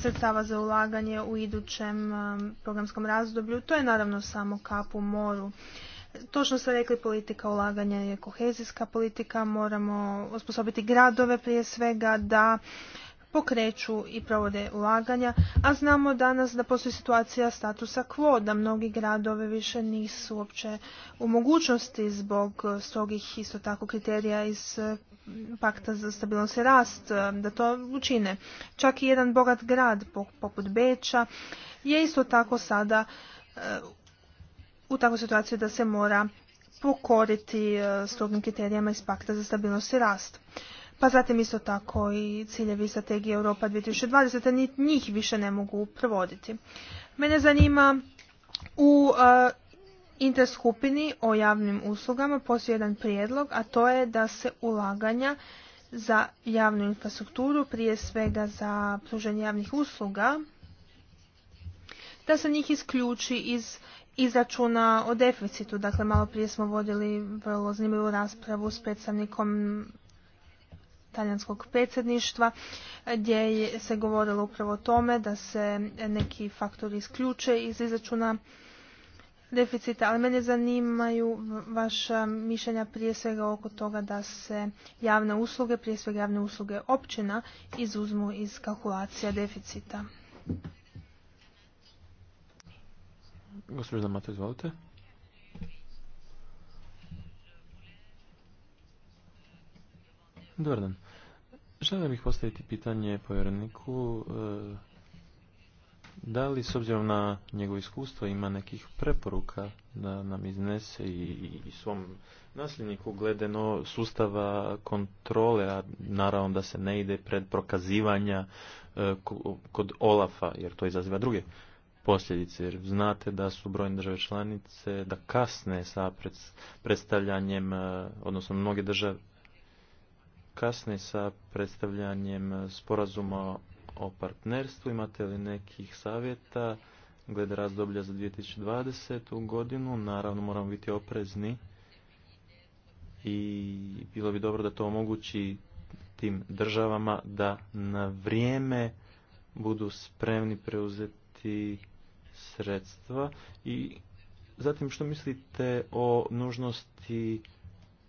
sredstava za ulaganje u idućem e, programskom razdoblju. To je naravno samo kap u moru točno ste rekli, politika ulaganja je kohezijska politika, moramo osposobiti gradove prije svega da pokreću i provode ulaganja, a znamo danas da postoji situacija statusa quo, da mnogi gradovi više nisu uopće u mogućnosti zbog strogih isto tako kriterija iz eh, pakta za stabilnost i rast, eh, da to učine. Čak i jedan bogat grad poput Beča je isto tako sada eh, u takvu situaciju da se mora pokoriti e, strogim kriterijama iz pakta za stabilnost i rast. Pa zatim isto tako i ciljevi strategije Europa 2020. njih više ne mogu provoditi. Mene zanima u e, interskupini o javnim uslugama postoji jedan prijedlog, a to je da se ulaganja za javnu infrastrukturu, prije svega za pružanje javnih usluga, da se njih isključi iz izračuna o deficitu. Dakle, malo prije smo vodili vrlo zanimljivu raspravu s predstavnikom talijanskog predsjedništva gdje se govorilo upravo o tome da se neki faktori isključe iz izračuna deficita, ali mene zanimaju vaša mišljenja prije svega oko toga da se javne usluge, prije svega javne usluge općina, izuzmu iz kalkulacija deficita. Gospođa Mato, izvolite. Dobar dan. Želio bih postaviti pitanje povjereniku e, da li s obzirom na njegovo iskustvo ima nekih preporuka da nam iznese i, i svom nasljedniku gledeno sustava kontrole, a naravno da se ne ide pred prokazivanja e, kod Olafa, jer to izaziva druge posljedice, jer znate da su brojne države članice, da kasne sa predstavljanjem, e, odnosno mnoge države kasne sa predstavljanjem e, sporazuma o partnerstvu, imate li nekih savjeta glede razdoblja za 2020. godinu, naravno moramo biti oprezni i bilo bi dobro da to omogući tim državama da na vrijeme budu spremni preuzeti sredstva i zatim što mislite o nužnosti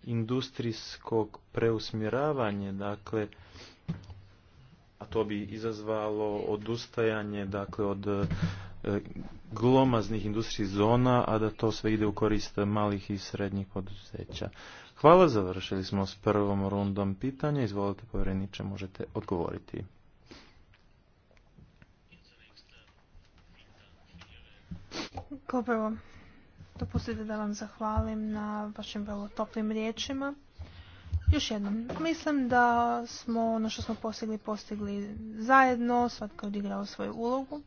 industrijskog preusmjeravanja, dakle, a to bi izazvalo odustajanje dakle, od e, glomaznih industrijskih zona, a da to sve ide u korist malih i srednjih poduzeća. Hvala, završili smo s prvom rundom pitanja. Izvolite, povjereniče, možete odgovoriti. Kao prvo, dopustite da vam zahvalim na vašim vrlo toplim riječima. Još jednom, mislim da smo ono što smo postigli, postigli zajedno, svatko je odigrao svoju ulogu.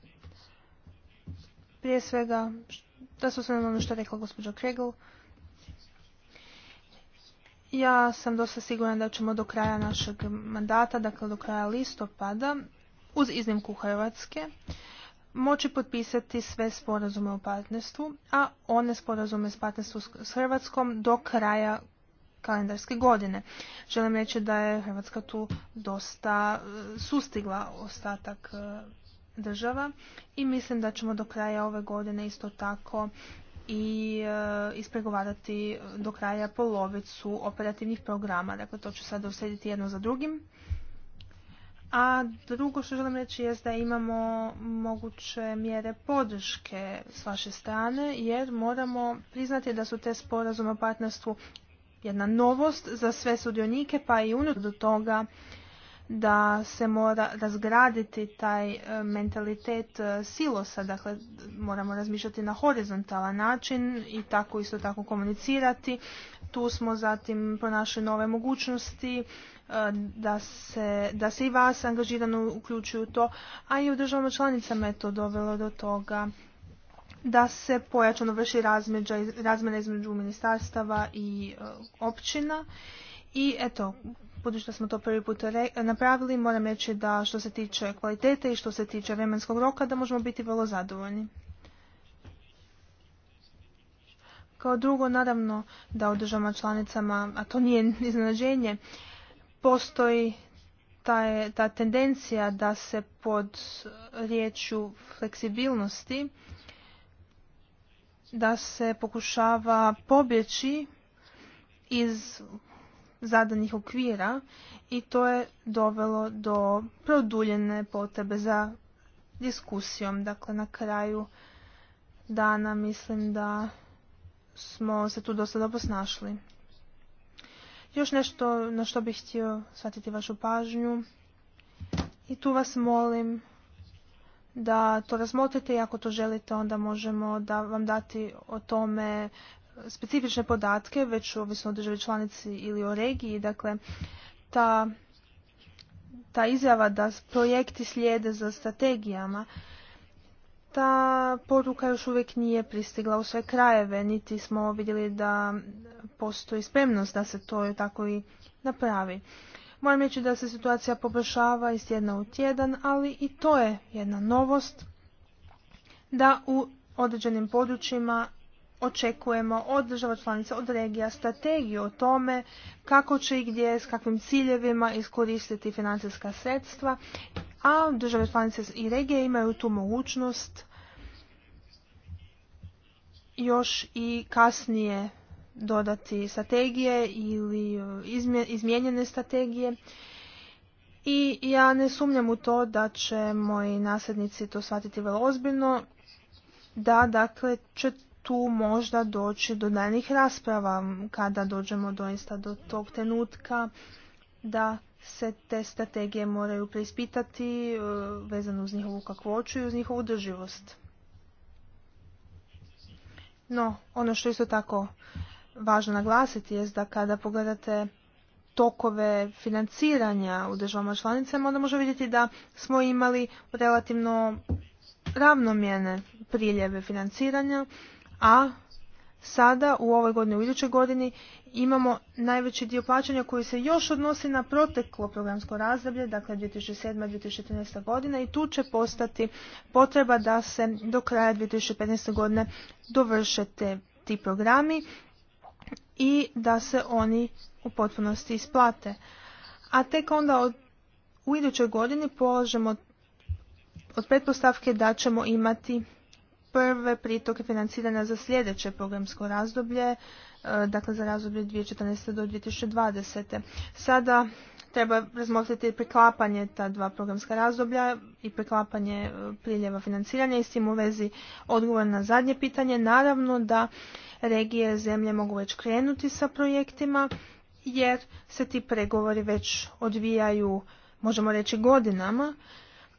Prije svega, da su sve ono što je rekla gospođa Kregel, ja sam dosta sigurna da ćemo do kraja našeg mandata, dakle do kraja listopada, uz iznimku Hrvatske, moći potpisati sve sporazume o partnerstvu, a one sporazume s partnerstvu s Hrvatskom do kraja kalendarske godine. Želim reći da je Hrvatska tu dosta e, sustigla ostatak e, država i mislim da ćemo do kraja ove godine isto tako i e, ispregovarati do kraja polovicu operativnih programa. Dakle, to ću sada uslijediti jedno za drugim. A drugo što želim reći je da imamo moguće mjere podrške s vaše strane, jer moramo priznati da su te sporazume o partnerstvu jedna novost za sve sudionike, pa i unutar do toga da se mora razgraditi taj e, mentalitet e, silosa, dakle moramo razmišljati na horizontalan način i tako isto tako komunicirati. Tu smo zatim pronašli nove mogućnosti e, da se, da se i vas angažirano uključuju to, a i u državama članicama je to dovelo do toga da se pojačano vrši razmjena između ministarstava i općina. I eto, Budući da smo to prvi put napravili, moram reći da što se tiče kvalitete i što se tiče vremenskog roka, da možemo biti vrlo zadovoljni. Kao drugo, naravno da u državama članicama, a to nije iznenađenje, postoji ta, ta tendencija da se pod riječju fleksibilnosti da se pokušava pobjeći iz zadanih okvira i to je dovelo do produljene potrebe za diskusijom. Dakle, na kraju dana mislim da smo se tu dosta dobro snašli. Još nešto na što bih htio shvatiti vašu pažnju i tu vas molim da to razmotrite i ako to želite onda možemo da vam dati o tome specifične podatke, već ovisno o državi članici ili o regiji. Dakle, ta, ta izjava da projekti slijede za strategijama, ta poruka još uvijek nije pristigla u sve krajeve, niti smo vidjeli da postoji spremnost da se to tako i napravi. Moram reći da se situacija poboljšava iz tjedna u tjedan, ali i to je jedna novost da u određenim područjima očekujemo od država članica, od regija strategiju o tome kako će i gdje, s kakvim ciljevima iskoristiti financijska sredstva, a države članice i regije imaju tu mogućnost još i kasnije dodati strategije ili e, izmijenjene strategije. I ja ne sumnjam u to da će moji nasljednici to shvatiti vrlo ozbiljno, da dakle će tu možda doći do daljnjih rasprava kada dođemo doista do tog trenutka da se te strategije moraju preispitati e, vezano uz njihovu kakvoću i uz njihovu drživost. No, ono što isto tako važno naglasiti je da kada pogledate tokove financiranja u državama članicama, onda možemo vidjeti da smo imali relativno ravnomjerne priljeve financiranja a sada u ovoj godini, u idućoj godini imamo najveći dio plaćanja koji se još odnosi na proteklo programsko razdoblje, dakle 2007-2014 godina i tu će postati potreba da se do kraja 2015. godine dovrše ti programi i da se oni u potpunosti isplate. A tek onda od, u idućoj godini polažemo od pretpostavke da ćemo imati prve pritoke financiranja za sljedeće programsko razdoblje, e, dakle za razdoblje 2014. do 2020. Sada treba razmotriti preklapanje ta dva programska razdoblja i preklapanje e, priljeva financiranja i s tim u vezi odgovor na zadnje pitanje. Naravno da regije zemlje mogu već krenuti sa projektima jer se ti pregovori već odvijaju, možemo reći, godinama,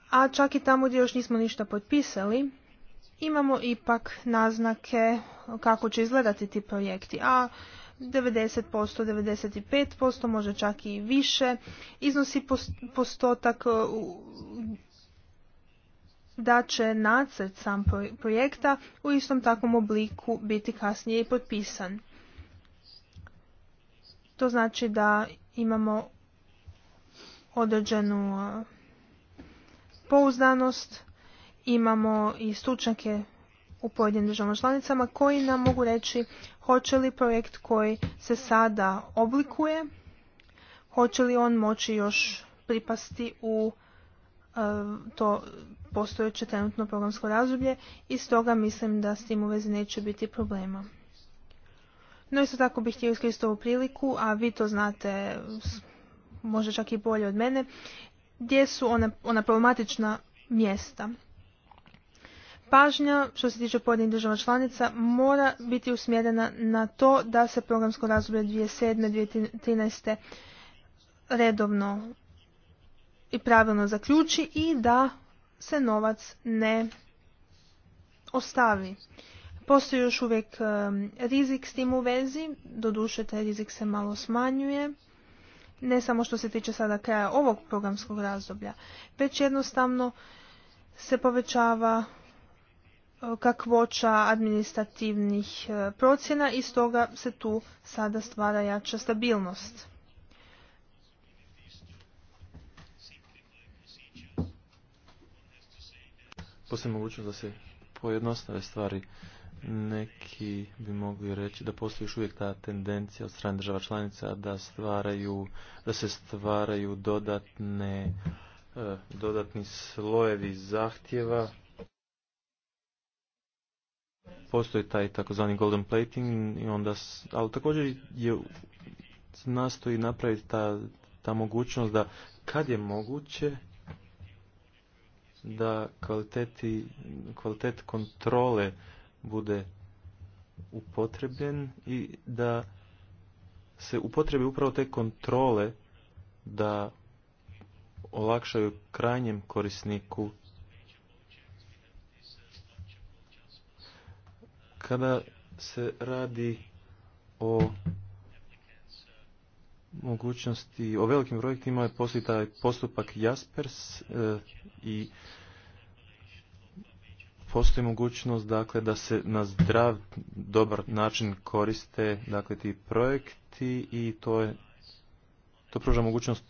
a čak i tamo gdje još nismo ništa potpisali, imamo ipak naznake kako će izgledati ti projekti, a 90%, 95%, možda čak i više, iznosi postotak uh, da će nacrt sam projekta u istom takvom obliku biti kasnije i potpisan. To znači da imamo određenu uh, pouzdanost imamo i stručnjake u pojedinim državama članicama koji nam mogu reći hoće li projekt koji se sada oblikuje, hoće li on moći još pripasti u e, to postojeće trenutno programsko razdoblje i stoga mislim da s tim u vezi neće biti problema. No isto tako bih htio iskoristiti ovu priliku, a vi to znate možda čak i bolje od mene, gdje su ona problematična mjesta pažnja što se tiče pojedinih država članica mora biti usmjerena na to da se programsko razdoblje 2007-2013 redovno i pravilno zaključi i da se novac ne ostavi. Postoji još uvijek rizik s tim u vezi, doduše taj rizik se malo smanjuje, ne samo što se tiče sada kraja ovog programskog razdoblja, već jednostavno se povećava kakvoća administrativnih e, procjena i stoga se tu sada stvara jača stabilnost. Postoji mogućnost da se pojednostave stvari neki bi mogli reći da postoji još uvijek ta tendencija od strane država članica da stvaraju, da se stvaraju dodatne, e, dodatni slojevi zahtjeva Postoji taj takozvani golden plating, i onda, ali također je nastoji napraviti ta, ta mogućnost da kad je moguće da kvaliteti, kvalitet kontrole bude upotrebljen i da se upotrebi upravo te kontrole da olakšaju krajnjem korisniku Kada se radi o mogućnosti, o velikim projektima postoji taj postupak Jaspers e, i postoji mogućnost dakle da se na zdrav, dobar način koriste dakle ti projekti i to je to pruža mogućnost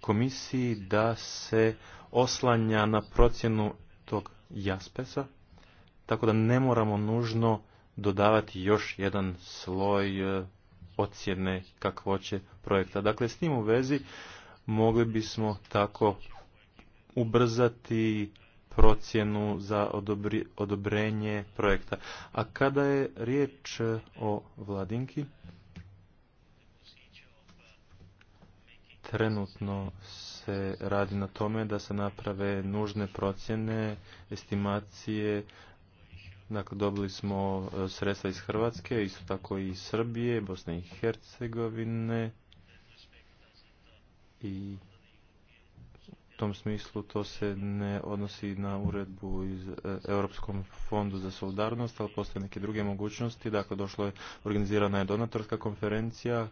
komisiji da se oslanja na procjenu tog Jaspesa tako da ne moramo nužno dodavati još jedan sloj e, ocjene kakvoće projekta. Dakle, s tim u vezi mogli bismo tako ubrzati procjenu za odobrenje projekta. A kada je riječ e, o Vladinki, trenutno se radi na tome da se naprave nužne procjene, estimacije, Dakle, dobili smo e, sredstva iz Hrvatske, isto tako i Srbije, Bosne i Hercegovine i u tom smislu to se ne odnosi na uredbu iz e, Europskom fondu za solidarnost, ali postoje neke druge mogućnosti. Dakle, došlo je, organizirana je donatorska konferencija, e,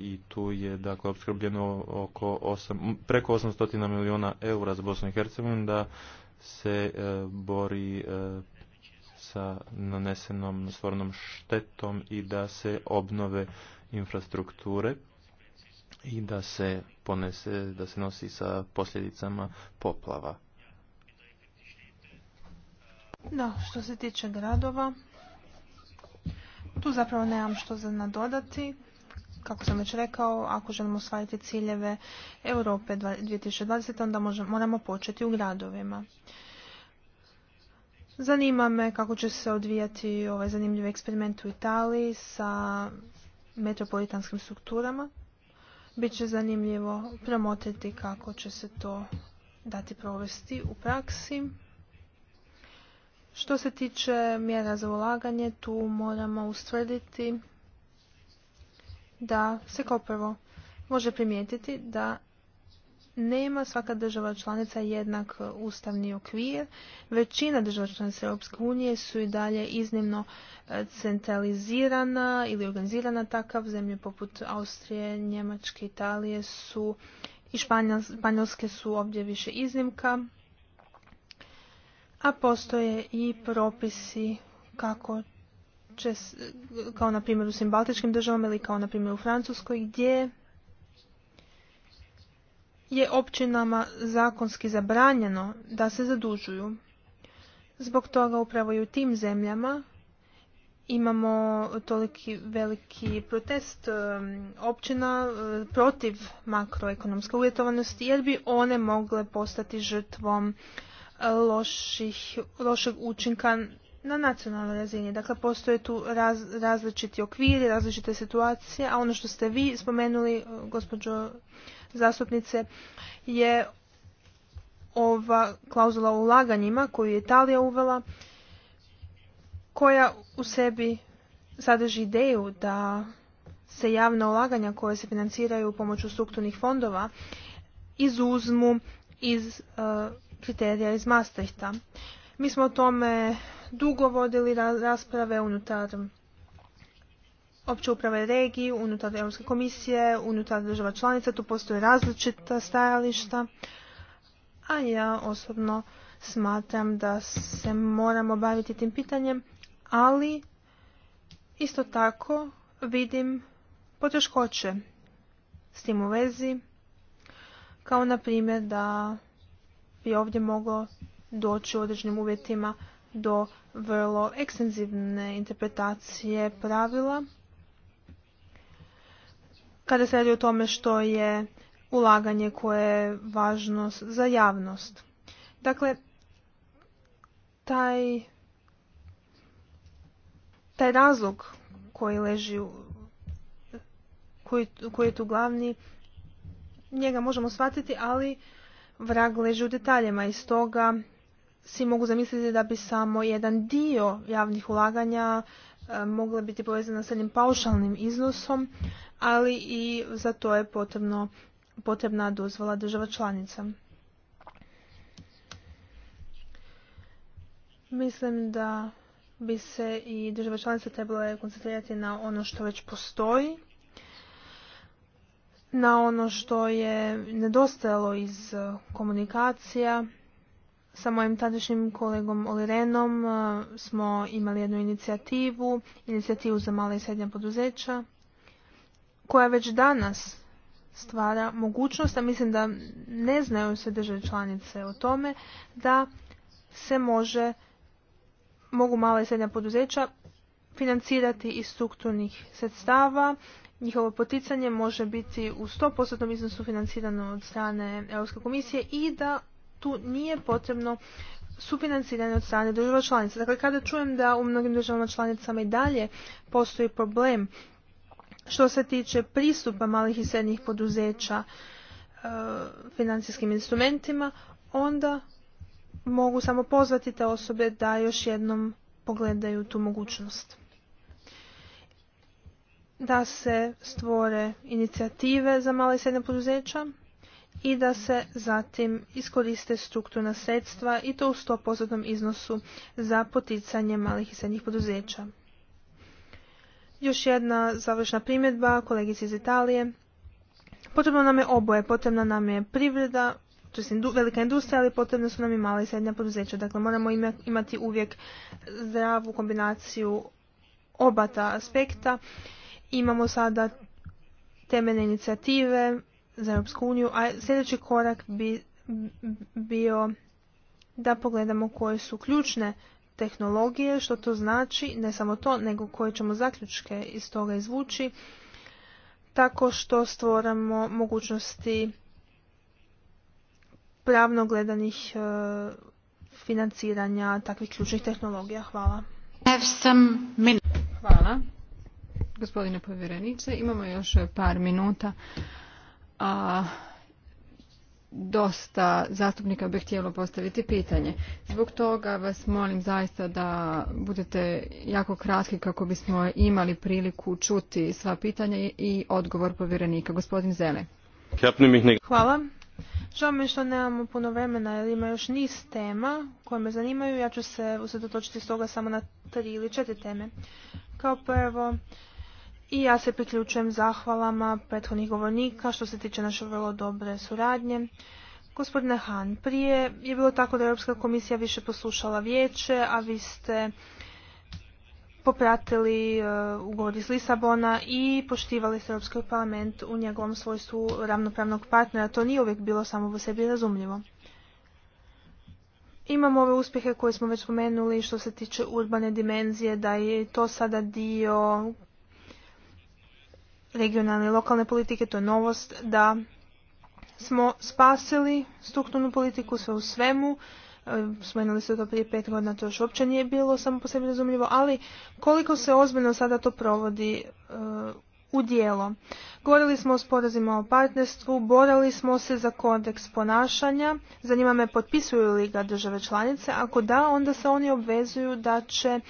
i tu je dakle opskrbljeno oko 8, preko 800 milijuna eura za Bosnu i Hercegovinu da se bori sa nanesenom stvornom štetom i da se obnove infrastrukture i da se ponese, da se nosi sa posljedicama poplava. Da, što se tiče gradova, tu zapravo nemam što za nadodati. Kako sam već rekao, ako želimo osvajati ciljeve Europe 2020, onda možemo, moramo početi u gradovima. Zanima me kako će se odvijati ovaj zanimljiv eksperiment u Italiji sa metropolitanskim strukturama. Biće zanimljivo promotriti kako će se to dati provesti u praksi. Što se tiče mjera za ulaganje, tu moramo ustvrditi da se kao prvo može primijetiti da nema svaka država članica jednak e, ustavni okvir. Većina država članica Europske unije su i dalje iznimno e, centralizirana ili organizirana takav. Zemlje poput Austrije, Njemačke, Italije su i Španjolske su ovdje više iznimka. A postoje i propisi kako će, e, kao na primjer u svim baltičkim državama ili kao na primjer u Francuskoj gdje je općinama zakonski zabranjeno da se zadužuju. Zbog toga upravo i u tim zemljama imamo toliki veliki protest um, općina uh, protiv makroekonomske uvjetovanosti jer bi one mogle postati žrtvom loših, lošeg učinka na nacionalnoj razini. Dakle, postoje tu različiti okviri, različite situacije, a ono što ste vi spomenuli, e, gospođo zastupnice, je ova klauzula o ulaganjima koju je Italija uvela, koja u sebi sadrži ideju da se javna ulaganja koje se financiraju pomoću strukturnih fondova izuzmu iz e, kriterija iz Maastrichta. Mi smo o tome dugo vodili rasprave unutar opće uprave regiji, unutar Europske komisije, unutar država članica. Tu postoje različita stajališta, a ja osobno smatram da se moramo baviti tim pitanjem, ali isto tako vidim poteškoće s tim u vezi, kao na primjer da bi ovdje moglo doći u određenim uvjetima do vrlo ekstenzivne interpretacije pravila. Kada se radi o tome što je ulaganje koje je važno za javnost. Dakle, taj, taj razlog koji leži u, koji, koji je tu glavni, njega možemo shvatiti, ali vrag leži u detaljima i stoga svi mogu zamisliti da bi samo jedan dio javnih ulaganja e, mogla biti povezana s jednim paušalnim iznosom, ali i za to je potrebno, potrebna dozvola država članica. Mislim da bi se i država članica trebala koncentrirati na ono što već postoji, na ono što je nedostajalo iz komunikacija, sa mojim tadašnjim kolegom Olirenom e, smo imali jednu inicijativu, inicijativu za male i srednja poduzeća, koja već danas stvara mogućnost, a mislim da ne znaju sve države članice o tome, da se može, mogu mala i srednja poduzeća financirati iz strukturnih sredstava, njihovo poticanje može biti u 100% iznosu financirano od strane Europske komisije i da tu nije potrebno sufinanciranje od strane država članica. Dakle, kada čujem da u mnogim državama članicama i dalje postoji problem što se tiče pristupa malih i srednjih poduzeća e, financijskim instrumentima, onda mogu samo pozvati te osobe da još jednom pogledaju tu mogućnost. Da se stvore inicijative za mala i srednja poduzeća, i da se zatim iskoriste strukturna sredstva i to u 100% iznosu za poticanje malih i srednjih poduzeća. Još jedna završna primjedba kolegici iz Italije. Potrebno nam je oboje, potrebna nam je privreda, to je velika industrija, ali potrebna su nam i mala i srednja poduzeća. Dakle, moramo imati uvijek zdravu kombinaciju oba ta aspekta. Imamo sada temeljne inicijative za Europsku uniju, a sljedeći korak bi bio da pogledamo koje su ključne tehnologije, što to znači, ne samo to, nego koje ćemo zaključke iz toga izvući, tako što stvoramo mogućnosti pravno gledanih e, financiranja takvih ključnih tehnologija. Hvala. Hvala. Gospodine povjerenice, imamo još par minuta a dosta zastupnika bi htjelo postaviti pitanje. Zbog toga vas molim zaista da budete jako kratki kako bismo imali priliku čuti sva pitanja i odgovor povjerenika. Gospodin Zele. Hvala. Žao mi što nemamo puno vremena jer ima još niz tema koje me zanimaju. Ja ću se usredotočiti toga samo na tri ili četiri teme. Kao prvo, i ja se priključujem zahvalama prethodnih govornika što se tiče naše vrlo dobre suradnje. Gospodine Han, prije je bilo tako da je Europska komisija više poslušala vijeće, a vi ste popratili e, ugovor iz Lisabona i poštivali se Europski parlament u njegovom svojstvu ravnopravnog partnera. To nije uvijek bilo samo po sebi razumljivo. Imamo ove uspjehe koje smo već spomenuli što se tiče urbane dimenzije, da je to sada dio regionalne i lokalne politike, to je novost da smo spasili strukturnu politiku sve u svemu, e, spomenuli ste to prije pet godina, to još uopće nije bilo samo po sebi razumljivo, ali koliko se ozbiljno sada to provodi e, u dijelo. Govorili smo o sporazima o partnerstvu, borali smo se za kodeks ponašanja, zanima me potpisuju li ga države članice, ako da, onda se oni obvezuju da će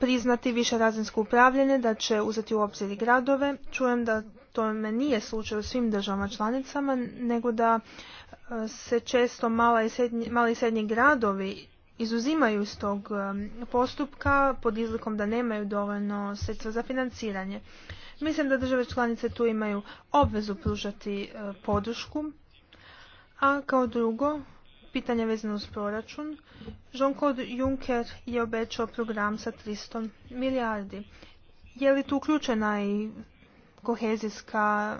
priznati višerazinsko upravljanje, da će uzeti u obzir i gradove. Čujem da to me nije slučaj u svim državama članicama, nego da e, se često mali i srednji gradovi izuzimaju iz tog e, postupka pod izlikom da nemaju dovoljno sredstva za financiranje. Mislim da države članice tu imaju obvezu pružati e, podršku, a kao drugo pitanje vezano uz proračun. Jean-Claude Juncker je obećao program sa 300 milijardi. Je li tu uključena i kohezijska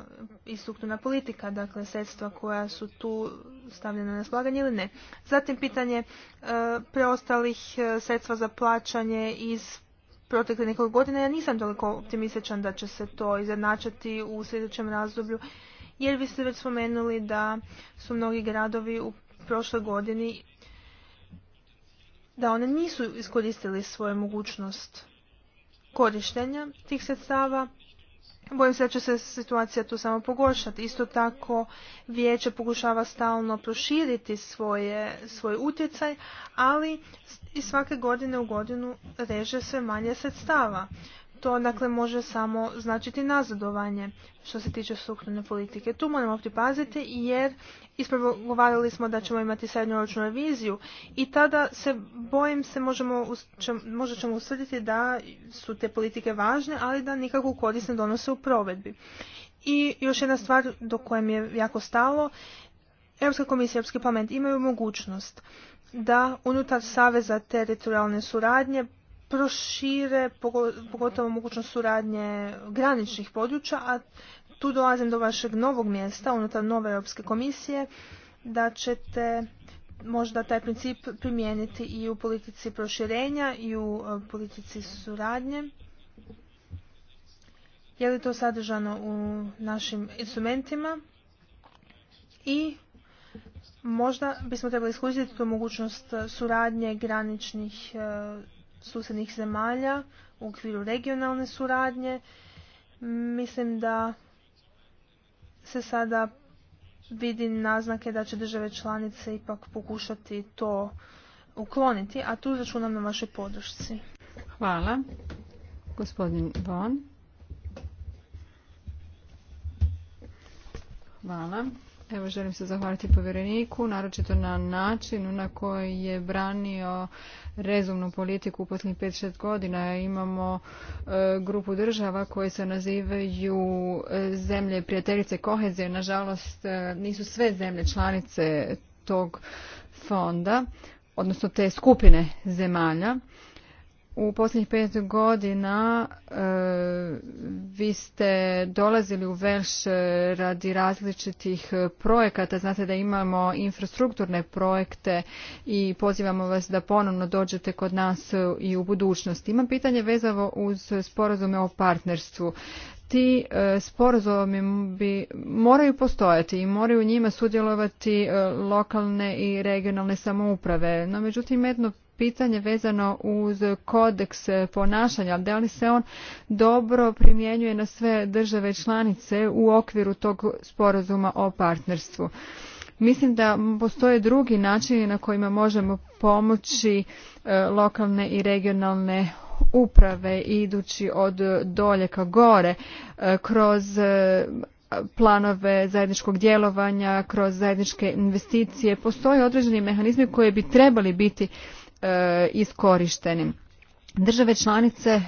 i strukturna politika, dakle sredstva koja su tu stavljena na slaganje ili ne. Zatim pitanje e, preostalih e, sredstva za plaćanje iz protekle nekoliko godina. Ja nisam toliko optimističan da će se to izjednačati u sljedećem razdoblju, jer vi ste već spomenuli da su mnogi gradovi u prošloj godini da one nisu iskoristili svoju mogućnost korištenja tih sredstava. Bojim se da će se situacija tu samo pogoršati. Isto tako vijeće pokušava stalno proširiti svoje, svoj utjecaj, ali i svake godine u godinu reže sve manje sredstava to dakle može samo značiti nazadovanje što se tiče strukturne politike. Tu moramo paziti jer govorili smo da ćemo imati srednjoročnu reviziju i tada se bojim se možemo, možda ćemo da su te politike važne, ali da nikakvu korist ne donose u provedbi. I još jedna stvar do koje mi je jako stalo, Europska komisija i Europski parlament imaju mogućnost da unutar Saveza teritorijalne suradnje prošire pogotovo mogućnost suradnje graničnih područja, a tu dolazim do vašeg novog mjesta unutar nove Europske komisije, da ćete možda taj princip primijeniti i u politici proširenja i u e, politici suradnje. Je li to sadržano u našim instrumentima? I možda bismo trebali iskoristiti tu mogućnost suradnje graničnih e, susjednih zemalja u okviru regionalne suradnje. Mislim da se sada vidi naznake da će države članice ipak pokušati to ukloniti, a tu začunam na vašoj podršci. Hvala. Gospodin Von. Hvala. Evo želim se zahvaliti povjereniku, naročito na način na koji je branio rezumnu politiku u posljednjih 5-6 godina. Imamo e, grupu država koje se nazivaju e, zemlje prijateljice kohezije. Nažalost, e, nisu sve zemlje članice tog fonda, odnosno te skupine zemalja u posljednjih pet godina e, vi ste dolazili u Velš e, radi različitih e, projekata. Znate da imamo infrastrukturne projekte i pozivamo vas da ponovno dođete kod nas i u budućnosti. Imam pitanje vezavo uz sporazume o partnerstvu. Ti sporazumi bi, moraju postojati i moraju njima sudjelovati lokalne i regionalne samouprave. No međutim jedno pitanje vezano uz kodeks ponašanja, da li se on dobro primjenjuje na sve države članice u okviru tog sporazuma o partnerstvu. Mislim da postoje drugi načini na kojima možemo pomoći e, lokalne i regionalne uprave idući od dolje ka gore e, kroz e, planove zajedničkog djelovanja kroz zajedničke investicije postoje određeni mehanizmi koji bi trebali biti E, iskorišteni Države članice e,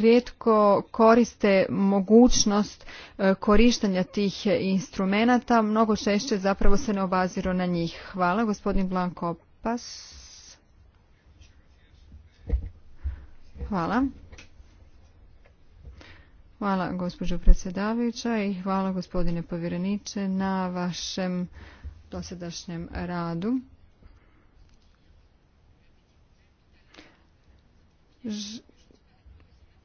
rijetko koriste mogućnost e, korištenja tih instrumenata, mnogo češće zapravo se ne obaziru na njih. Hvala, gospodin Blanko Pas. Hvala. Hvala gospođo predsjedavajuća i hvala gospodine povjereniče na vašem dosadašnjem radu.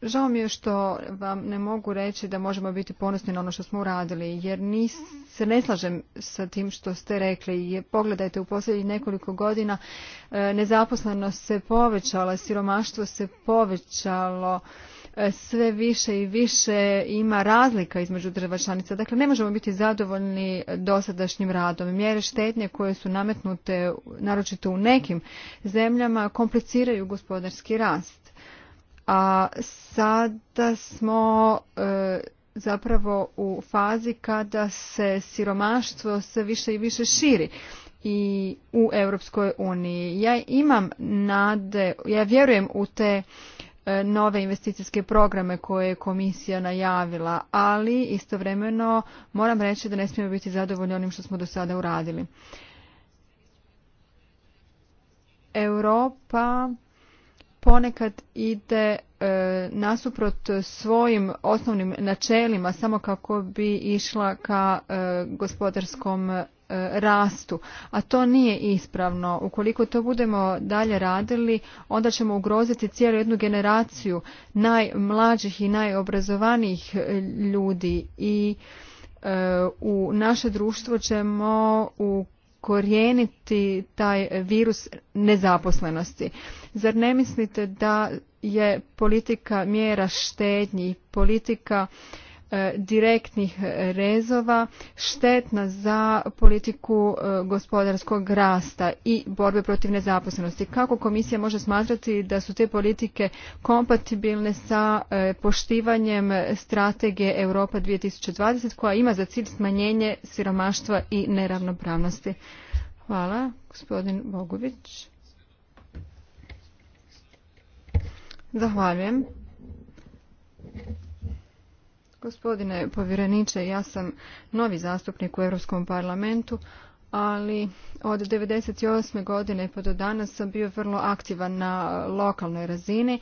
Žao mi je što vam ne mogu reći da možemo biti ponosni na ono što smo uradili, jer se ne slažem sa tim što ste rekli. pogledajte, u posljednjih nekoliko godina e, nezaposlenost se povećala, siromaštvo se povećalo, e, sve više i više ima razlika između država članica. Dakle, ne možemo biti zadovoljni dosadašnjim radom. Mjere štetnje koje su nametnute, naročito u nekim zemljama, kompliciraju gospodarski rast a sada smo e, zapravo u fazi kada se siromaštvo sve više i više širi i u Europskoj uniji. Ja imam nade, ja vjerujem u te e, nove investicijske programe koje je komisija najavila, ali istovremeno moram reći da ne smijemo biti zadovoljni onim što smo do sada uradili. Europa ponekad ide e, nasuprot svojim osnovnim načelima samo kako bi išla ka e, gospodarskom e, rastu a to nije ispravno ukoliko to budemo dalje radili onda ćemo ugroziti cijelu jednu generaciju najmlađih i najobrazovanijih ljudi i u naše društvo ćemo u korijeniti taj virus nezaposlenosti. Zar ne mislite da je politika mjera štednji, politika E, direktnih rezova štetna za politiku e, gospodarskog rasta i borbe protiv nezaposlenosti. Kako komisija može smatrati da su te politike kompatibilne sa e, poštivanjem strategije Europa 2020 koja ima za cilj smanjenje siromaštva i neravnopravnosti? Hvala, gospodin Bogović. Zahvaljujem. Gospodine povjereniče, ja sam novi zastupnik u Europskom parlamentu, ali od 1998. godine pa do danas sam bio vrlo aktivan na lokalnoj razini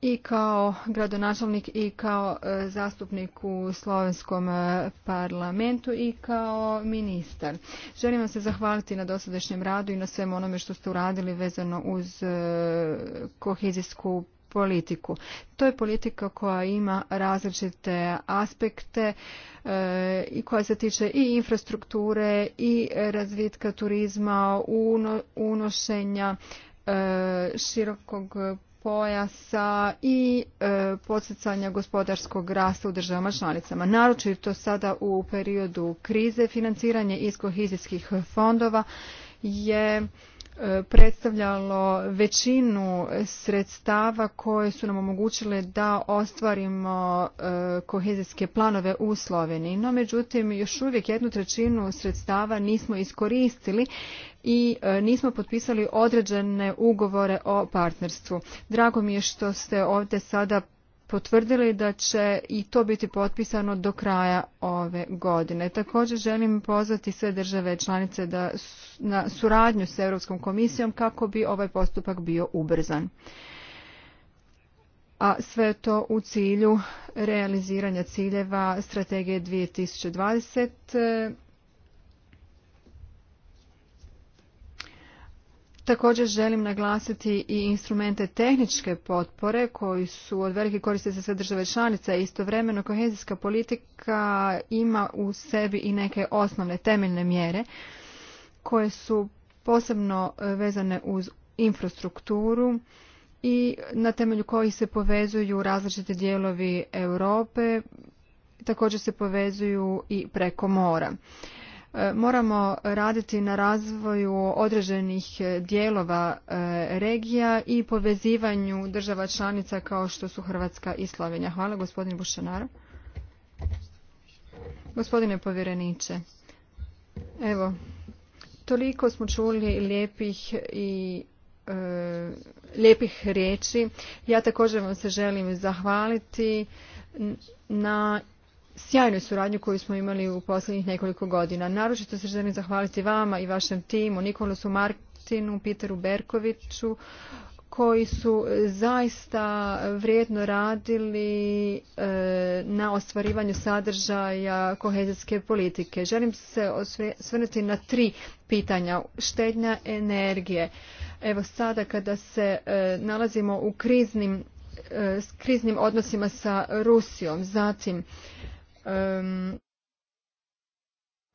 i kao gradonačelnik i kao e, zastupnik u slovenskom e, parlamentu i kao ministar. Želim vam se zahvaliti na dosadašnjem radu i na svemu onome što ste uradili vezano uz e, kohezijsku politiku. To je politika koja ima različite aspekte e, i koja se tiče i infrastrukture i razvitka turizma, unošenja e, širokog pojasa i e, podsjecanja gospodarskog rasta u državama članicama. Naročito sada u periodu krize financiranje iz kohezijskih fondova je predstavljalo većinu sredstava koje su nam omogućile da ostvarimo e, kohezijske planove u Sloveniji. No, međutim, još uvijek jednu trećinu sredstava nismo iskoristili i e, nismo potpisali određene ugovore o partnerstvu. Drago mi je što ste ovdje sada potvrdili da će i to biti potpisano do kraja ove godine. Također želim pozvati sve države članice da na suradnju s Europskom komisijom kako bi ovaj postupak bio ubrzan. A sve to u cilju realiziranja ciljeva strategije 2020 Također želim naglasiti i instrumente tehničke potpore koji su od velike koriste za sve države članice. Istovremeno kohezijska politika ima u sebi i neke osnovne temeljne mjere koje su posebno vezane uz infrastrukturu i na temelju kojih se povezuju različite dijelovi Europe, također se povezuju i preko mora. E, moramo raditi na razvoju određenih e, dijelova e, regija i povezivanju država članica kao što su Hrvatska i Slovenija. Hvala gospodin Bušanar. Gospodine povjereniče, evo, toliko smo čuli lijepih i lijepih riječi. Ja također vam se želim zahvaliti na sjajnoj suradnju koju smo imali u posljednjih nekoliko godina. Naročito se želim zahvaliti vama i vašem timu, Nikolasu Martinu, Peteru Berkoviću, koji su e, zaista vrijedno radili e, na ostvarivanju sadržaja kohezijske politike. Želim se osvrnuti na tri pitanja. Štednja energije. Evo sada kada se e, nalazimo u kriznim, kriznim odnosima sa Rusijom, zatim um,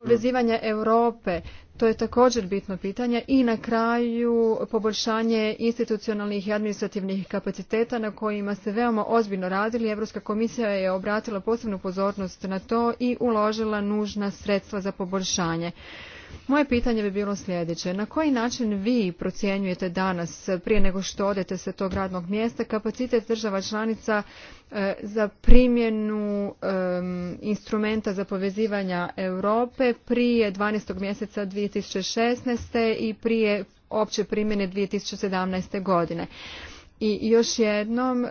povezivanja Europe, to je također bitno pitanje i na kraju poboljšanje institucionalnih i administrativnih kapaciteta na kojima se veoma ozbiljno radili. Europska komisija je obratila posebnu pozornost na to i uložila nužna sredstva za poboljšanje. Moje pitanje bi bilo sljedeće. Na koji način vi procjenjujete danas, prije nego što odete sa tog radnog mjesta, kapacitet država članica e, za primjenu instrumenta za povezivanja Europe prije 12. mjeseca 2016. i prije opće primjene 2017. godine? I još jednom e,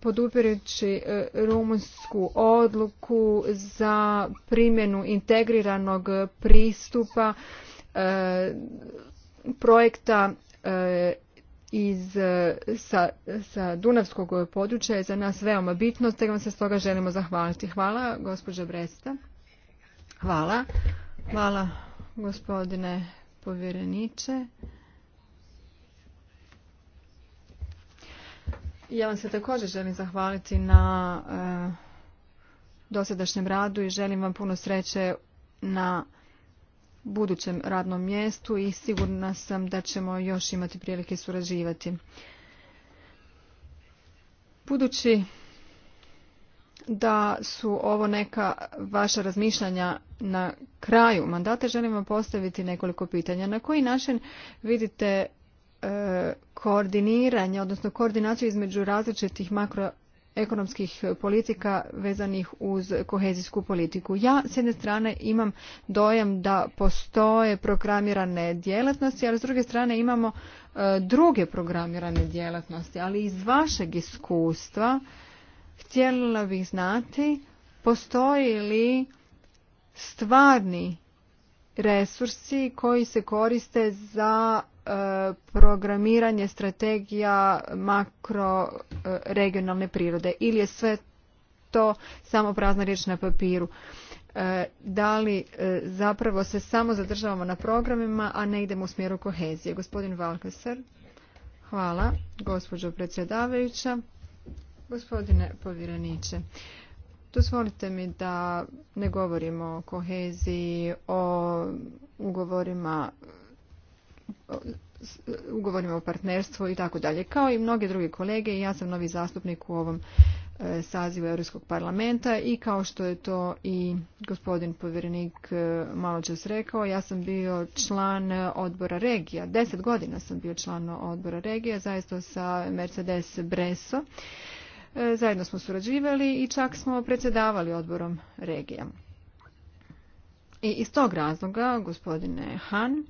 podupirajući e, rumunsku odluku za primjenu integriranog pristupa e, projekta iz sa, Dunavskog područja je za nas veoma bitno, te vam se stoga želimo zahvaliti. Hvala gospođa Bresta. Hvala. Hvala gospodine povjereniče. Ja vam se također želim zahvaliti na e, dosadašnjem radu i želim vam puno sreće na budućem radnom mjestu i sigurna sam da ćemo još imati prilike surađivati. Budući da su ovo neka vaša razmišljanja na kraju mandata, želim vam postaviti nekoliko pitanja. Na koji način vidite E, koordiniranje, odnosno koordinaciju između različitih makroekonomskih politika vezanih uz kohezijsku politiku. Ja s jedne strane imam dojam da postoje programirane djelatnosti, ali s druge strane imamo e, druge programirane djelatnosti. Ali iz vašeg iskustva htjela bih znati postoji li stvarni resursi koji se koriste za e, programiranje strategija makroregionalne e, prirode ili je sve to samo prazna riječ na papiru e, da li zapravo se samo zadržavamo na programima a ne idemo u smjeru kohezije gospodin Valkasar hvala gospođo predsjedavajuća gospodine povjereniče Dozvolite mi da ne govorimo o koheziji, o ugovorima ugovorima o partnerstvu i tako dalje. Kao i mnoge druge kolege ja sam novi zastupnik u ovom e, sazivu Europskog parlamenta i kao što je to i gospodin povjerenik e, malo čas rekao, ja sam bio član odbora regija. Deset godina sam bio član odbora regija, zaista sa Mercedes Breso. E, zajedno smo surađivali i čak smo predsjedavali odborom regija. I iz tog razloga, gospodine Han,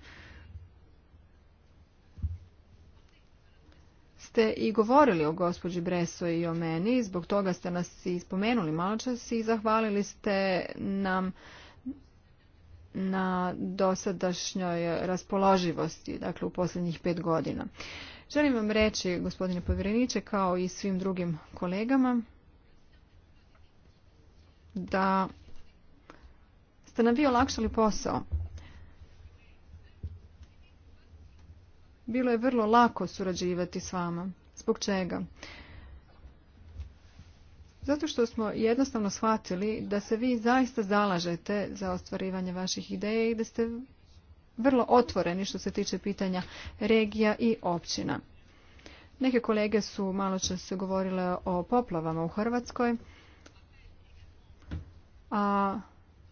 ste i govorili o gospođi Breso i o meni, zbog toga ste nas i spomenuli malo čas i zahvalili ste nam na dosadašnjoj raspoloživosti, dakle u posljednjih pet godina. Želim vam reći, gospodine povjereniče, kao i svim drugim kolegama, da ste nam vi olakšali posao. Bilo je vrlo lako surađivati s vama. Zbog čega? Zato što smo jednostavno shvatili da se vi zaista zalažete za ostvarivanje vaših ideja i da ste vrlo otvoreni što se tiče pitanja regija i općina. Neke kolege su malo čas govorile o poplavama u Hrvatskoj, a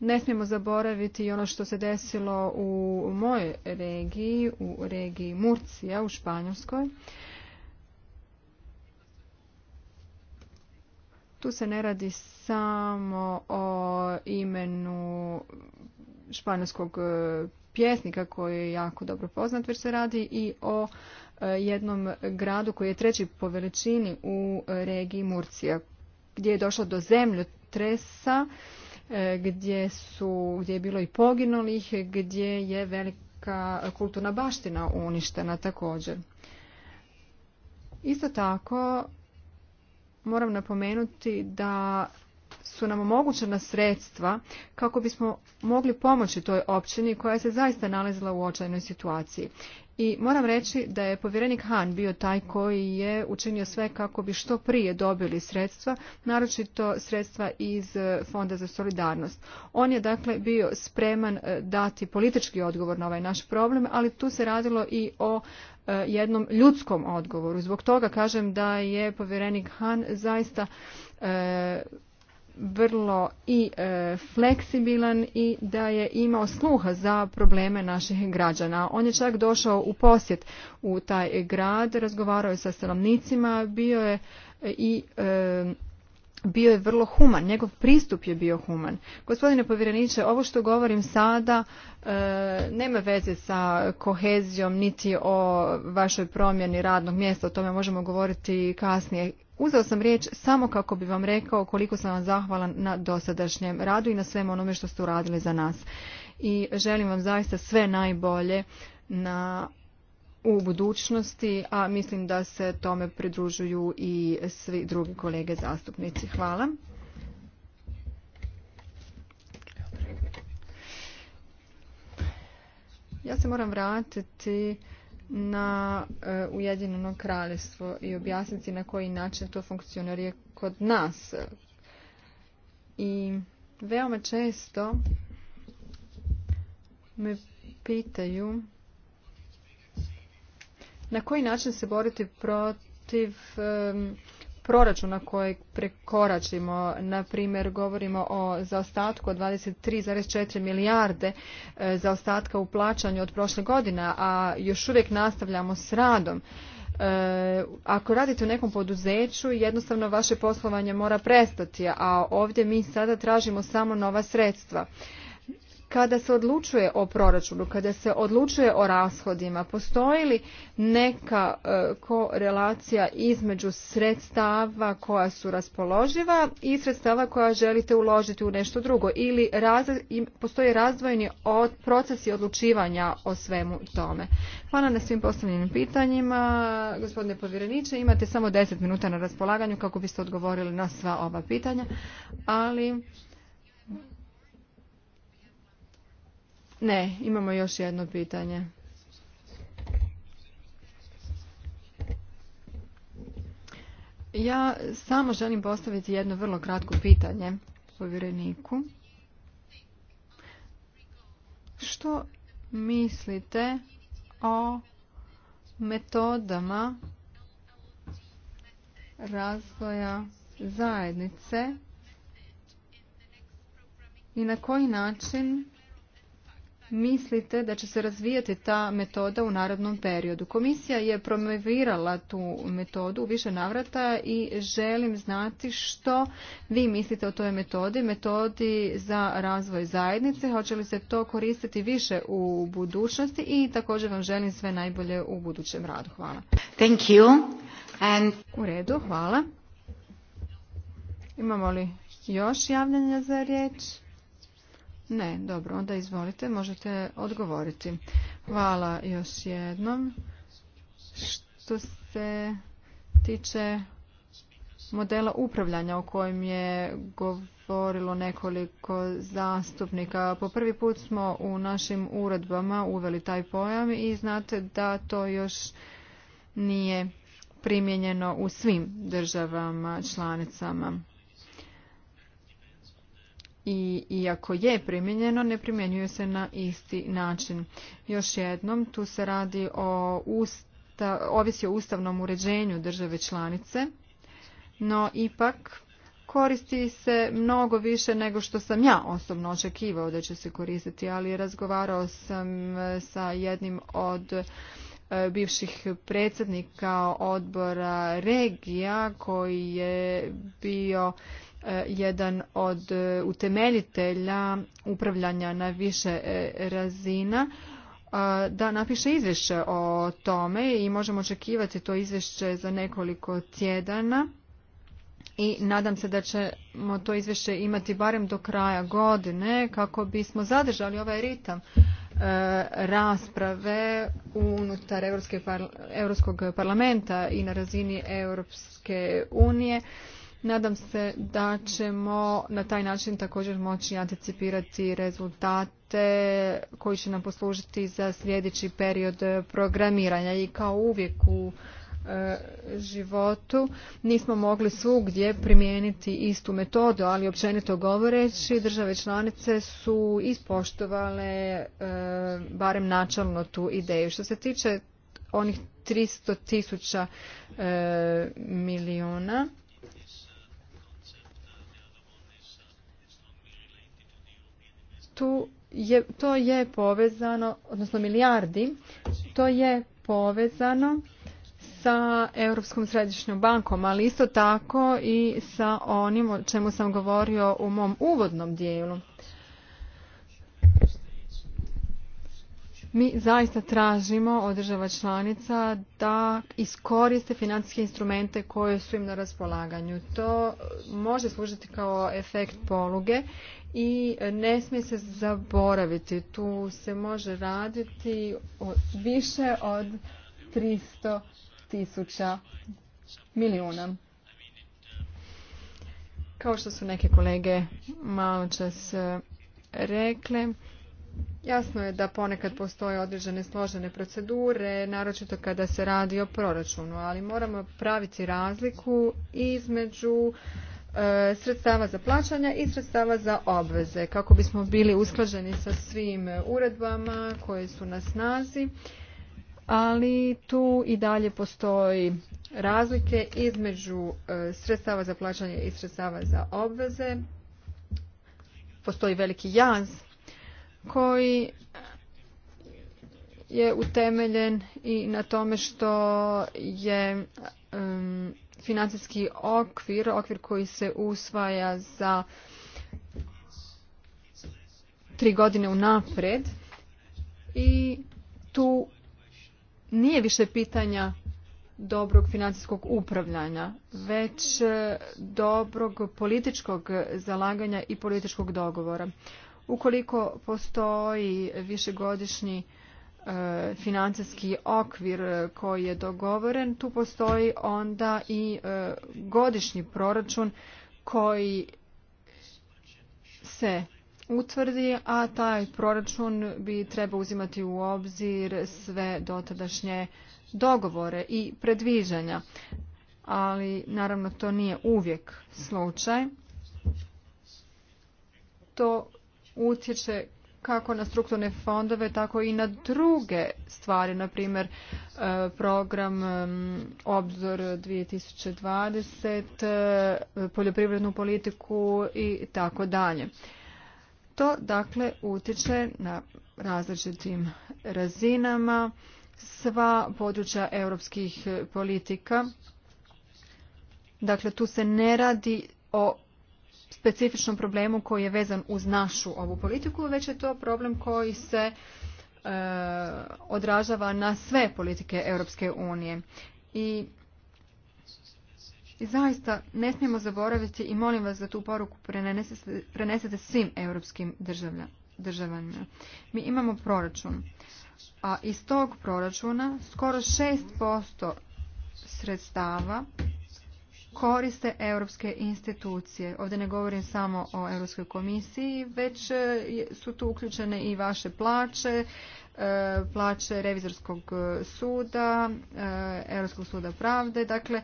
ne smijemo zaboraviti ono što se desilo u mojoj regiji, u regiji Murcija u Španjolskoj. Tu se ne radi samo o imenu španjolskog eh, pjesnika koji je jako dobro poznat, već se radi i o e, jednom gradu koji je treći po veličini u e, regiji Murcija, gdje je došlo do zemljotresa, e, gdje, su, gdje je bilo i poginulih, gdje je velika kulturna baština uništena također. Isto tako moram napomenuti da su nam omogućena sredstva kako bismo mogli pomoći toj općini koja se zaista nalazila u očajnoj situaciji. I moram reći da je povjerenik Han bio taj koji je učinio sve kako bi što prije dobili sredstva, naročito sredstva iz e, Fonda za solidarnost. On je dakle bio spreman e, dati politički odgovor na ovaj naš problem, ali tu se radilo i o e, jednom ljudskom odgovoru. Zbog toga kažem da je povjerenik Han zaista vrlo i e, fleksibilan i da je imao sluha za probleme naših građana. On je čak došao u posjet u taj grad, razgovarao je sa stanovnicima, bio je i e, bio je vrlo human, njegov pristup je bio human. Gospodine povjereniče, ovo što govorim sada e, nema veze sa kohezijom niti o vašoj promjeni radnog mjesta, o tome možemo govoriti kasnije. Uzeo sam riječ samo kako bi vam rekao koliko sam vam zahvalan na dosadašnjem radu i na svemu onome što ste uradili za nas. I želim vam zaista sve najbolje na u budućnosti, a mislim da se tome pridružuju i svi drugi kolege zastupnici. Hvala. Ja se moram vratiti na e, Ujedinjeno kraljestvo i objasniti na koji način to funkcionira kod nas. I veoma često me pitaju na koji način se boriti protiv proračuna kojeg prekoračimo. Na primjer, govorimo o zaostatku od 23,4 milijarde e, zaostatka u plaćanju od prošle godine, a još uvijek nastavljamo s radom. E, ako radite u nekom poduzeću, jednostavno vaše poslovanje mora prestati, a ovdje mi sada tražimo samo nova sredstva kada se odlučuje o proračunu, kada se odlučuje o rashodima, postoji li neka e, korelacija između sredstava koja su raspoloživa i sredstava koja želite uložiti u nešto drugo ili postoji razdvojeni od, procesi odlučivanja o svemu tome. Hvala na svim postavljenim pitanjima. Gospodine povjereniče, imate samo 10 minuta na raspolaganju kako biste odgovorili na sva ova pitanja, ali Ne, imamo još jedno pitanje. Ja samo želim postaviti jedno vrlo kratko pitanje povjereniku. Što mislite o metodama razvoja zajednice i na koji način mislite da će se razvijati ta metoda u narodnom periodu? Komisija je promovirala tu metodu u više navrata i želim znati što vi mislite o toj metodi, metodi za razvoj zajednice, hoće li se to koristiti više u budućnosti i također vam želim sve najbolje u budućem radu. Hvala. Thank you. U redu, hvala. Imamo li još javljanja za riječ? Ne, dobro, onda izvolite, možete odgovoriti. Hvala još jednom. Što se tiče modela upravljanja o kojem je govorilo nekoliko zastupnika. Po prvi put smo u našim uredbama uveli taj pojam i znate da to još nije primjenjeno u svim državama članicama i iako je primijenjeno, ne primjenjuje se na isti način. Još jednom, tu se radi o usta, ovisi o ustavnom uređenju države članice, no ipak koristi se mnogo više nego što sam ja osobno očekivao da će se koristiti, ali razgovarao sam e, sa jednim od e, bivših predsjednika odbora regija koji je bio E, jedan od e, utemeljitelja upravljanja na više e, razina da napiše izvješće o tome i možemo očekivati to izvješće za nekoliko tjedana i nadam se da ćemo to izvješće imati barem do kraja godine kako bismo zadržali ovaj ritam rasprave unutar Europskog parlamenta i na razini Europske unije Nadam se da ćemo na taj način također moći anticipirati rezultate koji će nam poslužiti za sljedeći period programiranja i kao uvijek u e, životu. Nismo mogli svugdje primijeniti istu metodu, ali općenito govoreći države članice su ispoštovale e, barem načalno tu ideju. Što se tiče onih 300 tisuća e, milijuna, tu je, to je povezano, odnosno milijardi, to je povezano sa Europskom središnjom bankom, ali isto tako i sa onim o čemu sam govorio u mom uvodnom dijelu. Mi zaista tražimo od država članica da iskoriste financijske instrumente koje su im na raspolaganju. To može služiti kao efekt poluge i ne smije se zaboraviti. Tu se može raditi više od 300 tisuća milijuna. Kao što su neke kolege malo čas eh, rekle, Jasno je da ponekad postoje određene složene procedure, naročito kada se radi o proračunu, ali moramo praviti razliku između e, sredstava za plaćanja i sredstava za obveze, kako bismo bili usklađeni sa svim uredbama koje su na snazi, ali tu i dalje postoji razlike između e, sredstava za plaćanje i sredstava za obveze. Postoji veliki jaz koji je utemeljen i na tome što je um, financijski okvir, okvir koji se usvaja za tri godine unaprijed i tu nije više pitanja dobrog financijskog upravljanja, već eh, dobrog političkog zalaganja i političkog dogovora. Ukoliko postoji višegodišnji e, financijski okvir e, koji je dogovoren, tu postoji onda i e, godišnji proračun koji se utvrdi, a taj proračun bi trebao uzimati u obzir sve dotadašnje dogovore i predviđanja. Ali naravno to nije uvijek slučaj. To utječe kako na strukturne fondove, tako i na druge stvari, na primjer e, program e, Obzor 2020, e, poljoprivrednu politiku i tako dalje. To dakle utječe na različitim razinama sva područja europskih politika. Dakle, tu se ne radi o specifičnom problemu koji je vezan uz našu ovu politiku, već je to problem koji se e, odražava na sve politike Europske unije. I i zaista ne smijemo zaboraviti i molim vas da tu poruku prenesete svim europskim državljanima. Mi imamo proračun, a iz tog proračuna skoro 6% sredstava koriste europske institucije. Ovdje ne govorim samo o Europskoj komisiji, već e, su tu uključene i vaše plaće, e, plaće revizorskog suda, e, Europskog suda pravde. Dakle,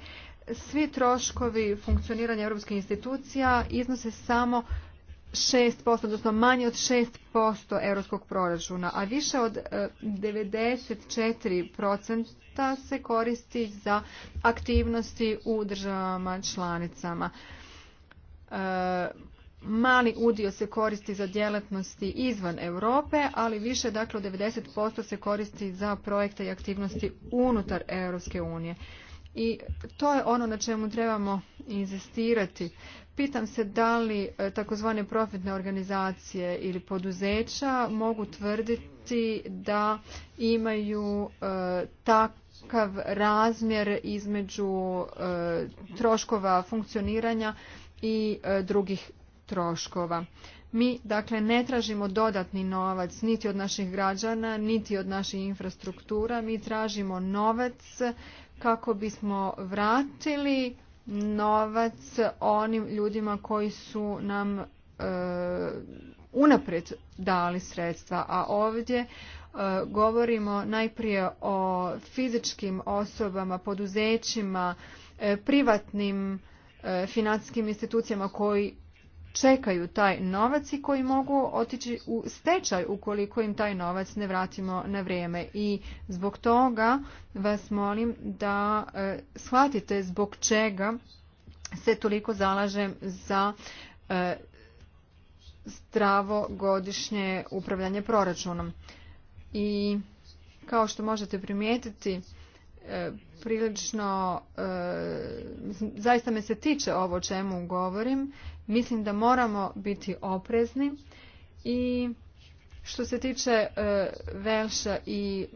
svi troškovi funkcioniranja europskih institucija iznose samo 6%, odnosno manje od 6% europskog proračuna, a više od 94% e, se koristi za aktivnosti u državama članicama. E, mali udio se koristi za djelatnosti izvan Europe, ali više dakle od 90% se koristi za projekte i aktivnosti unutar Europske unije. I to je ono na čemu trebamo inzistirati. Pitam se da li e, takozvane profitne organizacije ili poduzeća mogu tvrditi da imaju e, takav razmjer između e, troškova funkcioniranja i drugih troškova. Mi dakle ne tražimo dodatni novac niti od naših građana, niti od naših infrastruktura, mi tražimo novac kako bismo vratili novac onim ljudima koji su nam e, unaprijed dali sredstva, a ovdje e, govorimo najprije o fizičkim osobama, poduzećima, e, privatnim e, financijskim institucijama koji čekaju taj novac i koji mogu otići u stečaj ukoliko im taj novac ne vratimo na vrijeme. I zbog toga vas molim da e, shvatite zbog čega se toliko zalažem za e, zdravo godišnje upravljanje proračunom. I kao što možete primijetiti, e, prilično, zaista me se tiče ovo čemu govorim Mislim da moramo biti oprezni i što se tiče e, Velša i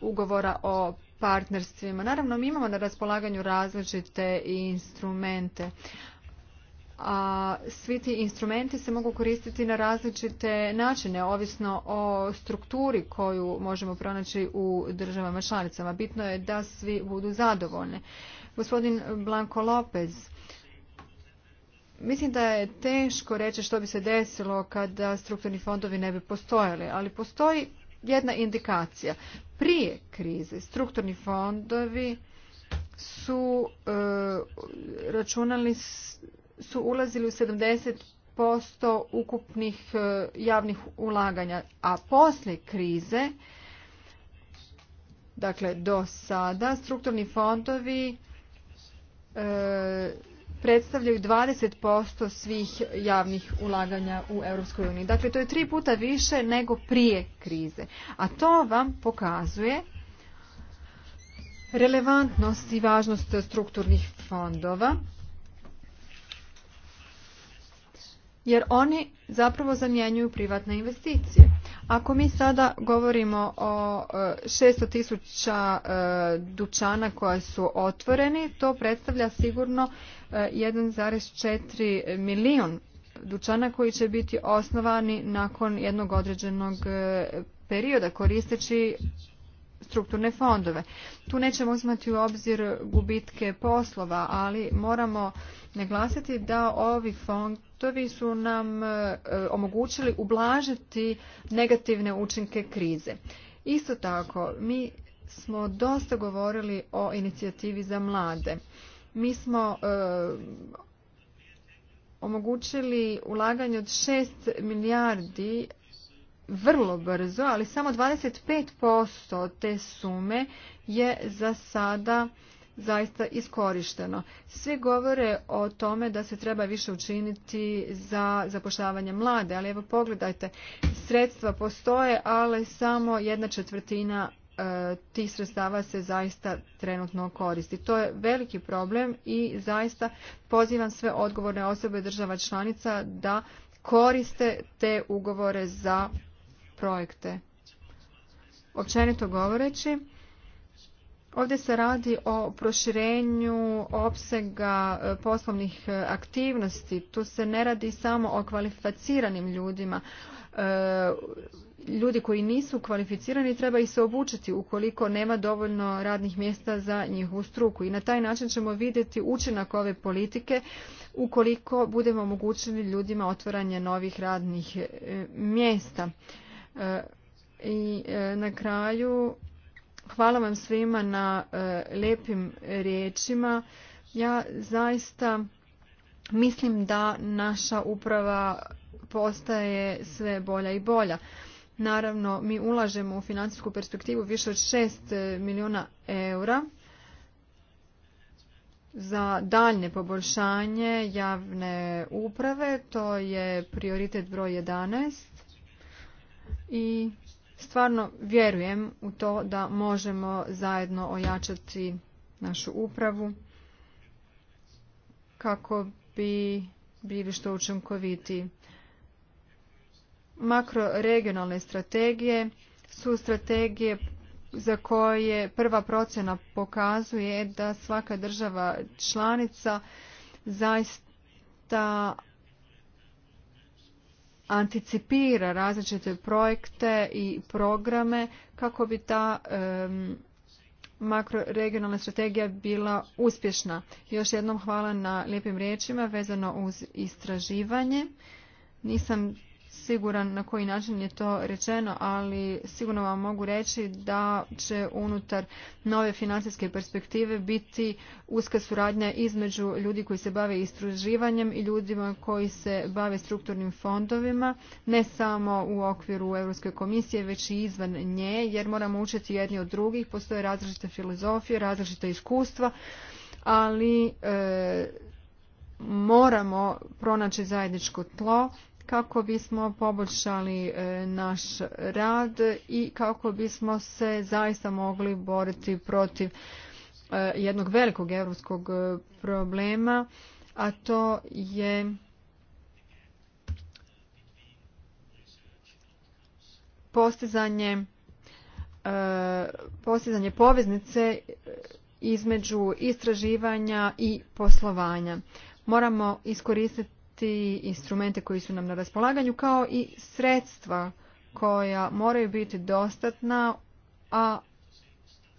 ugovora o partnerstvima, naravno mi imamo na raspolaganju različite instrumente, a svi ti instrumenti se mogu koristiti na različite načine, ovisno o strukturi koju možemo pronaći u državama članicama. Bitno je da svi budu zadovoljni. Gospodin Blanko Lopez Mislim da je teško reći što bi se desilo kada strukturni fondovi ne bi postojali, ali postoji jedna indikacija. Prije krize strukturni fondovi su e, računali su ulazili u 70% ukupnih e, javnih ulaganja, a poslije krize dakle do sada strukturni fondovi e, predstavljaju 20% svih javnih ulaganja u Europskoj uniji. Dakle, to je tri puta više nego prije krize. A to vam pokazuje relevantnost i važnost strukturnih fondova, jer oni zapravo zamjenjuju privatne investicije. Ako mi sada govorimo o 600 e, tisuća e, dućana koja su otvoreni, to predstavlja sigurno 1,4 e, milijun dućana koji će biti osnovani nakon jednog određenog perioda koristeći strukturne fondove. Tu nećemo uzmati u obzir gubitke poslova, ali moramo naglasiti da ovi fondovi su nam e, omogućili ublažiti negativne učinke krize. Isto tako, mi smo dosta govorili o inicijativi za mlade. Mi smo e, omogućili ulaganje od 6 milijardi vrlo brzo, ali samo 25% te sume je za sada zaista iskorišteno. Svi govore o tome da se treba više učiniti za zapošljavanje mlade, ali evo pogledajte, sredstva postoje, ali samo jedna četvrtina e, tih sredstava se zaista trenutno koristi. To je veliki problem i zaista pozivam sve odgovorne osobe država članica da koriste te ugovore za projekte. Općenito govoreći, Ovdje se radi o proširenju opsega e, poslovnih e, aktivnosti. Tu se ne radi samo o kvalificiranim ljudima. E, ljudi koji nisu kvalificirani treba ih se obučiti ukoliko nema dovoljno radnih mjesta za njihovu struku. I na taj način ćemo vidjeti učinak ove politike ukoliko budemo omogućili ljudima otvaranje novih radnih mjesta. I e, na kraju hvala vam svima na e, lijepim riječima. Ja zaista mislim da naša uprava postaje sve bolja i bolja. Naravno, mi ulažemo u financijsku perspektivu više od 6 e, milijuna eura za daljnje poboljšanje javne uprave. To je prioritet broj 11 i stvarno vjerujem u to da možemo zajedno ojačati našu upravu kako bi bili što učinkovitiji. Makroregionalne strategije su strategije za koje prva procjena pokazuje da svaka država članica zaista anticipira različite projekte i programe kako bi ta makroregionalna strategija bila uspješna. Još jednom hvala na lijepim riječima vezano uz istraživanje. Nisam siguran na koji način je to rečeno, ali sigurno vam mogu reći da će unutar nove financijske perspektive biti uska suradnja između ljudi koji se bave istraživanjem i ljudima koji se bave strukturnim fondovima, ne samo u okviru Europske komisije, već i izvan nje, jer moramo učiti jedni od drugih, postoje različite filozofije, različita iskustva, ali e, moramo pronaći zajedničko tlo kako bismo poboljšali e, naš rad i kako bismo se zaista mogli boriti protiv e, jednog velikog europskog e, problema, a to je postizanje postizanje poveznice između istraživanja i poslovanja. Moramo iskoristiti i instrumente koji su nam na raspolaganju kao i sredstva koja moraju biti dostatna, a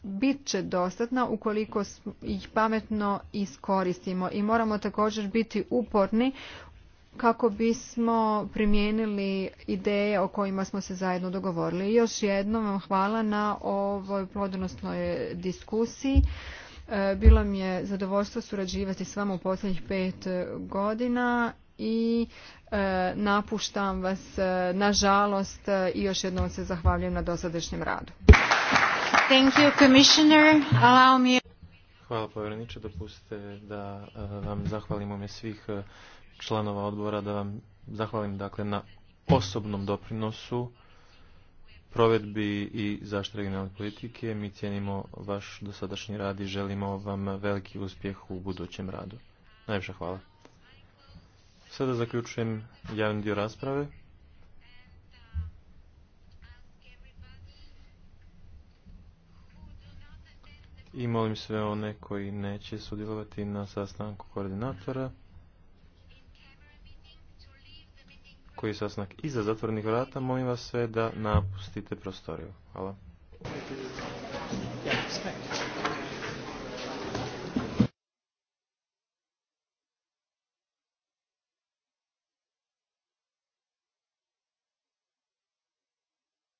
bit će dostatna ukoliko ih pametno iskoristimo i moramo također biti uporni kako bismo primijenili ideje o kojima smo se zajedno dogovorili. još jednom vam hvala na ovoj plodonosnoj diskusiji. E, bilo mi je zadovoljstvo surađivati s vama u posljednjih pet godina i e, napuštam vas e, nažalost e, i još jednom se zahvaljujem na dosadašnjem radu. Thank you, Commissioner. Allow me... Hvala povjereniče, dopustite da vam zahvalim u svih članova odbora, da vam zahvalim dakle na osobnom doprinosu provedbi i zaštite regionalne politike. Mi cijenimo vaš dosadašnji rad i želimo vam veliki uspjeh u budućem radu. Najviše hvala. Sada zaključujem javni dio rasprave. I molim sve one koji neće sudjelovati na sastanku koordinatora koji je sastanak iza zatvorenih vrata, molim vas sve da napustite prostoriju. Hvala.